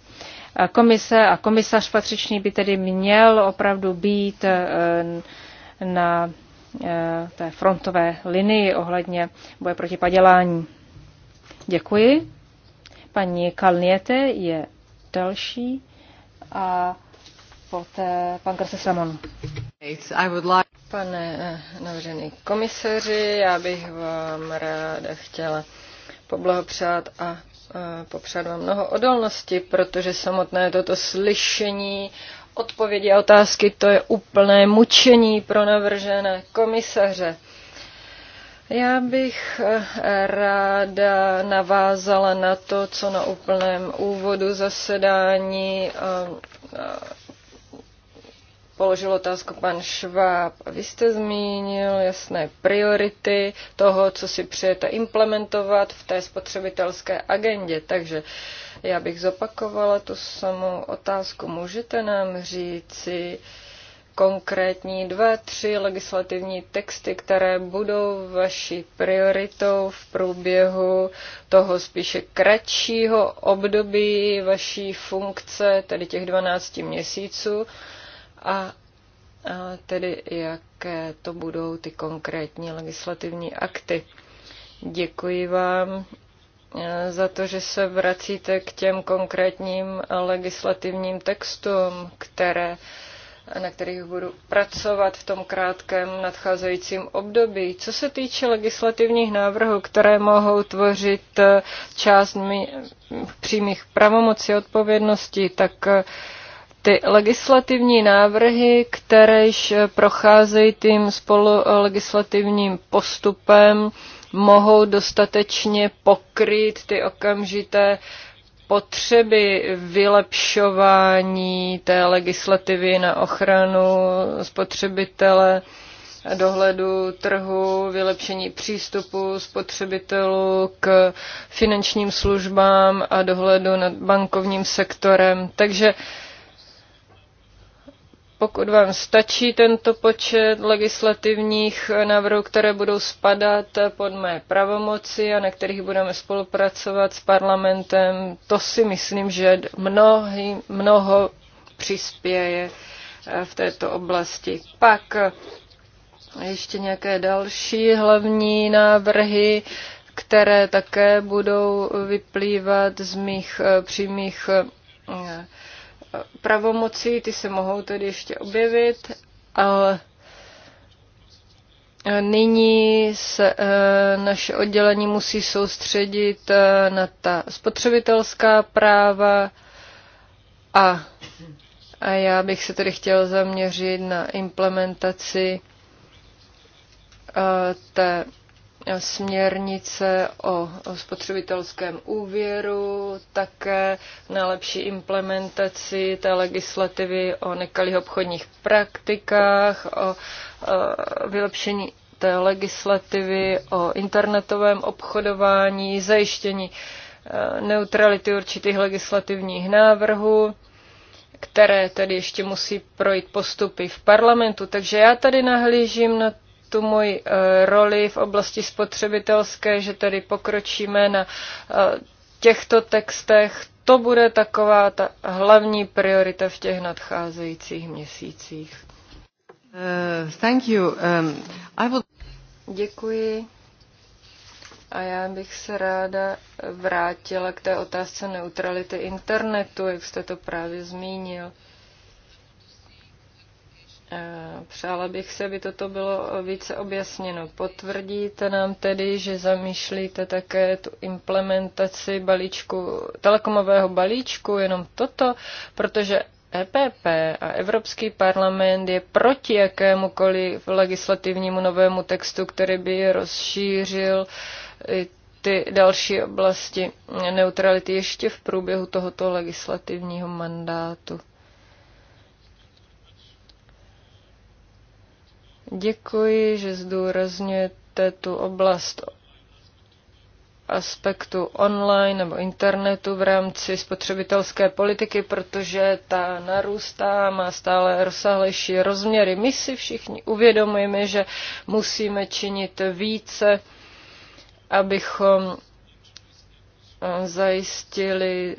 Komise a komisař patřičný by tedy měl opravdu být eh, na té frontové linii ohledně boje proti padělání. Děkuji. Paní Kalniete je další a poté pan Krse Samon. Pane eh, navržený komisaři, já bych vám ráda chtěla poblahopřát a eh, popřát vám mnoho odolnosti, protože samotné toto slyšení odpovědi a otázky, to je úplné mučení pro navržené komisaře. Já bych eh, ráda navázala na to, co na úplném úvodu zasedání eh, eh, položil otázku pan Šváb. Vy jste zmínil jasné priority toho, co si přejete implementovat v té spotřebitelské agendě. Takže já bych zopakovala tu samou otázku. Můžete nám říci, konkrétní dva, tři legislativní texty, které budou vaší prioritou v průběhu toho spíše kratšího období vaší funkce, tedy těch 12 měsíců, a tedy jaké to budou ty konkrétní legislativní akty. Děkuji vám e, za to, že se vracíte k těm konkrétním legislativním textům, které na kterých budu pracovat v tom krátkém nadcházejícím období. Co se týče legislativních návrhů, které mohou tvořit eh, část přímých pravomocí odpovědností, tak eh, ty legislativní návrhy, kteréž eh, procházejí tím legislativním postupem, mohou dostatečně pokryt ty okamžité uh, potřeby vylepšování té legislativy na ochranu spotřebitele, dohledu trhu, vylepšení přístupu spotřebitelů k finančním službám a dohledu nad bankovním sektorem. Takže uh, pokud vám stačí tento počet legislativních návrhů, které budou spadat pod mé pravomoci a na kterých budeme spolupracovat s parlamentem, to si myslím, že mnohy, mnoho přispěje eh, v této oblasti. Pak eh, ještě nějaké další hlavní návrhy, které také budou vyplývat z mých eh, přímých pravomoci, ty se mohou tedy ještě objevit, ale Nyní se eh, naše oddělení musí soustředit eh, na ta spotřebitelská práva a, a já bych se tedy chtěl zaměřit na implementaci eh, té směrnice o spotřebitelském úvěru, také na lepší implementaci té legislativy o nekalých obchodních praktikách, o vylepšení té legislativy o internetovém obchodování, zajištění e, neutrality určitých legislativních návrhů které tedy ještě musí projít postupy v parlamentu. Takže já tady nahlížím na tu moji eh, roli v oblasti spotřebitelské, že tedy pokročíme na eh, těchto textech. To bude taková ta hlavní priorita v těch nadcházejících měsících. Uh, thank you. Um, I will... Děkuji. A já bych se ráda vrátila k té otázce neutrality internetu, jak jste to právě zmínil. Eh, přála bych se, aby toto bylo více objasněno. Potvrdíte nám tedy, že zamýšlíte také tu implementaci balíčku, telekomového balíčku, jenom toto, protože EPP a Evropský parlament je proti jakémukoliv legislativnímu novému textu, který by rozšířil eh, ty další oblasti neutrality ještě v průběhu tohoto legislativního mandátu. Děkuji, že zdůrazňujete tu oblast aspektu online nebo internetu v rámci spotřebitelské politiky, protože ta narůstá, má stále rozsáhlejší rozměry. My si všichni uvědomujeme, že musíme činit více, abychom eh, zajistili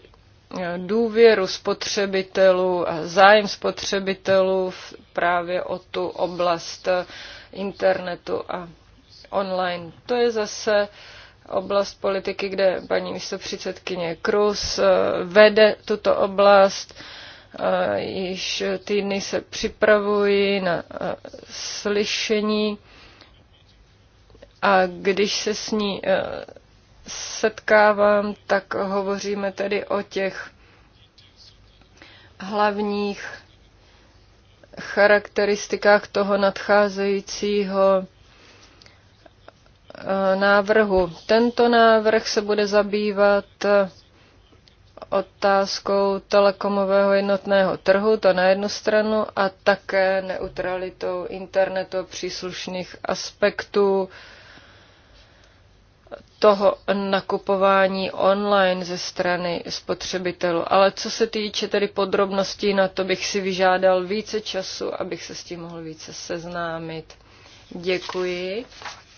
důvěru spotřebitelů a zájem spotřebitelů právě o tu oblast internetu a online. To je zase oblast politiky, kde paní místopředsedkyně Krus eh, vede tuto oblast. Eh, již týdny se připravují na eh, slyšení a když se s ní setkávám, tak hovoříme tedy o těch hlavních charakteristikách toho nadcházejícího eh, návrhu. Tento návrh se bude zabývat eh, otázkou telekomového jednotného trhu, to na jednu stranu, a také neutralitou internetu příslušných aspektů toho nakupování online ze strany spotřebitelů. Ale co se týče tedy podrobností, na to bych si vyžádal více času, abych se s tím mohl více seznámit. Děkuji.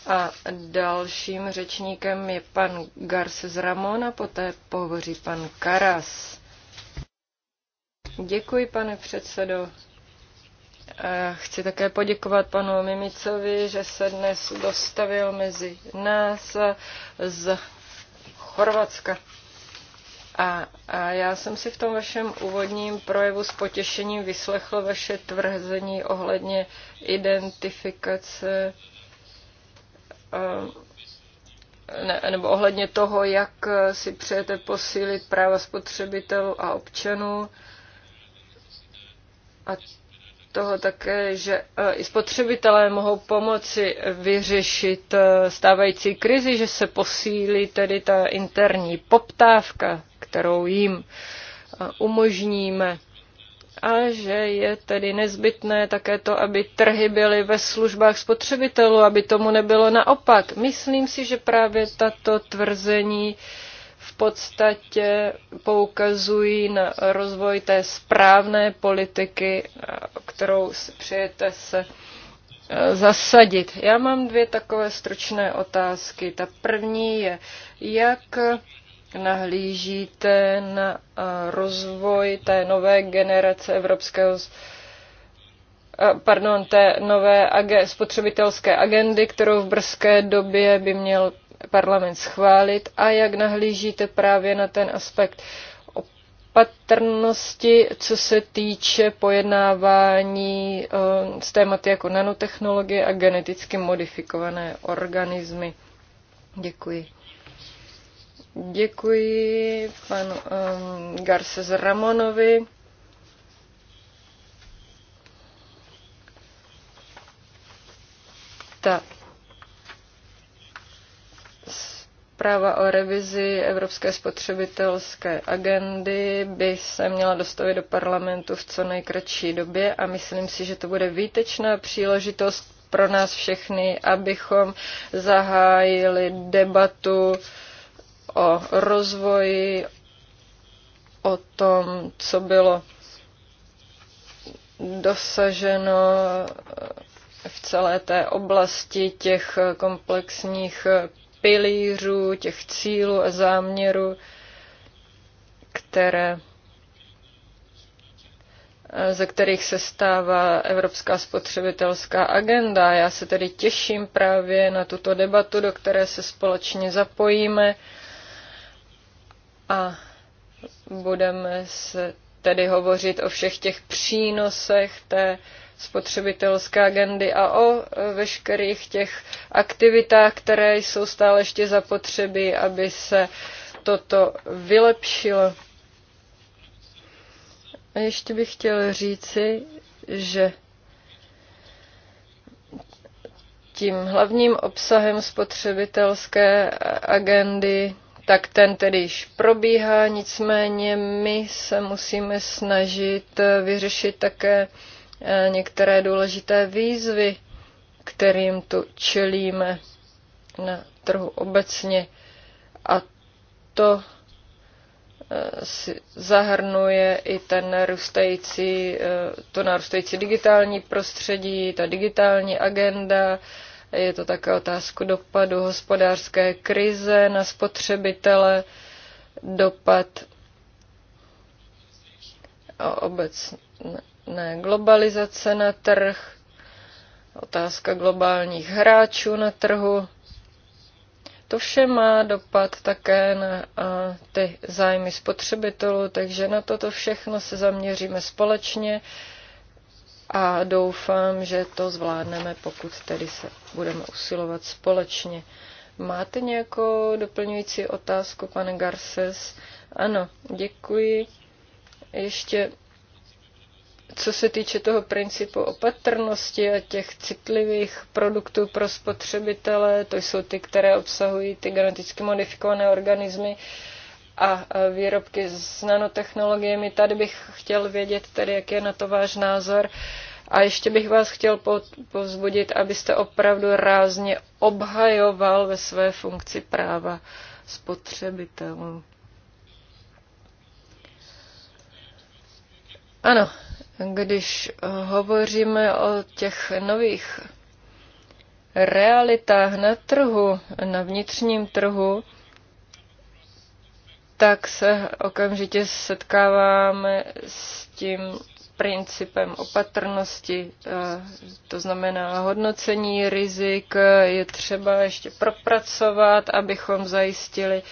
A dalším řečníkem je pan Garces Ramon a poté pohovoří pan Karas. Děkuji, pane předsedo. Chci také poděkovat panu Mimicovi, že se dnes dostavil mezi nás z Chorvatska. A, a já jsem si v tom vašem úvodním projevu s potěšením vyslechl vaše tvrzení ohledně identifikace ehm, ne, nebo ohledně toho, jak si přejete posílit práva spotřebitelů a občanů. A toho také, že e, i spotřebitelé mohou pomoci vyřešit e, stávající krizi, že se posílí tedy ta interní poptávka, kterou jim e, umožníme a že je tedy nezbytné také to, aby trhy byly ve službách spotřebitelů, aby tomu nebylo naopak. Myslím si, že právě tato tvrzení podstatě poukazují na rozvoj té správné politiky, kterou přijete se eh, zasadit. Já mám dvě takové stručné otázky. Ta první je, jak nahlížíte na eh, rozvoj té nové generace evropského eh, pardon, té nové spotřebitelské agendy, kterou v brzké době by měl parlament schválit a jak nahlížíte právě na ten aspekt opatrnosti, co se týče pojednávání s eh, tématy jako nanotechnologie a geneticky modifikované organismy. Děkuji. Děkuji panu eh, Garces Ramonovi. Tak. Zpráva o revizi Evropské spotřebitelské agendy by se měla dostavit do parlamentu v co nejkratší době a myslím si, že to bude výtečná příležitost pro nás všechny, abychom zahájili debatu o rozvoji, o tom, co bylo dosaženo v celé té oblasti těch komplexních pilířů, těch cílů a záměrů, které, ze kterých se stává Evropská spotřebitelská agenda. Já se tedy těším právě na tuto debatu, do které se společně zapojíme a budeme se tedy hovořit o všech těch přínosech té spotřebitelské agendy a o veškerých těch aktivitách, které jsou stále ještě zapotřebí, aby se toto vylepšilo. A ještě bych chtěl říci, že tím hlavním obsahem spotřebitelské agendy, tak ten tedy již probíhá, nicméně my se musíme snažit vyřešit také E, některé důležité výzvy, kterým tu čelíme na trhu obecně. A to e, zahrnuje i ten narůstající, e, to narůstající digitální prostředí, ta digitální agenda, je to také otázku dopadu hospodářské krize na spotřebitele, dopad obecně globalizace na trh, otázka globálních hráčů na trhu. To vše má dopad také na ty zájmy spotřebitelů, takže na toto všechno se zaměříme společně a doufám, že to zvládneme, pokud tedy se budeme usilovat společně. Máte nějakou doplňující otázku, pane Garces? Ano, děkuji. Ještě co se týče toho principu opatrnosti a těch citlivých produktů pro spotřebitele, to jsou ty, které obsahují ty geneticky modifikované organismy a výrobky s nanotechnologiemi. Tady bych chtěl vědět, tady, jak je na to váš názor. A ještě bych vás chtěl povzbudit, abyste opravdu rázně obhajoval ve své funkci práva spotřebitelů. Ano, když eh, hovoříme o těch nových realitách na trhu, na vnitřním trhu, tak se okamžitě setkáváme s tím principem opatrnosti, eh, to znamená hodnocení rizik, je třeba ještě propracovat, abychom zajistili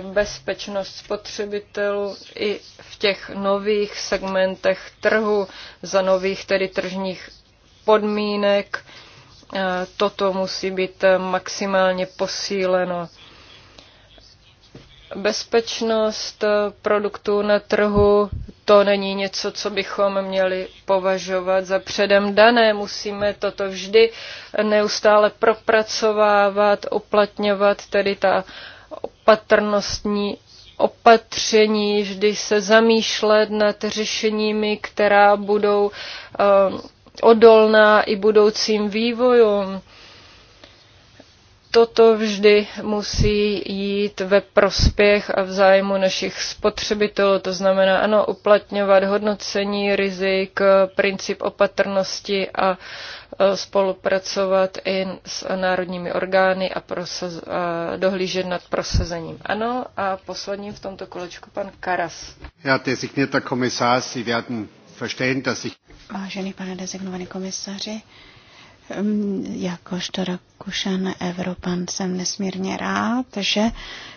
bezpečnost spotřebitelů i v těch nových segmentech trhu, za nových tedy tržních podmínek. Eh, toto musí být maximálně posíleno bezpečnost eh, produktů na trhu, to není něco, co bychom měli považovat za předem dané. Musíme toto vždy neustále propracovávat, uplatňovat tedy ta opatrnostní opatření, vždy se zamýšlet nad řešeními, která budou ehm, odolná i budoucím vývojům. Toto vždy musí jít ve prospěch a v zájmu našich spotřebitelů, to znamená ano, uplatňovat hodnocení rizik, princip opatrnosti a Eh, spolupracovat i s národními orgány a, prosaz, dohlížet nad prosazením. Ano, a poslední v tomto kolečku pan Karas. Ja, designierter Kommissar, Sie werden verstehen, že si. Vážený pane designovaný komisaři, mm, jakožto Rakušan Evropan jsem nesmírně rád, že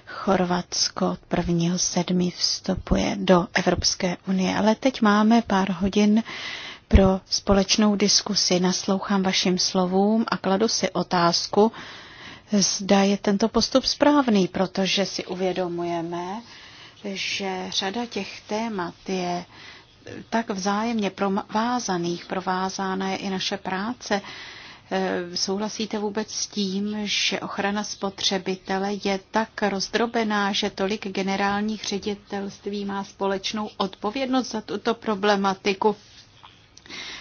Chorvatsko od prvního sedmi vstupuje do Evropské unie. Ale teď máme pár hodin pro společnou diskusi. Naslouchám vašim slovům a kladu si otázku, zda je tento postup správný, protože si uvědomujeme, že řada těch témat je tak vzájemně provázaných, provázána je i naše práce. E, souhlasíte vůbec s tím, že ochrana spotřebitele je tak rozdrobená, že tolik generálních ředitelství má společnou odpovědnost za tuto problematiku?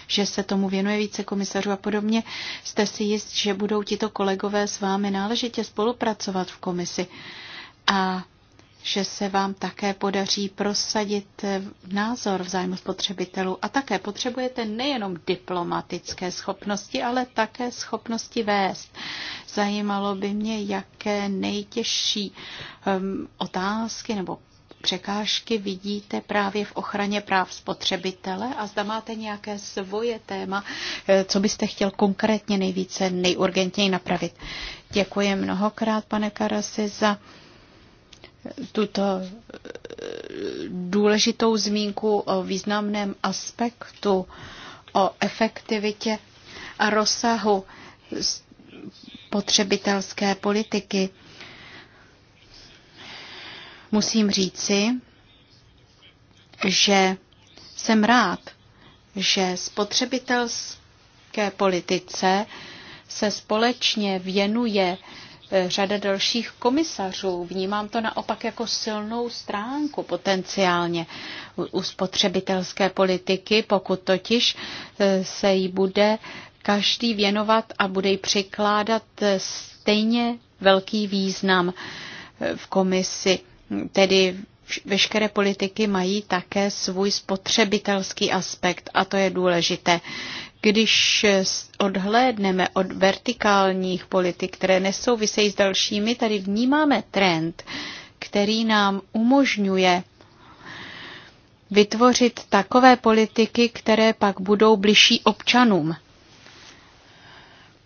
že se tomu věnuje více komisařů a podobně. Jste si jist, že budou tito kolegové s vámi náležitě spolupracovat v komisi a že se vám také podaří prosadit eh, názor v zájmu spotřebitelů. A také potřebujete nejenom diplomatické schopnosti, ale také schopnosti vést. Zajímalo by mě, jaké nejtěžší um, otázky nebo překážky vidíte právě v ochraně práv spotřebitele a zda máte nějaké svoje téma, eh, co byste chtěl konkrétně nejvíce, nejurgentněji napravit. Děkuji mnohokrát, pane Karasi, za eh, tuto eh, důležitou zmínku o významném aspektu, o efektivitě a rozsahu potřebitelské politiky musím říci, že jsem rád, že spotřebitelské politice se společně věnuje eh, řada dalších komisařů. Vnímám to naopak jako silnou stránku potenciálně u spotřebitelské politiky, pokud totiž eh, se jí bude každý věnovat a bude jí přikládat eh, stejně velký význam v komisi. Tedy veškeré politiky mají také svůj spotřebitelský aspekt a to je důležité. Když odhlédneme od vertikálních politik, které nesouvisejí s dalšími, tady vnímáme trend, který nám umožňuje vytvořit takové politiky, které pak budou bližší občanům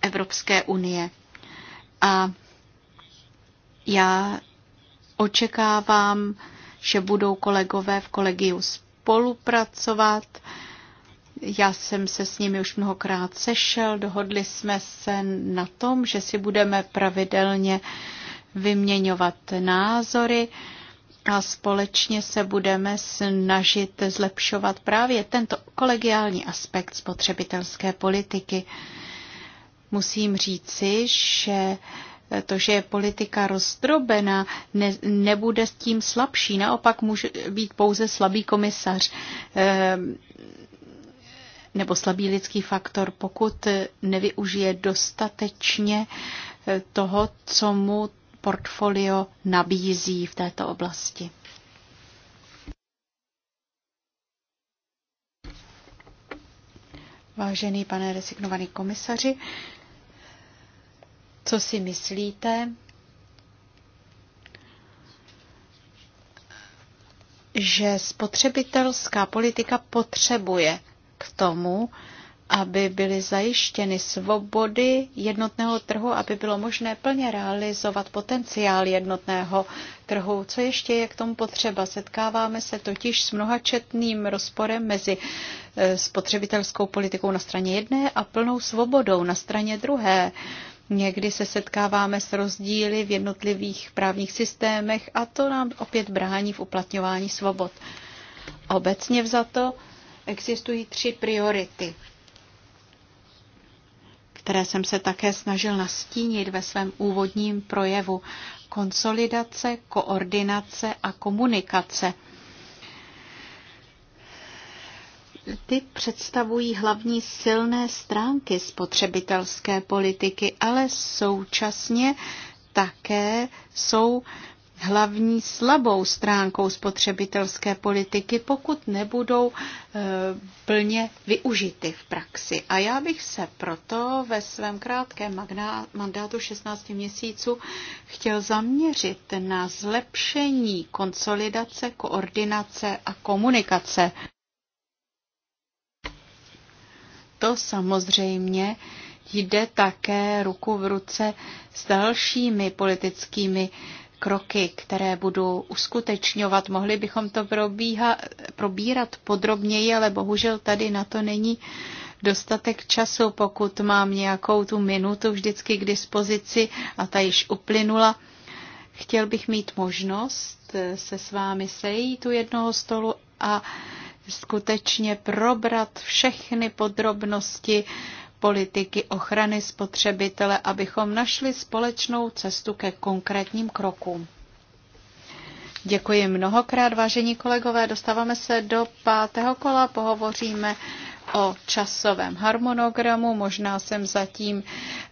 Evropské unie. A já Očekávám, že budou kolegové v kolegiu spolupracovat. Já jsem se s nimi už mnohokrát sešel, dohodli jsme se na tom, že si budeme pravidelně vyměňovat názory a společně se budeme snažit zlepšovat právě tento kolegiální aspekt spotřebitelské politiky. Musím říci, že to, že je politika rozdrobená, ne, nebude s tím slabší. Naopak může být pouze slabý komisař ehm, nebo slabý lidský faktor, pokud nevyužije dostatečně eh, toho, co mu portfolio nabízí v této oblasti. Vážený pane resignovaný komisaři, co si myslíte? že spotřebitelská politika potřebuje k tomu, aby byly zajištěny svobody jednotného trhu, aby bylo možné plně realizovat potenciál jednotného trhu. Co ještě je k tomu potřeba? Setkáváme se totiž s mnohačetným rozporem mezi eh, spotřebitelskou politikou na straně jedné a plnou svobodou na straně druhé. Někdy se setkáváme s rozdíly v jednotlivých právních systémech a to nám opět brání v uplatňování svobod. Obecně vzato existují tři priority, které jsem se také snažil nastínit ve svém úvodním projevu. Konsolidace, koordinace a komunikace – ty představují hlavní silné stránky spotřebitelské politiky, ale současně také jsou hlavní slabou stránkou spotřebitelské politiky, pokud nebudou e, plně využity v praxi. A já bych se proto ve svém krátkém mandátu 16 měsíců chtěl zaměřit na zlepšení konsolidace, koordinace a komunikace to samozřejmě jde také ruku v ruce s dalšími politickými kroky, které budou uskutečňovat. Mohli bychom to probíha, probírat podrobněji, ale bohužel tady na to není dostatek času, pokud mám nějakou tu minutu vždycky k dispozici a ta již uplynula. Chtěl bych mít možnost se s vámi sejít u jednoho stolu a skutečně probrat všechny podrobnosti politiky ochrany spotřebitele, abychom našli společnou cestu ke konkrétním krokům. Děkuji mnohokrát, vážení kolegové. Dostáváme se do pátého kola, pohovoříme o časovém harmonogramu. Možná jsem zatím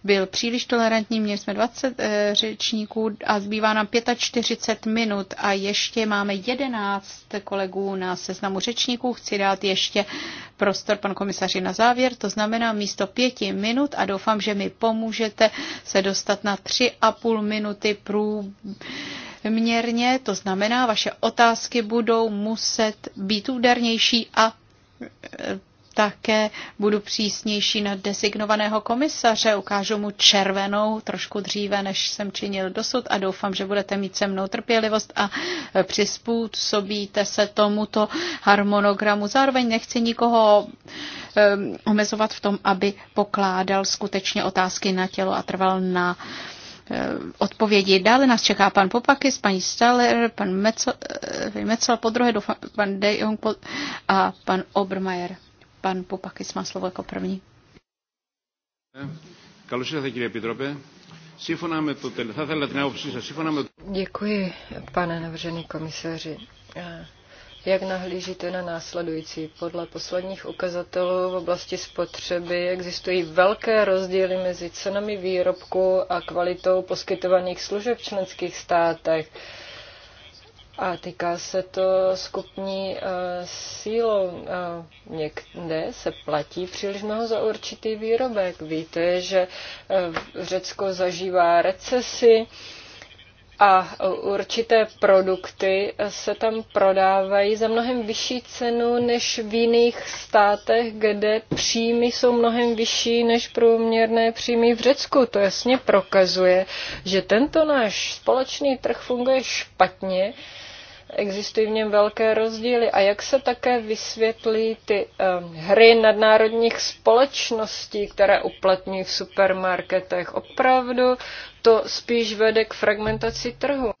byl příliš tolerantní, měli jsme 20 eh, řečníků a zbývá nám 45 minut a ještě máme 11 kolegů na seznamu řečníků. Chci dát ještě prostor pan komisaři na závěr, to znamená místo pěti minut a doufám, že mi pomůžete se dostat na tři a půl minuty prů měrně, to znamená, vaše otázky budou muset být údernější a eh, také budu přísnější na designovaného komisaře, ukážu mu červenou trošku dříve, než jsem činil dosud a doufám, že budete mít se mnou trpělivost a přizpůsobíte se tomuto harmonogramu. Zároveň nechci nikoho um, omezovat v tom, aby pokládal skutečně otázky na tělo a trval na odpovědi. Dále nás čeká pan Popakis, paní Staller, pan Metzl, eh, Metzl po druhé, pan De Jong a pan Obermeier. Pan Popakis má slovo jako první. Děkuji, pane navržený komisaři. Jak nahlížíte na následující? Podle posledních ukazatelů v oblasti spotřeby existují velké rozdíly mezi cenami výrobku a kvalitou poskytovaných služeb v členských státech. A týká se to skupní uh, sílou. Uh, někde se platí příliš mnoho za určitý výrobek. Víte, že uh, Řecko zažívá recesi a určité produkty se tam prodávají za mnohem vyšší cenu než v jiných státech, kde příjmy jsou mnohem vyšší než průměrné příjmy v Řecku. To jasně prokazuje, že tento náš společný trh funguje špatně Existují v něm velké rozdíly. A jak se také vysvětlí ty um, hry nadnárodních společností, které uplatní v supermarketech? Opravdu to spíš vede k fragmentaci trhu.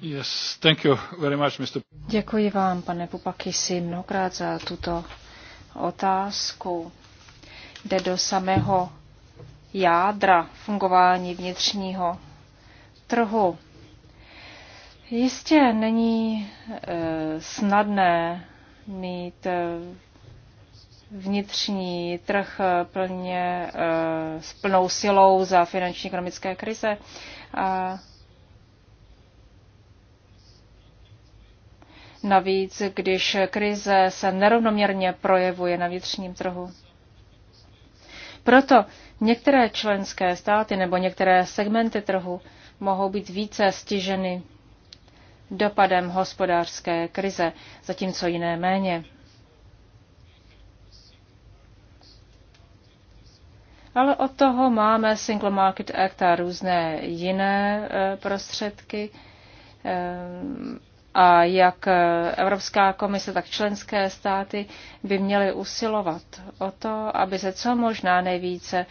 Yes, thank you very much, Mr. Děkuji vám, pane Pupakisi, mnohokrát za tuto otázku. Jde do samého jádra fungování vnitřního trhu. Jistě není eh, snadné mít eh, vnitřní trh eh, plně, s plnou silou za finanční ekonomické krize. A navíc, když krize se nerovnoměrně projevuje na vnitřním trhu. Proto některé členské státy nebo některé segmenty trhu mohou být více stiženy dopadem hospodářské krize, zatímco jiné méně. Ale od toho máme Single Market Act a různé jiné eh, prostředky. Eh, a jak Evropská komise, tak členské státy by měly usilovat o to, aby se co možná nejvíce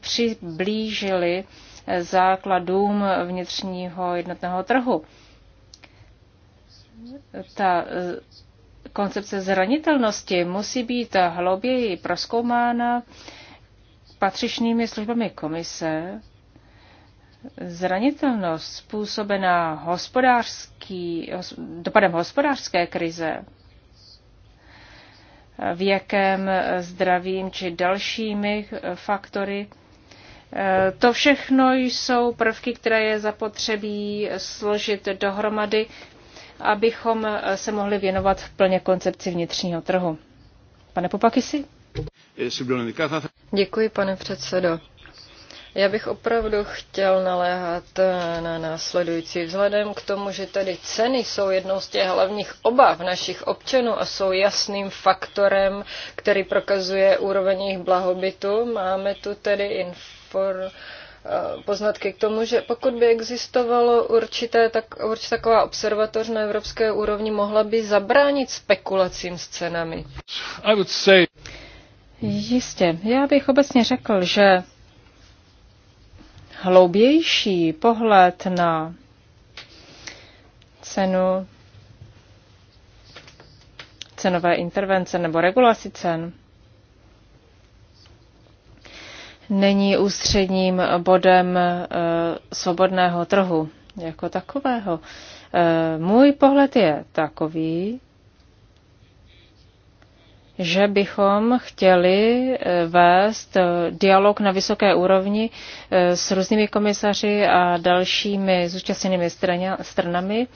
přiblížili eh, základům vnitřního jednotného trhu ta eh, koncepce zranitelnosti musí být hlouběji proskoumána patřičnými službami komise. Zranitelnost způsobená hospodářský, dopadem hospodářské krize, věkem, zdravím či dalšími faktory, eh, to všechno jsou prvky, které je zapotřebí složit dohromady abychom eh, se mohli věnovat plně koncepci vnitřního trhu. Pane Popakisi? Děkuji, pane předsedo. Já bych opravdu chtěl naléhat eh, na následující. Vzhledem k tomu, že tady ceny jsou jednou z těch hlavních obav našich občanů a jsou jasným faktorem, který prokazuje úroveň jejich blahobytu, máme tu tedy informace Eh, poznatky k tomu, že pokud by existovalo určité, tak, určitá taková observatoř na evropské úrovni, mohla by zabránit spekulacím s cenami. I would say... Jistě. Já bych obecně řekl, že hloubější pohled na cenu cenové intervence nebo regulaci cen není ústředním bodem eh, svobodného trhu jako takového. Eh, můj pohled je takový, že bychom chtěli eh, vést dialog na vysoké úrovni s různými komisaři a dalšími zúčastněnými stranami,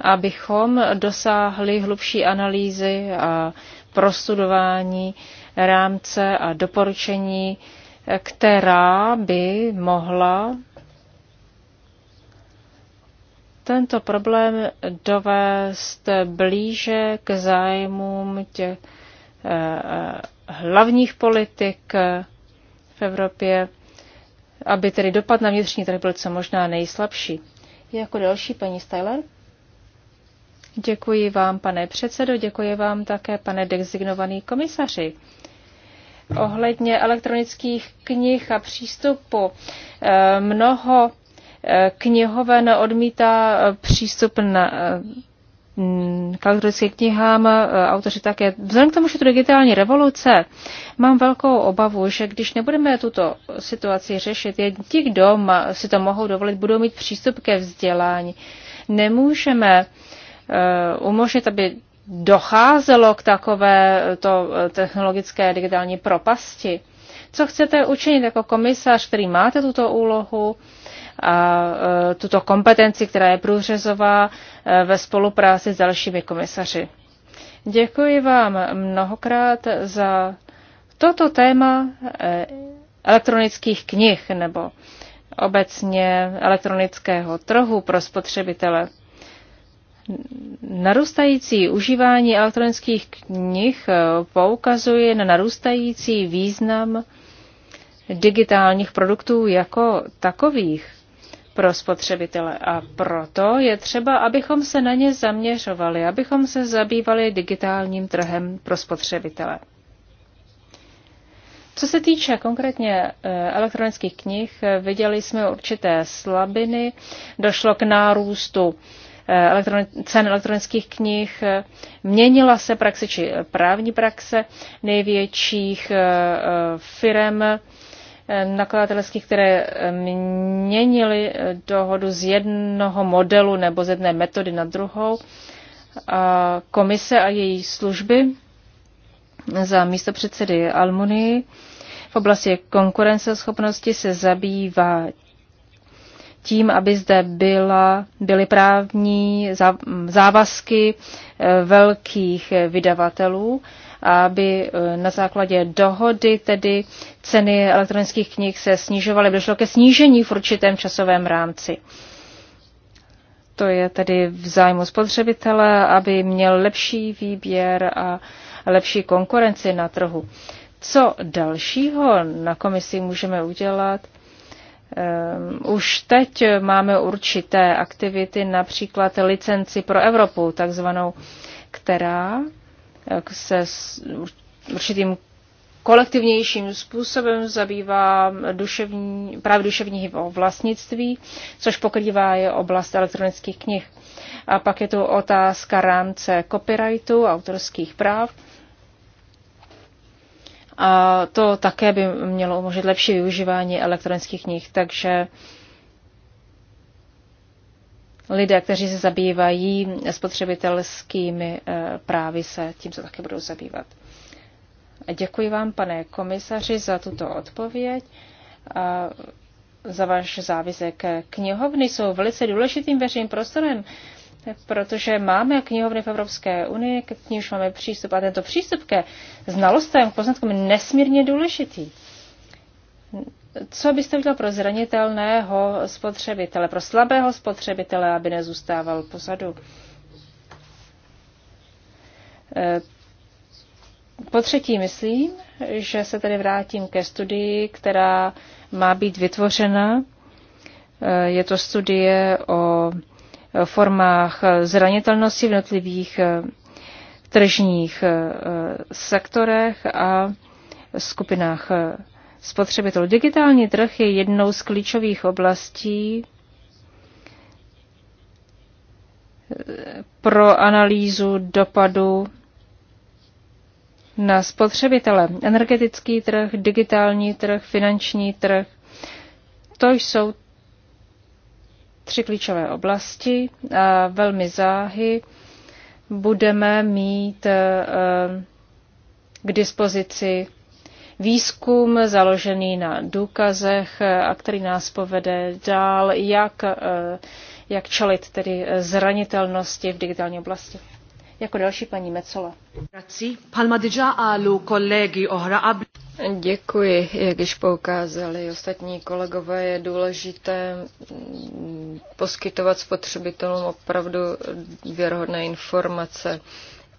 abychom dosáhli hlubší analýzy a prostudování rámce a doporučení která by mohla tento problém dovést blíže k zájmům těch eh, hlavních politik eh, v Evropě, aby tedy dopad na vnitřní trh byl co možná nejslabší. Jako další paní Styler. Děkuji vám, pane předsedo, děkuji vám také, pane designovaný komisaři ohledně elektronických knih a přístupu. Eh, mnoho eh, knihoven odmítá eh, přístup na, k elektronickým knihám, autoři také. Vzhledem k tomu, že to digitální revoluce, mám velkou obavu, že když nebudeme tuto situaci řešit, jen ti, kdo si to mohou dovolit, budou mít přístup ke vzdělání. Nemůžeme umožnit, aby docházelo k takové eh, to eh, technologické digitální propasti. Co chcete učinit jako komisař, který máte tuto úlohu a eh, tuto kompetenci, která je průřezová ve spolupráci s dalšími komisaři? Děkuji vám mnohokrát za toto téma elektronických knih nebo obecně elektronického trhu pro spotřebitele. Narůstající užívání elektronických knih eh, poukazuje na narůstající význam digitálních produktů jako takových pro spotřebitele. A proto je třeba, abychom se na ně zaměřovali, abychom se zabývali digitálním trhem pro spotřebitele. Co se týče konkrétně eh, elektronických knih, eh, viděli jsme určité slabiny, došlo k nárůstu Eh, cen elektronických knih. Eh, měnila se praxe či právní praxe největších eh, firm nakladatelských, které měnily dohodu z jednoho modelu nebo z jedné metody na druhou. A komise a její služby za místo předsedy Almunii v oblasti konkurenceschopnosti se zabývá tím, aby zde byla, byly právní závazky eh, velkých vydavatelů, aby eh, na základě dohody tedy ceny elektronických knih se snižovaly, došlo ke snížení v určitém časovém rámci. To je tedy v zájmu spotřebitele, aby měl lepší výběr a lepší konkurenci na trhu. Co dalšího na komisi můžeme udělat? Ehm, už teď máme určité aktivity, například licenci pro Evropu, takzvanou, která eh, se určitým kolektivnějším způsobem zabývá duševní, právě duševní vlastnictví, což pokrývá je oblast elektronických knih. A pak je tu otázka rámce copyrightu, autorských práv a to také by mělo umožnit lepší využívání elektronických knih. Takže lidé, kteří se zabývají spotřebitelskými eh, právy, se tím se také budou zabývat. Děkuji vám, pane komisaři, za tuto odpověď. A za váš závisek. Knihovny jsou velice důležitým veřejným prostorem protože máme knihovny v Evropské unii, k nímž máme přístup a tento přístup ke znalostem, k poznatkům je nesmírně důležitý. Co byste udělal pro zranitelného spotřebitele, pro slabého spotřebitele, aby nezůstával pozadu? Eh, po třetí myslím, že se tady vrátím ke studii, která má být vytvořena. Eh, je to studie o formách zranitelnosti v jednotlivých eh, tržních eh, sektorech a skupinách eh, spotřebitelů. Digitální trh je jednou z klíčových oblastí pro analýzu dopadu na spotřebitele. Energetický trh, digitální trh, finanční trh. To jsou tři klíčové oblasti a velmi záhy budeme mít e, k dispozici výzkum založený na důkazech e, a který nás povede dál, jak, e, jak čelit tedy zranitelnosti v digitální oblasti. Jako další paní Mecola. Děkuji. Jak již poukázali ostatní kolegové, je důležité mm, poskytovat spotřebitelům opravdu věrohodné informace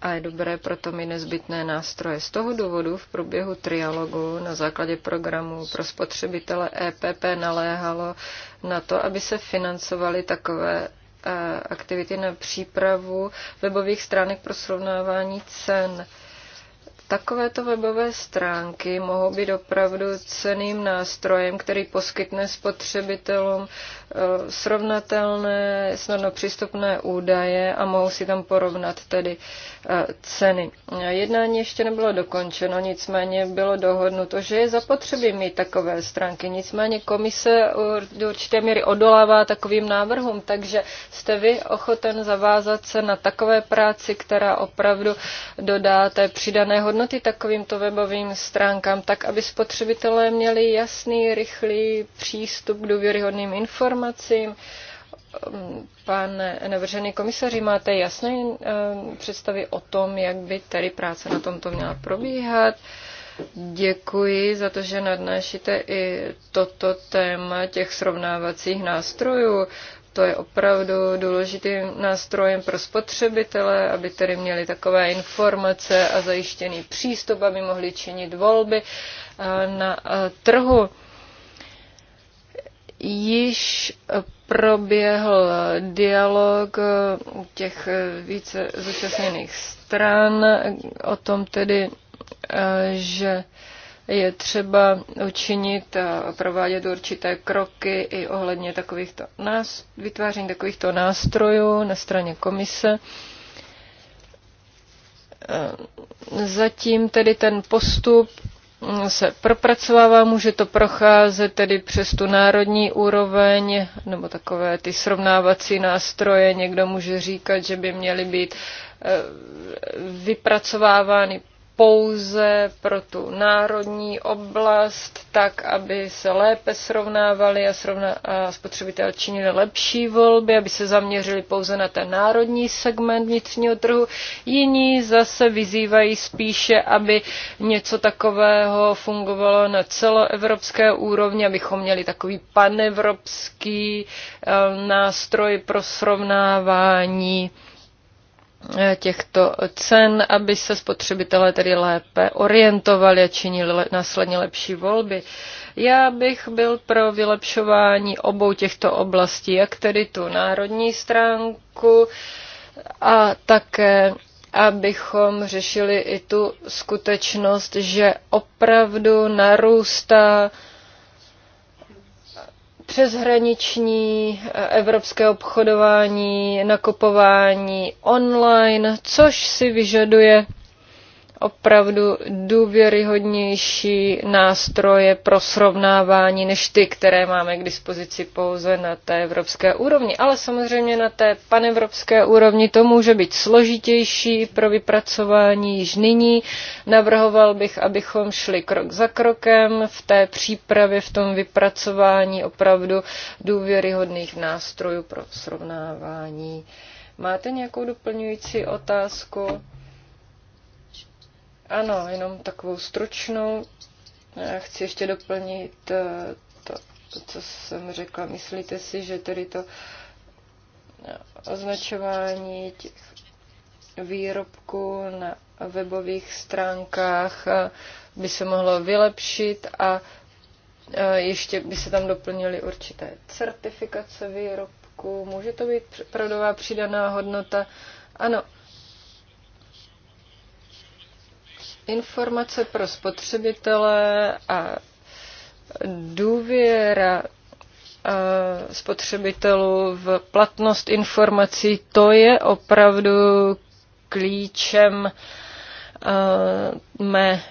a je dobré proto mít nezbytné nástroje. Z toho důvodu v průběhu trialogu na základě programu pro spotřebitele EPP naléhalo na to, aby se financovaly takové e, aktivity na přípravu webových stránek pro srovnávání cen Takovéto webové stránky mohou být opravdu ceným nástrojem, který poskytne spotřebitelům eh, srovnatelné, snadno přístupné údaje a mohou si tam porovnat tedy eh, ceny. Jednání ještě nebylo dokončeno, nicméně bylo dohodnuto, že je zapotřebí mít takové stránky. Nicméně komise do určité míry odolává takovým návrhům, takže jste vy ochoten zavázat se na takové práci, která opravdu dodá té přidané hodnoty hodnoty takovýmto webovým stránkám, tak aby spotřebitelé měli jasný, rychlý přístup k důvěryhodným informacím. Pane navržený komisaři, máte jasné eh, představy o tom, jak by tady práce na tomto měla probíhat? Děkuji za to, že nadnášíte i toto téma těch srovnávacích nástrojů. To je opravdu důležitým nástrojem pro spotřebitele, aby tedy měli takové informace a zajištěný přístup, aby mohli činit volby eh, na eh, trhu. Již proběhl dialog eh, těch více zúčastněných stran o tom tedy, že je třeba učinit a provádět určité kroky i ohledně takovýchto nás, vytváření takovýchto nástrojů na straně komise. Zatím tedy ten postup se propracovává, může to procházet tedy přes tu národní úroveň nebo takové ty srovnávací nástroje. Někdo může říkat, že by měly být e, vypracovávány pouze pro tu národní oblast, tak aby se lépe srovnávali a, srovna, a spotřebitel činili lepší volby, aby se zaměřili pouze na ten národní segment vnitřního trhu. Jiní zase vyzývají spíše, aby něco takového fungovalo na celoevropské úrovni, abychom měli takový panevropský eh, nástroj pro srovnávání Eh, těchto cen, aby se spotřebitelé tedy lépe orientovali a činili le, následně lepší volby. Já bych byl pro vylepšování obou těchto oblastí, jak tedy tu národní stránku a také abychom řešili i tu skutečnost, že opravdu narůstá přeshraniční eh, evropské obchodování, nakupování online, což si vyžaduje opravdu důvěryhodnější nástroje pro srovnávání než ty, které máme k dispozici pouze na té evropské úrovni. Ale samozřejmě na té panevropské úrovni to může být složitější pro vypracování již nyní. Navrhoval bych, abychom šli krok za krokem v té přípravě, v tom vypracování opravdu důvěryhodných nástrojů pro srovnávání. Máte nějakou doplňující otázku? Ano, jenom takovou stručnou. Já chci ještě doplnit to, eh, to, co jsem řekla. Myslíte si, že tedy to eh, označování těch výrobků na webových stránkách eh, by se mohlo vylepšit a ještě by se tam doplnily určité certifikace výrobků. Může to být prodová přidaná hodnota? Ano, Informace pro spotřebitele a důvěra eh, spotřebitelů v platnost informací, to je opravdu klíčem eh, mé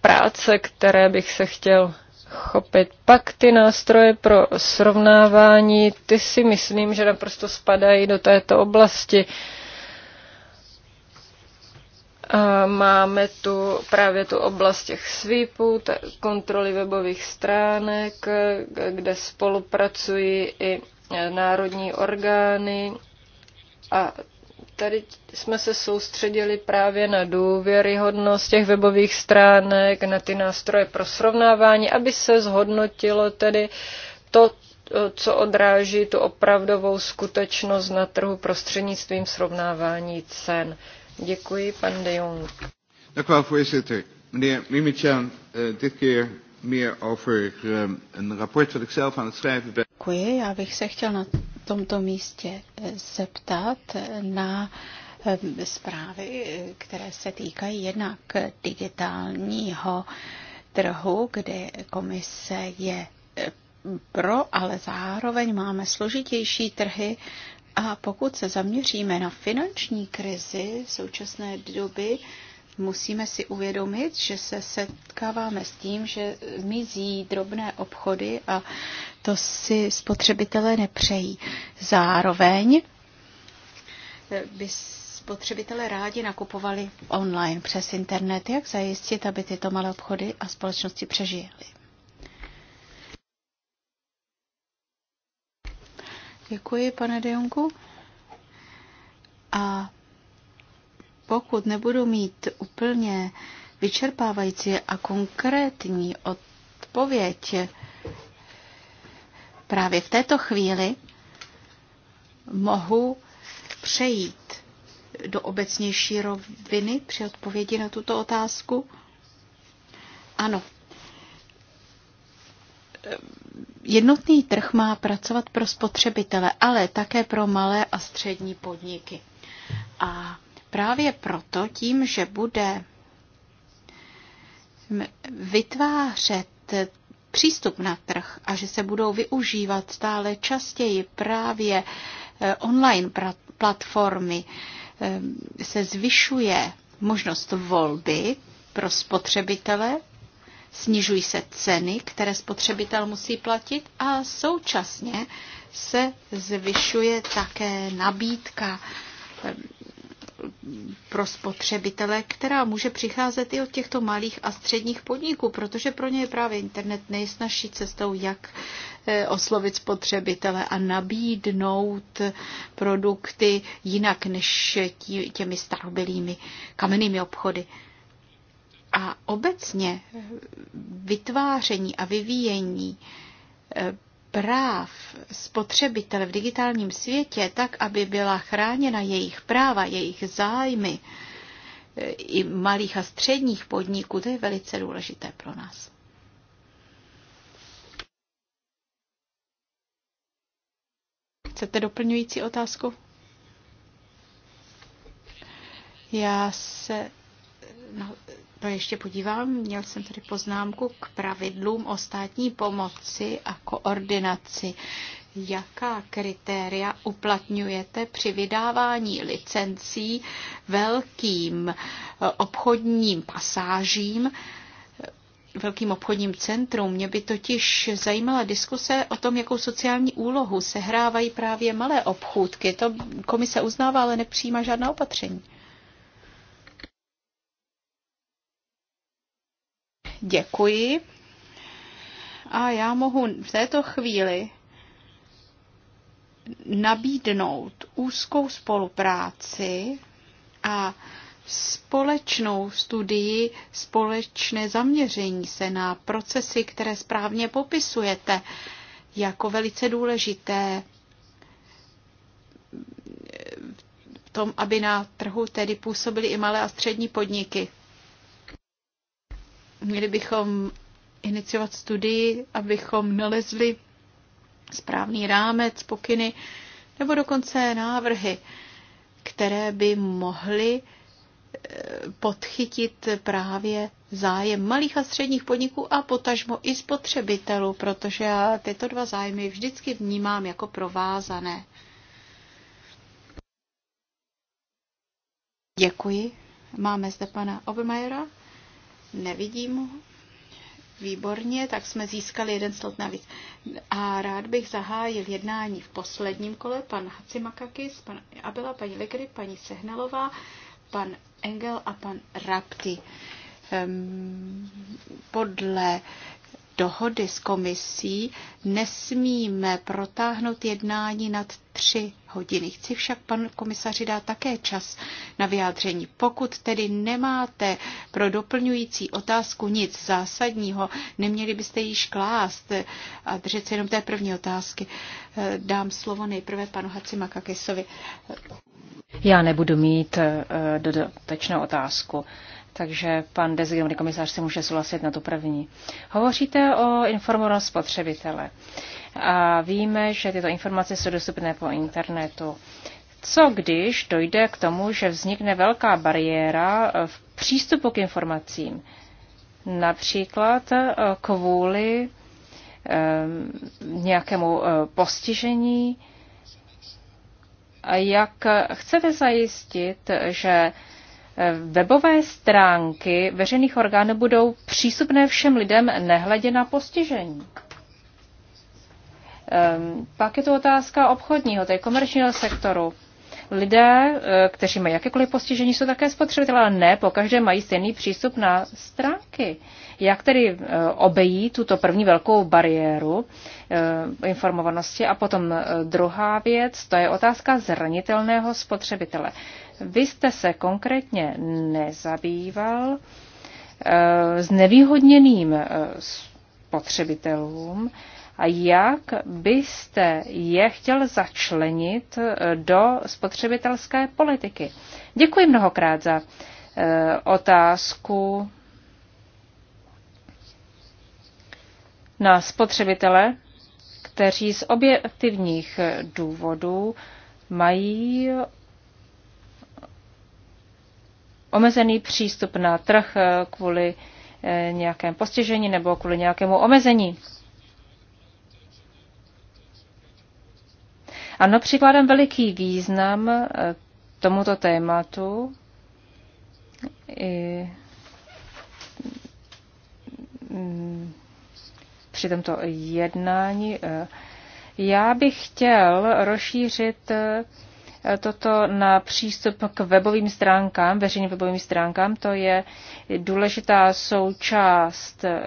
práce, které bych se chtěl chopit. Pak ty nástroje pro srovnávání, ty si myslím, že naprosto spadají do této oblasti. Uh, Máme tu právě tu oblast těch svýpů, kontroly webových stránek, kde spolupracují i e, národní orgány. A tady jsme se soustředili právě na důvěryhodnost těch webových stránek, na ty nástroje pro srovnávání, aby se zhodnotilo tedy to, e, co odráží tu opravdovou skutečnost na trhu prostřednictvím srovnávání cen. Děkuji, pan De Jong. Dank u wel, voorzitter. Meneer Mimichan, uh, eh, dit keer meer over um, een rapport dat ik zelf aan het schrijven ben. Děkuji, já bych se chtěl na tomto místě eh, zeptat na zprávy, které se týkají jednak digitálního trhu, kde komise je pro, ale zároveň máme složitější trhy, a pokud se zaměříme na finanční krizi současné doby, musíme si uvědomit, že se setkáváme s tím, že mizí drobné obchody a to si spotřebitelé nepřejí. Zároveň by spotřebitelé rádi nakupovali online přes internet. Jak zajistit, aby tyto malé obchody a společnosti přežily? Děkuji, pane Dejonku. A pokud nebudu mít úplně vyčerpávající a konkrétní odpověď právě v této chvíli, mohu přejít do obecnější roviny při odpovědi na tuto otázku? Ano. Jednotný trh má pracovat pro spotřebitele, ale také pro malé a střední podniky. A právě proto tím, že bude vytvářet přístup na trh a že se budou využívat stále častěji právě eh, online platformy, eh, se zvyšuje možnost volby pro spotřebitele snižují se ceny, které spotřebitel musí platit a současně se zvyšuje také nabídka ehm, pro spotřebitele, která může přicházet i od těchto malých a středních podniků, protože pro ně je právě internet nejsnažší cestou, jak eh, oslovit spotřebitele a nabídnout produkty jinak než těmi starobylými kamennými obchody. A obecně vytváření a vyvíjení eh, práv spotřebitele v digitálním světě tak, aby byla chráněna jejich práva, jejich zájmy eh, i malých a středních podniků, to je velice důležité pro nás. Chcete doplňující otázku? Já se no, ještě podívám. Měl jsem tady poznámku k pravidlům o státní pomoci a koordinaci. Jaká kritéria uplatňujete při vydávání licencí velkým eh, obchodním pasážím, eh, velkým obchodním centrum. Mě by totiž zajímala diskuse o tom, jakou sociální úlohu sehrávají právě malé obchůdky. To komise uznává, ale nepřijímá žádná opatření. Děkuji. A já mohu v této chvíli nabídnout úzkou spolupráci a společnou studii, společné zaměření se na procesy, které správně popisujete jako velice důležité v tom, aby na trhu tedy působily i malé a střední podniky. Měli bychom iniciovat studii, abychom nalezli správný rámec, pokyny nebo dokonce návrhy, které by mohly eh, podchytit právě zájem malých a středních podniků a potažmo i spotřebitelů, protože já tyto dva zájmy vždycky vnímám jako provázané. Děkuji. Máme zde pana Obermajera. Nevidím ho. Výborně, tak jsme získali jeden slot navíc. A rád bych zahájil jednání v posledním kole. Pan Hacimakakis, pan Abela, paní Legry, paní Sehnalová, pan Engel a pan Rapti. Um, podle dohody s komisí, nesmíme protáhnout jednání nad tři hodiny. Chci však pan komisaři dát také čas na vyjádření. Pokud tedy nemáte pro doplňující otázku nic zásadního, neměli byste již klást a držet se jenom té první otázky. Dám slovo nejprve panu Makakesovi. Já nebudu mít eh, dodatečnou otázku takže pan designovaný komisář si může souhlasit na tu první. Hovoříte o informovanosti spotřebitele. A víme, že tyto informace jsou dostupné po internetu. Co když dojde k tomu, že vznikne velká bariéra v přístupu k informacím? Například eh, kvůli eh, nějakému eh, postižení. A Jak chcete zajistit, že Eh, webové stránky veřejných orgánů budou přístupné všem lidem nehledě na postižení. Ehm, pak je to otázka obchodního, tedy komerčního sektoru. Lidé, eh, kteří mají jakékoliv postižení, jsou také spotřebitelé, ale ne pokaždé mají stejný přístup na stránky. Jak tedy eh, obejít tuto první velkou bariéru informovanosti? A potom druhá věc, to je otázka zranitelného spotřebitele. Vy jste se konkrétně nezabýval s eh, nevýhodněným eh, spotřebitelům a jak byste je chtěl začlenit eh, do spotřebitelské politiky. Děkuji mnohokrát za otázku na spotřebitele, kteří z objektivních důvodů mají omezený přístup na trh eh, kvůli eh, nějakém postižení nebo kvůli nějakému omezení. Ano, přikládám veliký význam eh, tomuto tématu. I mm, při tomto jednání. Já bych chtěl rozšířit toto na přístup k webovým stránkám, veřejným webovým stránkám, to je důležitá součást eh,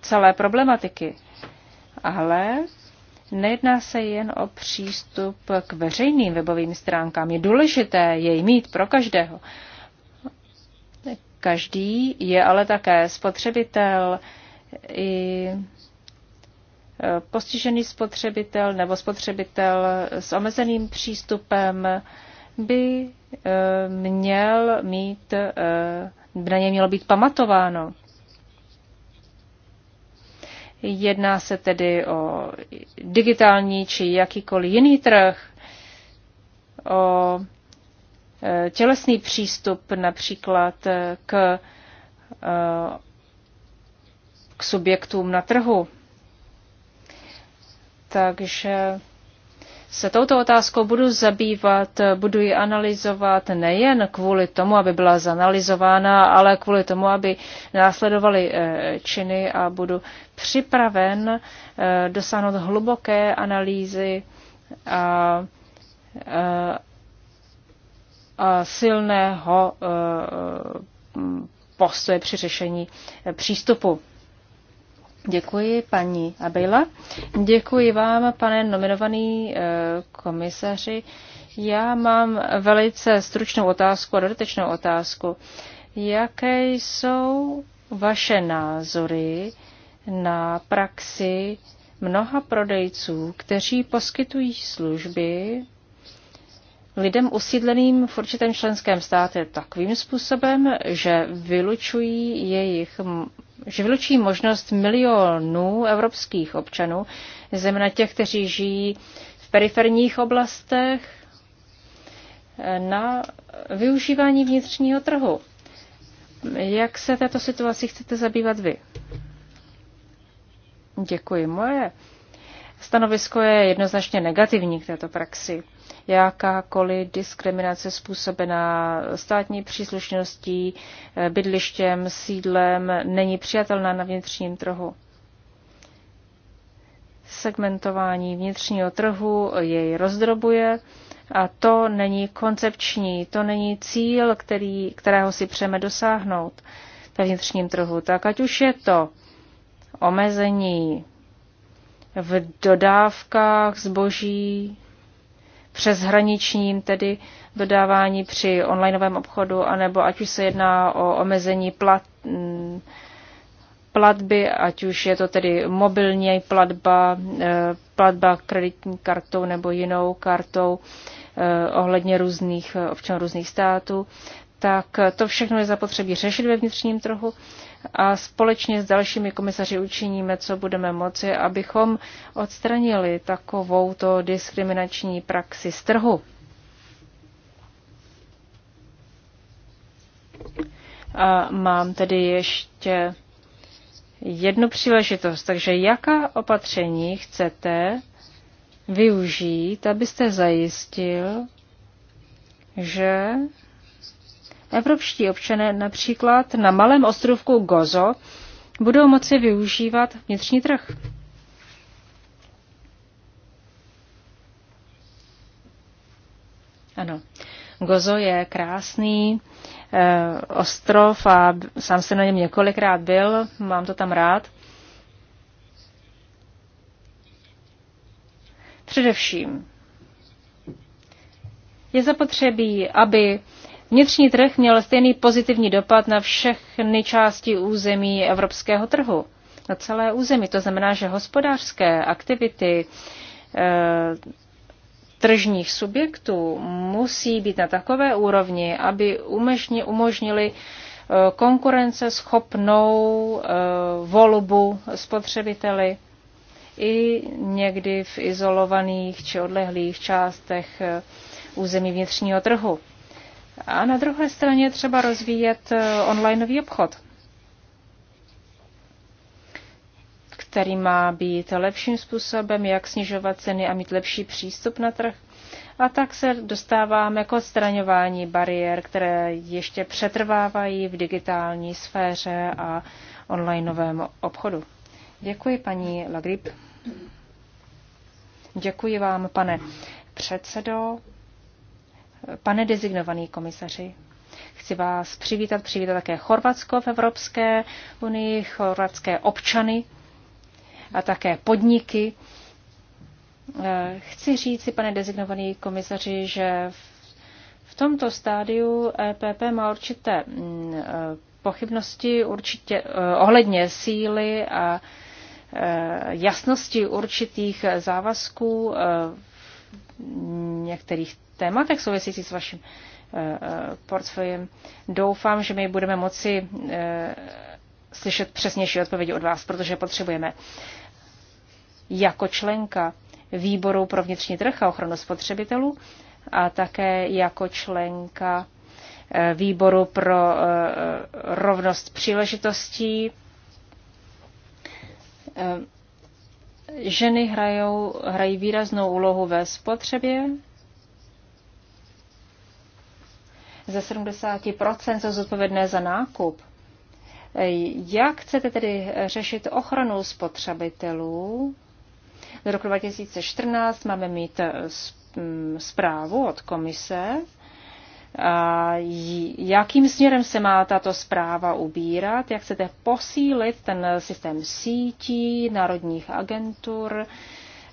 celé problematiky. Ale nejedná se jen o přístup k veřejným webovým stránkám. Je důležité jej mít pro každého. Každý je ale také spotřebitel i postižený spotřebitel nebo spotřebitel s omezeným přístupem by eh, měl mít, eh, na ně mělo být pamatováno. Jedná se tedy o digitální či jakýkoliv jiný trh, o eh, tělesný přístup například k, k subjektům na trhu. Takže se touto otázkou budu zabývat, budu ji analyzovat nejen kvůli tomu, aby byla zanalizována, ale kvůli tomu, aby následovaly eh, činy a budu připraven eh, dosáhnout hluboké analýzy a, a, eh, a silného postoje při řešení přístupu. Děkuji, paní Abela. Děkuji vám, pane nominovaný eh, komisaři. Já mám velice stručnou otázku a dodatečnou otázku. Jaké jsou vaše názory na praxi mnoha prodejců, kteří poskytují služby lidem usídleným v určitém členském státě takovým způsobem, že vylučují jejich že vylučí možnost milionů evropských občanů, zejména těch, kteří žijí v periferních oblastech, na využívání vnitřního trhu. Jak se této situaci chcete zabývat vy? Děkuji. Moje stanovisko je jednoznačně negativní k této praxi jakákoliv diskriminace způsobená státní příslušností, eh, bydlištěm, sídlem není přijatelná na vnitřním trhu. Segmentování vnitřního trhu jej rozdrobuje a to není koncepční, to není cíl, který, kterého si přeme dosáhnout ve vnitřním trhu. Tak ať už je to omezení v dodávkách zboží přeshraničním, tedy dodávání při onlineovém obchodu, anebo ať už se jedná o omezení plat, mm, platby, ať už je to tedy mobilní platba, eh, platba kreditní kartou nebo jinou kartou eh, ohledně různých občanů různých států, tak to všechno je zapotřebí řešit ve vnitřním trhu a společně s dalšími komisaři učiníme, co budeme moci, abychom odstranili takovouto diskriminační praxi z trhu. A mám tedy ještě jednu příležitost. Takže jaká opatření chcete využít, abyste zajistil, že Evropští občané například na malém ostrovku Gozo budou moci využívat vnitřní trh. Ano, Gozo je krásný e, ostrov a sám jsem na něm několikrát byl, mám to tam rád. Především je zapotřebí, aby Vnitřní trh měl stejný pozitivní dopad na všechny části území evropského trhu, na celé území. To znamená, že hospodářské aktivity eh, tržních subjektů musí být na takové úrovni, aby umožni, umožnili eh, konkurenceschopnou eh, volbu spotřebiteli i někdy v izolovaných či odlehlých částech území vnitřního trhu. A na druhé straně třeba rozvíjet eh, onlineový obchod, který má být lepším způsobem, jak snižovat ceny a mít lepší přístup na trh. A tak se dostáváme k odstraňování bariér, které ještě přetrvávají v digitální sféře a onlineovém obchodu. Děkuji, paní Lagrip. Děkuji vám, pane předsedo. Pane designovaný komisaři, chci vás přivítat, přivítat také Chorvatsko v Evropské unii, chorvatské občany a také podniky. Eh, chci říct si, pane designovaný komisaři, že v tomto stádiu EPP má určité mm, eh, pochybnosti určitě eh, ohledně síly a jasnosti určitých závazků některých tématech souvisící s vaším eh, eh, portfoliem. Doufám, že my budeme moci eh, slyšet přesnější odpovědi od vás, protože potřebujeme. Jako členka výboru pro vnitřní trh a ochranu spotřebitelů a také jako členka výboru pro rovnost příležitostí. Ženy hrajou, hrají výraznou úlohu ve spotřebě ze 70% jsou zodpovědné za nákup. Jak chcete tedy řešit ochranu spotřebitelů? Do roku 2014 máme mít eh, mm, zprávu od komise. A jakým směrem se má tato zpráva ubírat? Jak chcete posílit ten systém sítí, národních agentur?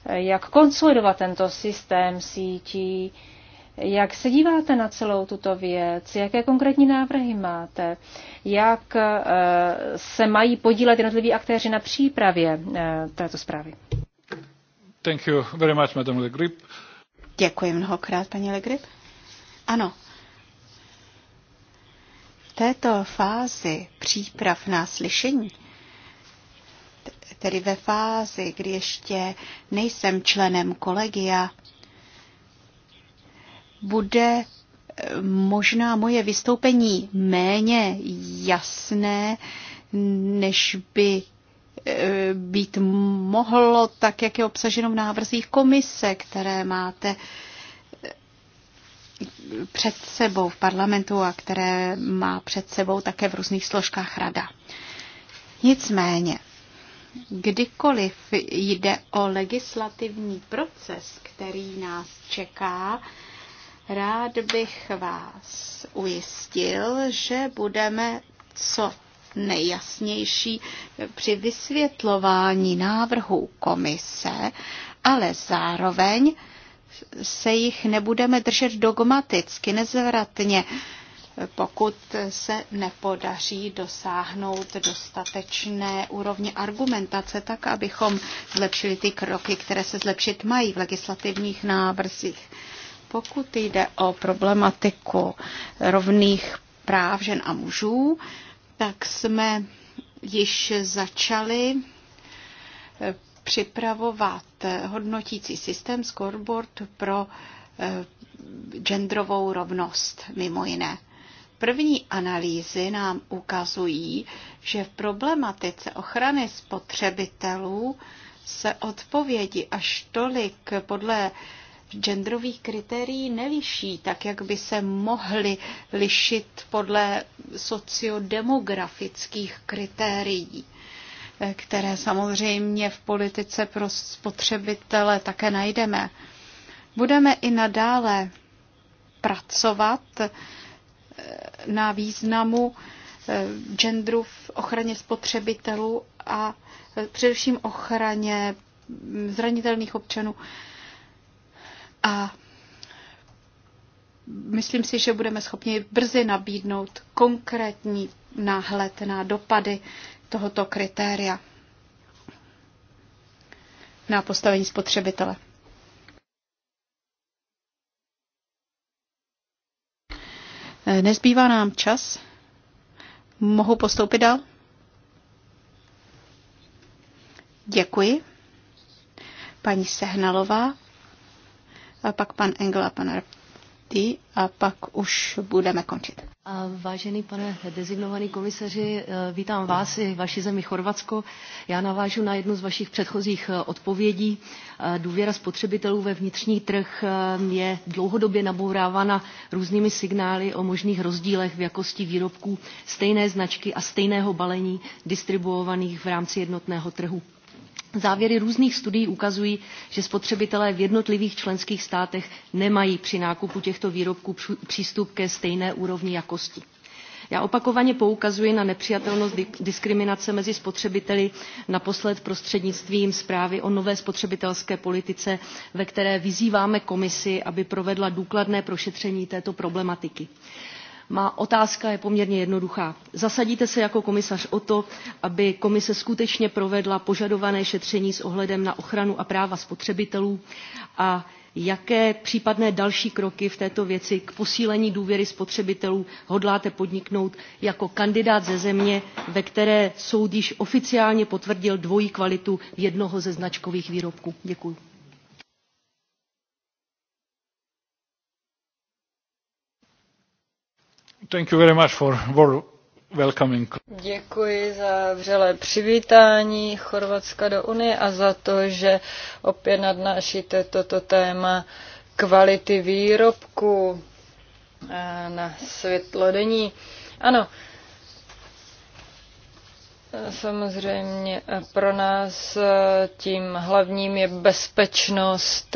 Eh, jak konsolidovat tento systém sítí? Jak se díváte na celou tuto věc? Jaké konkrétní návrhy máte? Jak eh, se mají podílet jednotliví aktéři na přípravě eh, této zprávy? Thank you very much, Madam Le Grip. Děkuji mnohokrát, paní Le Grip. Ano, v této fázi příprav na slyšení tedy ve fázi, kdy ještě nejsem členem kolegia bude eh, možná moje vystoupení méně jasné, než by eh, být mohlo, tak jak je obsaženo v návrzích komise, které máte eh, před sebou v parlamentu a které má před sebou také v různých složkách rada. Nicméně, kdykoliv jde o legislativní proces, který nás čeká, Rád bych vás ujistil, že budeme co nejjasnější při vysvětlování návrhů komise, ale zároveň se jich nebudeme držet dogmaticky, nezvratně, pokud se nepodaří dosáhnout dostatečné úrovně argumentace, tak abychom zlepšili ty kroky, které se zlepšit mají v legislativních návrzích. Pokud jde o problematiku rovných práv žen a mužů, tak jsme již začali eh, připravovat eh, hodnotící systém scoreboard pro eh, genderovou rovnost, mimo jiné. První analýzy nám ukazují, že v problematice ochrany spotřebitelů se odpovědi až tolik podle genderových kritérií neliší, tak jak by se mohly lišit podle sociodemografických kritérií které samozřejmě v politice pro spotřebitele také najdeme. Budeme i nadále pracovat eh, na významu eh, genderu v ochraně spotřebitelů a eh, především ochraně mm, zranitelných občanů a myslím si, že budeme schopni brzy nabídnout konkrétní náhled na dopady tohoto kritéria na postavení spotřebitele. Nezbývá nám čas. Mohu postoupit dál? Děkuji. Paní Sehnalová a pak pan Engel a pan Rapti a pak už budeme končit. A vážený pane dezignovaný komisaři, eh, vítám vás i vaši zemi Chorvatsko. Já navážu na jednu z vašich předchozích eh, odpovědí. Eh, důvěra spotřebitelů ve vnitřní trh je dlouhodobě nabourávána různými signály o možných rozdílech v jakosti výrobků stejné značky a stejného balení distribuovaných v rámci jednotného trhu. Závěry různých studií ukazují, že spotřebitelé v jednotlivých členských státech nemají při nákupu těchto výrobků přístup ke stejné úrovni jakosti. Jako Já opakovaně poukazuji na nepřijatelnost diskriminace mezi spotřebiteli naposled prostřednictvím zprávy o nové spotřebitelské politice, ve které vyzýváme komisi, aby provedla důkladné prošetření této problematiky. Má otázka je poměrně jednoduchá. Zasadíte se jako komisař o to, aby komise skutečně provedla požadované šetření s ohledem na ochranu a práva spotřebitelů a jaké případné další kroky v této věci k posílení důvěry spotřebitelů hodláte podniknout jako kandidát ze země, ve které soud již oficiálně potvrdil dvojí kvalitu jednoho ze značkových výrobků. Děkuji. Thank you very much for welcoming. Děkuji za vřelé přivítání Chorvatska do Unie a za to, že opět nadnášíte toto téma kvality výrobku eh, na světlodení. Ano, eh, samozřejmě eh, pro nás tím hlavním je bezpečnost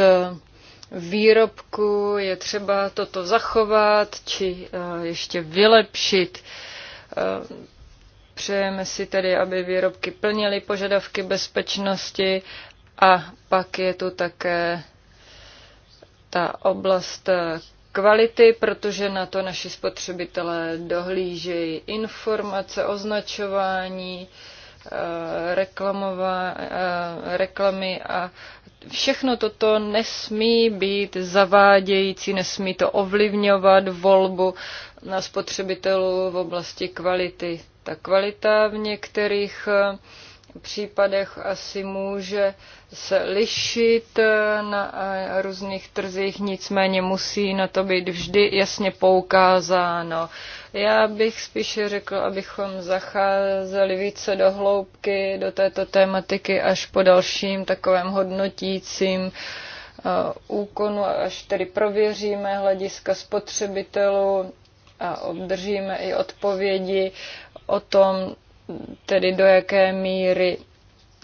výrobku, je třeba toto zachovat či eh, ještě vylepšit. Eh, přejeme si tedy, aby výrobky plnily požadavky bezpečnosti a pak je tu také ta oblast eh, kvality, protože na to naši spotřebitelé dohlížejí informace, označování, Eh, reklamová eh, reklamy a všechno toto nesmí být zavádějící, nesmí to ovlivňovat volbu na spotřebitelů v oblasti kvality. Ta kvalita v některých uh, případech asi může se lišit eh, na eh, různých trzích, nicméně musí na to být vždy jasně poukázáno. Já bych spíše řekl, abychom zacházeli více do hloubky do této tématiky až po dalším takovém hodnotícím eh, úkonu, až tedy prověříme hlediska spotřebitelů a obdržíme i odpovědi o tom, tedy do jaké míry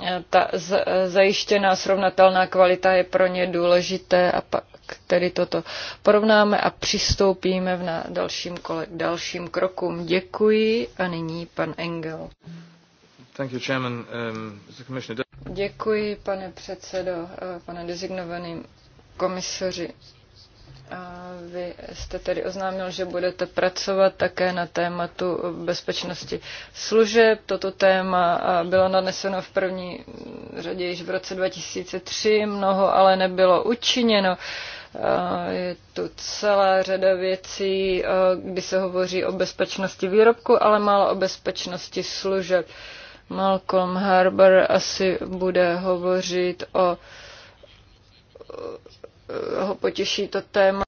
eh, ta eh, zajištěná srovnatelná kvalita je pro ně důležité a pak tedy toto porovnáme a přistoupíme v na dalším kole k dalším krokům. Děkuji a nyní pan Engel. Thank you, Chairman. Um, Děkuji, pane předsedo, eh, pane designovaný komisaři. Vy jste tedy oznámil, že budete pracovat také na tématu bezpečnosti služeb. Toto téma bylo naneseno v první řadě již v roce 2003, mnoho ale nebylo učiněno. Je tu celá řada věcí, kdy se hovoří o bezpečnosti výrobku, ale málo o bezpečnosti služeb. Malcolm Harbour asi bude hovořit o Eh, ho potěší to téma.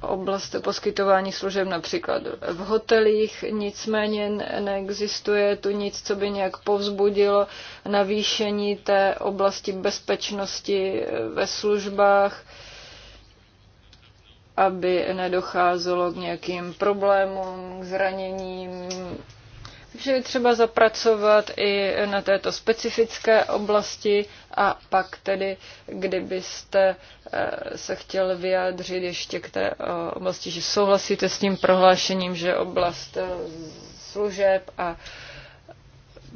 oblast poskytování služeb například v hotelích, nicméně neexistuje tu nic, co by nějak povzbudilo navýšení té oblasti bezpečnosti eh, ve službách, aby nedocházelo k nějakým problémům, k zraněním, že je třeba zapracovat i na této specifické oblasti a pak tedy, kdybyste eh, se chtěl vyjádřit ještě k té eh, oblasti, že souhlasíte s tím prohlášením, že oblast eh, služeb a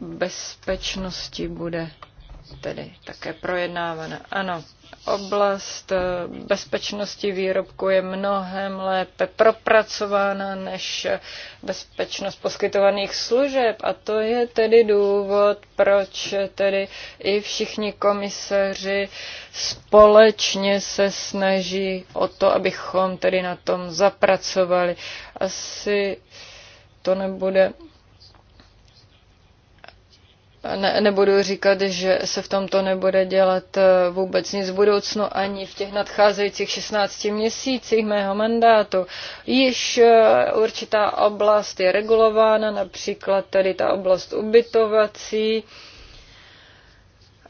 bezpečnosti bude tedy také projednávána. Ano, oblast eh, bezpečnosti výrobku je mnohem lépe propracována než eh, bezpečnost poskytovaných služeb a to je tedy důvod, proč eh, tedy i všichni komisaři společně se snaží o to, abychom tedy na tom zapracovali. Asi to nebude ne, nebudu říkat, že se v tomto nebude dělat eh, vůbec nic v budoucnu ani v těch nadcházejících 16 měsících mého mandátu. Již eh, určitá oblast je regulována, například tady ta oblast ubytovací,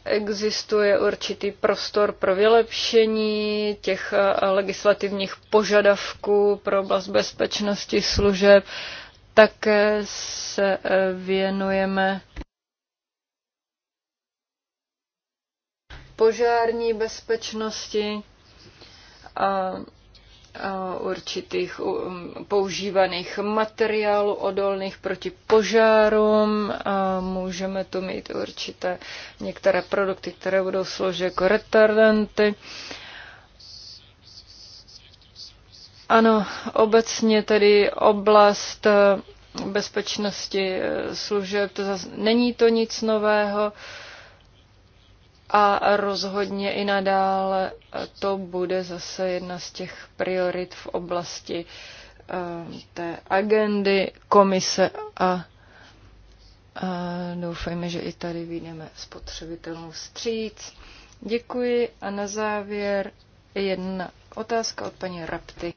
existuje určitý prostor pro vylepšení těch eh, legislativních požadavků pro oblast bezpečnosti služeb. Také se věnujeme požární bezpečnosti a určitých um, používaných materiálů odolných proti požárům. A můžeme tu mít určité některé produkty, které budou složeny jako retardanty. Ano, obecně tedy oblast eh, bezpečnosti eh, služeb, to zase, není to nic nového. Uh, a rozhodně i nadále to bude zase jedna z těch priorit v oblasti eh, té agendy komise a, a doufejme, že i tady vyjdeme spotřebitelům stříc. Děkuji a na závěr jedna otázka od paní Rapty.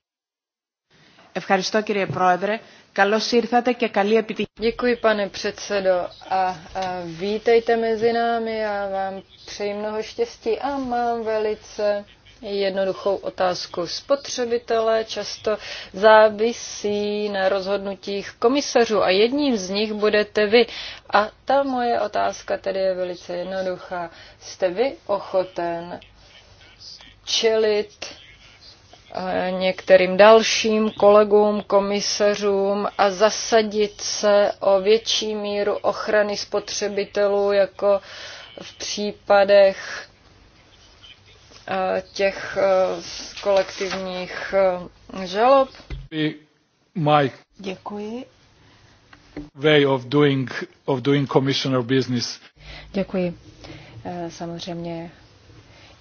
Děkuji pane předsedo a, a vítejte mezi námi. Já vám přeji mnoho štěstí a mám velice jednoduchou otázku. Spotřebitelé často závisí na rozhodnutích komisařů a jedním z nich budete vy. A ta moje otázka tedy je velice jednoduchá. Jste vy ochoten čelit Eh, některým dalším kolegům, komisařům a zasadit se o větší míru ochrany spotřebitelů, jako v případech eh, těch eh, kolektivních žalob. Mike. Děkuji. Way of doing, of doing commissioner business. Děkuji. Samozřejmě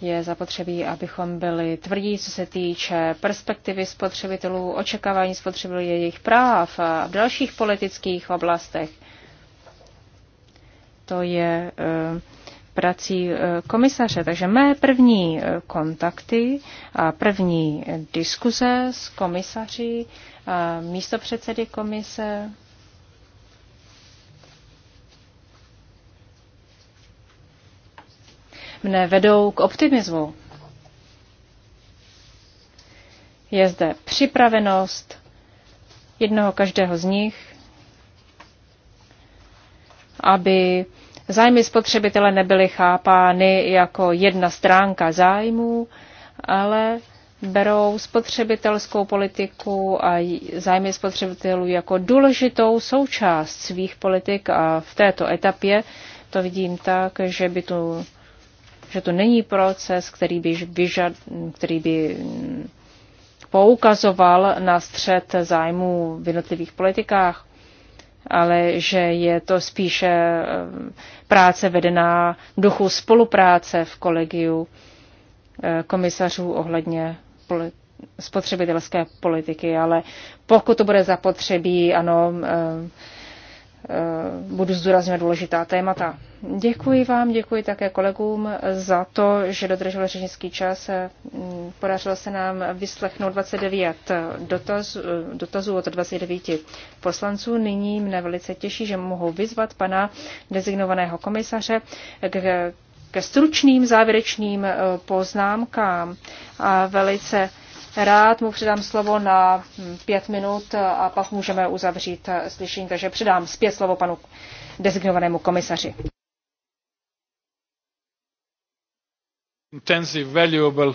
je zapotřebí, abychom byli tvrdí, co se týče perspektivy spotřebitelů, očekávání spotřebitelů jejich práv a v dalších politických oblastech. To je eh, prací eh, komisaře. Takže mé první eh, kontakty a první diskuze s komisaři a místopředsedy komise mne vedou k optimismu. Je zde připravenost jednoho každého z nich, aby zájmy spotřebitele nebyly chápány jako jedna stránka zájmů, ale berou spotřebitelskou politiku a zájmy spotřebitelů jako důležitou součást svých politik a v této etapě to vidím tak, že by tu že to není proces, který by, vyžad, který by mm, poukazoval na střed zájmů v jednotlivých politikách, ale že je to spíše eh, práce vedená v duchu spolupráce v kolegiu eh, komisařů ohledně politiky spotřebitelské politiky, ale pokud to bude zapotřebí, ano, eh, Eh, budu zdůrazňovat důležitá témata. Děkuji vám, děkuji také kolegům za to, že dodrželi řečnický čas. Eh, podařilo se nám vyslechnout 29 dotaz, eh, dotazů od 29 poslanců. Nyní mne velice těší, že mohu vyzvat pana dezignovaného komisaře k, ke stručným závěrečným poznámkám a velice rád mu předám slovo na pět minut a pak můžeme uzavřít slyšení, takže předám zpět slovo panu designovanému komisaři. Intensive, valuable.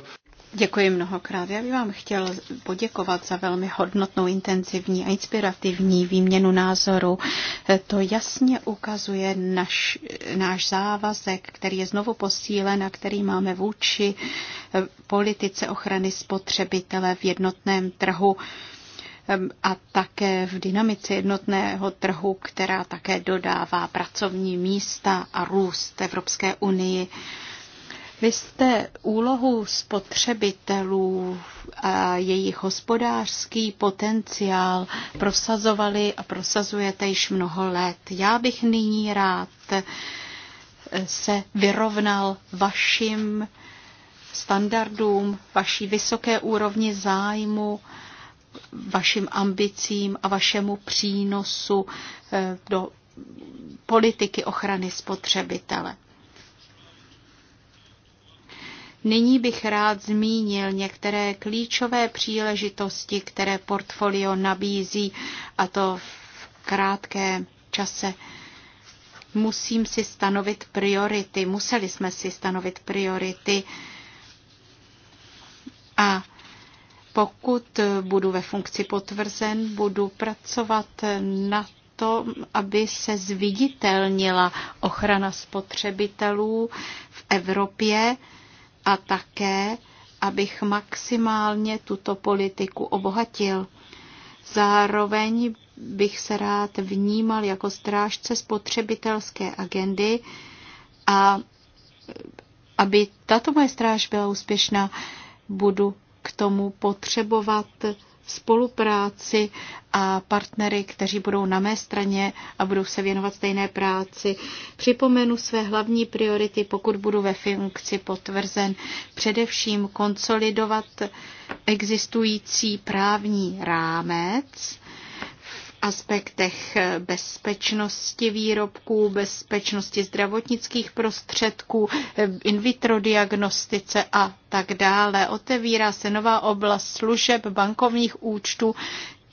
Děkuji mnohokrát. Já bych vám chtěl poděkovat za velmi hodnotnou, intenzivní a inspirativní výměnu názoru. To jasně ukazuje naš, náš závazek, který je znovu posílen a který máme vůči eh, politice ochrany spotřebitele v jednotném trhu ehm, a také v dynamice jednotného trhu, která také dodává pracovní místa a růst Evropské unii. Vy jste úlohu spotřebitelů a jejich hospodářský potenciál prosazovali a prosazujete již mnoho let. Já bych nyní rád se vyrovnal vašim standardům, vaší vysoké úrovni zájmu, vašim ambicím a vašemu přínosu eh, do politiky ochrany spotřebitele. Nyní bych rád zmínil některé klíčové příležitosti, které portfolio nabízí, a to v krátkém čase. Musím si stanovit priority, museli jsme si stanovit priority a pokud budu ve funkci potvrzen, budu pracovat na to, aby se zviditelnila ochrana spotřebitelů v Evropě a také, abych maximálně tuto politiku obohatil. Zároveň bych se rád vnímal jako strážce spotřebitelské agendy a aby tato moje stráž byla úspěšná, budu k tomu potřebovat spolupráci a partnery, kteří budou na mé straně a budou se věnovat stejné práci. Připomenu své hlavní priority, pokud budu ve funkci potvrzen, především konsolidovat existující právní rámec, aspektech bezpečnosti výrobků, bezpečnosti zdravotnických prostředků, in vitro diagnostice a tak dále. Otevírá se nová oblast služeb bankovních účtů,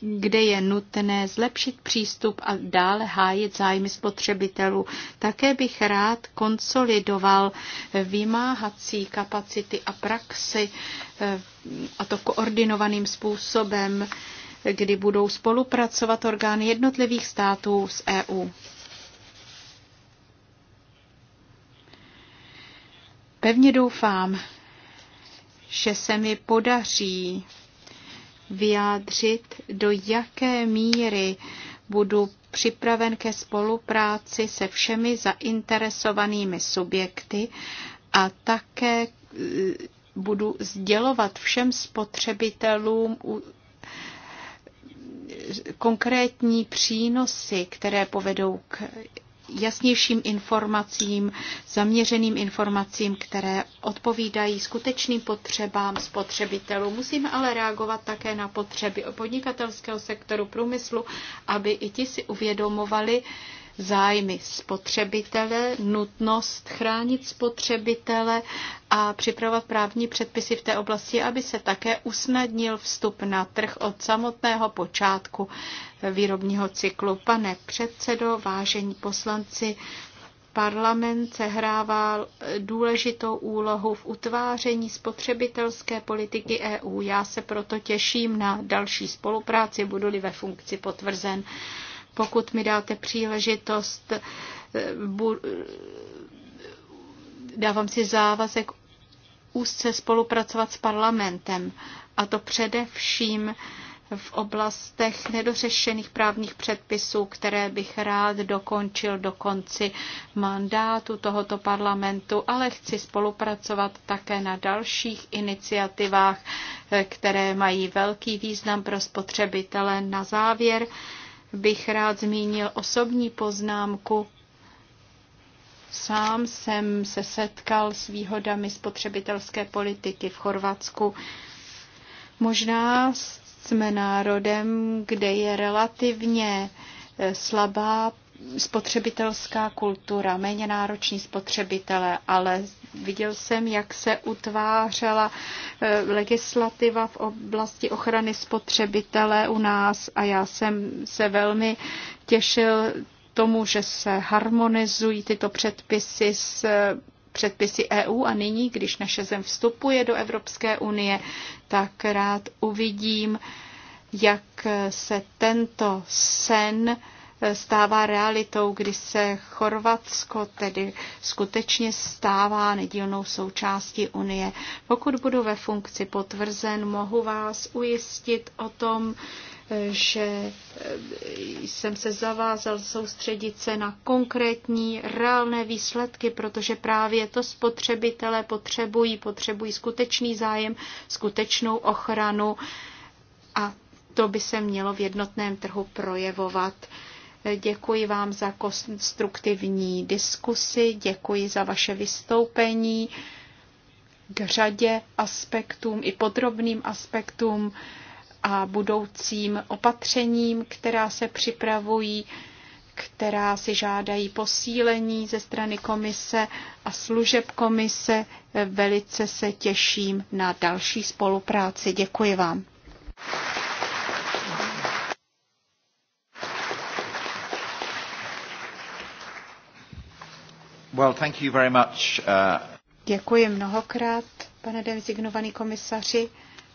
kde je nutné zlepšit přístup a dále hájit zájmy spotřebitelů. Také bych rád konsolidoval vymáhací kapacity a praxi, eh, a to koordinovaným způsobem kdy budou spolupracovat orgány jednotlivých států s EU. Pevně doufám, že se mi podaří vyjádřit, do jaké míry budu připraven ke spolupráci se všemi zainteresovanými subjekty a také e, budu sdělovat všem spotřebitelům konkrétní přínosy, které povedou k jasnějším informacím, zaměřeným informacím, které odpovídají skutečným potřebám spotřebitelů. Musíme ale reagovat také na potřeby podnikatelského sektoru průmyslu, aby i ti si uvědomovali, zájmy spotřebitele, nutnost chránit spotřebitele a připravovat právní předpisy v té oblasti, aby se také usnadnil vstup na trh od samotného počátku výrobního cyklu. Pane předsedo, vážení poslanci, Parlament sehrával důležitou úlohu v utváření spotřebitelské politiky EU. Já se proto těším na další spolupráci, budu-li ve funkci potvrzen pokud mi dáte příležitost, eh, dávám si závazek úzce spolupracovat s parlamentem, a to především v oblastech nedořešených právních předpisů, které bych rád dokončil do konci mandátu tohoto parlamentu, ale chci spolupracovat také na dalších iniciativách, eh, které mají velký význam pro spotřebitele. Na závěr bych rád zmínil osobní poznámku. Sám jsem se setkal s výhodami spotřebitelské politiky v Chorvatsku. Možná jsme národem, kde je relativně eh, slabá spotřebitelská kultura, méně nároční spotřebitele, ale viděl jsem, jak se utvářela eh, legislativa v oblasti ochrany spotřebitele u nás a já jsem se velmi těšil tomu, že se harmonizují tyto předpisy s eh, předpisy EU a nyní, když naše zem vstupuje do Evropské unie, tak rád uvidím, jak se tento sen stává realitou, kdy se Chorvatsko tedy skutečně stává nedílnou součástí Unie. Pokud budu ve funkci potvrzen, mohu vás ujistit o tom, že eh, jsem se zavázal soustředit se na konkrétní, reálné výsledky, protože právě to spotřebitelé potřebují, potřebují skutečný zájem, skutečnou ochranu a to by se mělo v jednotném trhu projevovat. Děkuji vám za konstruktivní diskusy, děkuji za vaše vystoupení k řadě aspektům i podrobným aspektům a budoucím opatřením, která se připravují, která si žádají posílení ze strany komise a služeb komise. Velice se těším na další spolupráci. Děkuji vám. Well, thank you very much, uh... Děkuji mnohokrát, pane designovaný komisaři,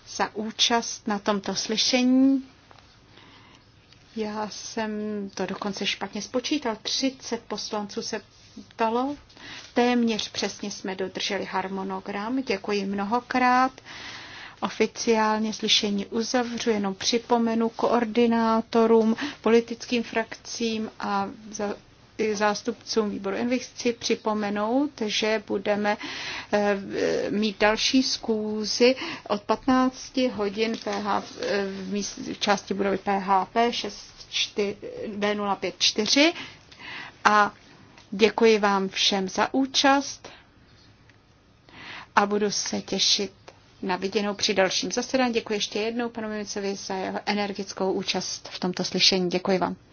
za účast na tomto slyšení. Já jsem to dokonce špatně spočítal. 30 poslanců se ptalo. Téměř přesně jsme dodrželi harmonogram. Děkuji mnohokrát. Oficiálně slyšení uzavřu, jenom připomenu koordinátorům, politickým frakcím a i zástupcům výboru Envy chci připomenout, že budeme eh, mít další zkůzy od 15 hodin PH, eh, v, části budovy PHP 6B054 a děkuji vám všem za účast a budu se těšit na viděnou při dalším zasedání. Děkuji ještě jednou panu Mimicovi za jeho energickou účast v tomto slyšení. Děkuji vám.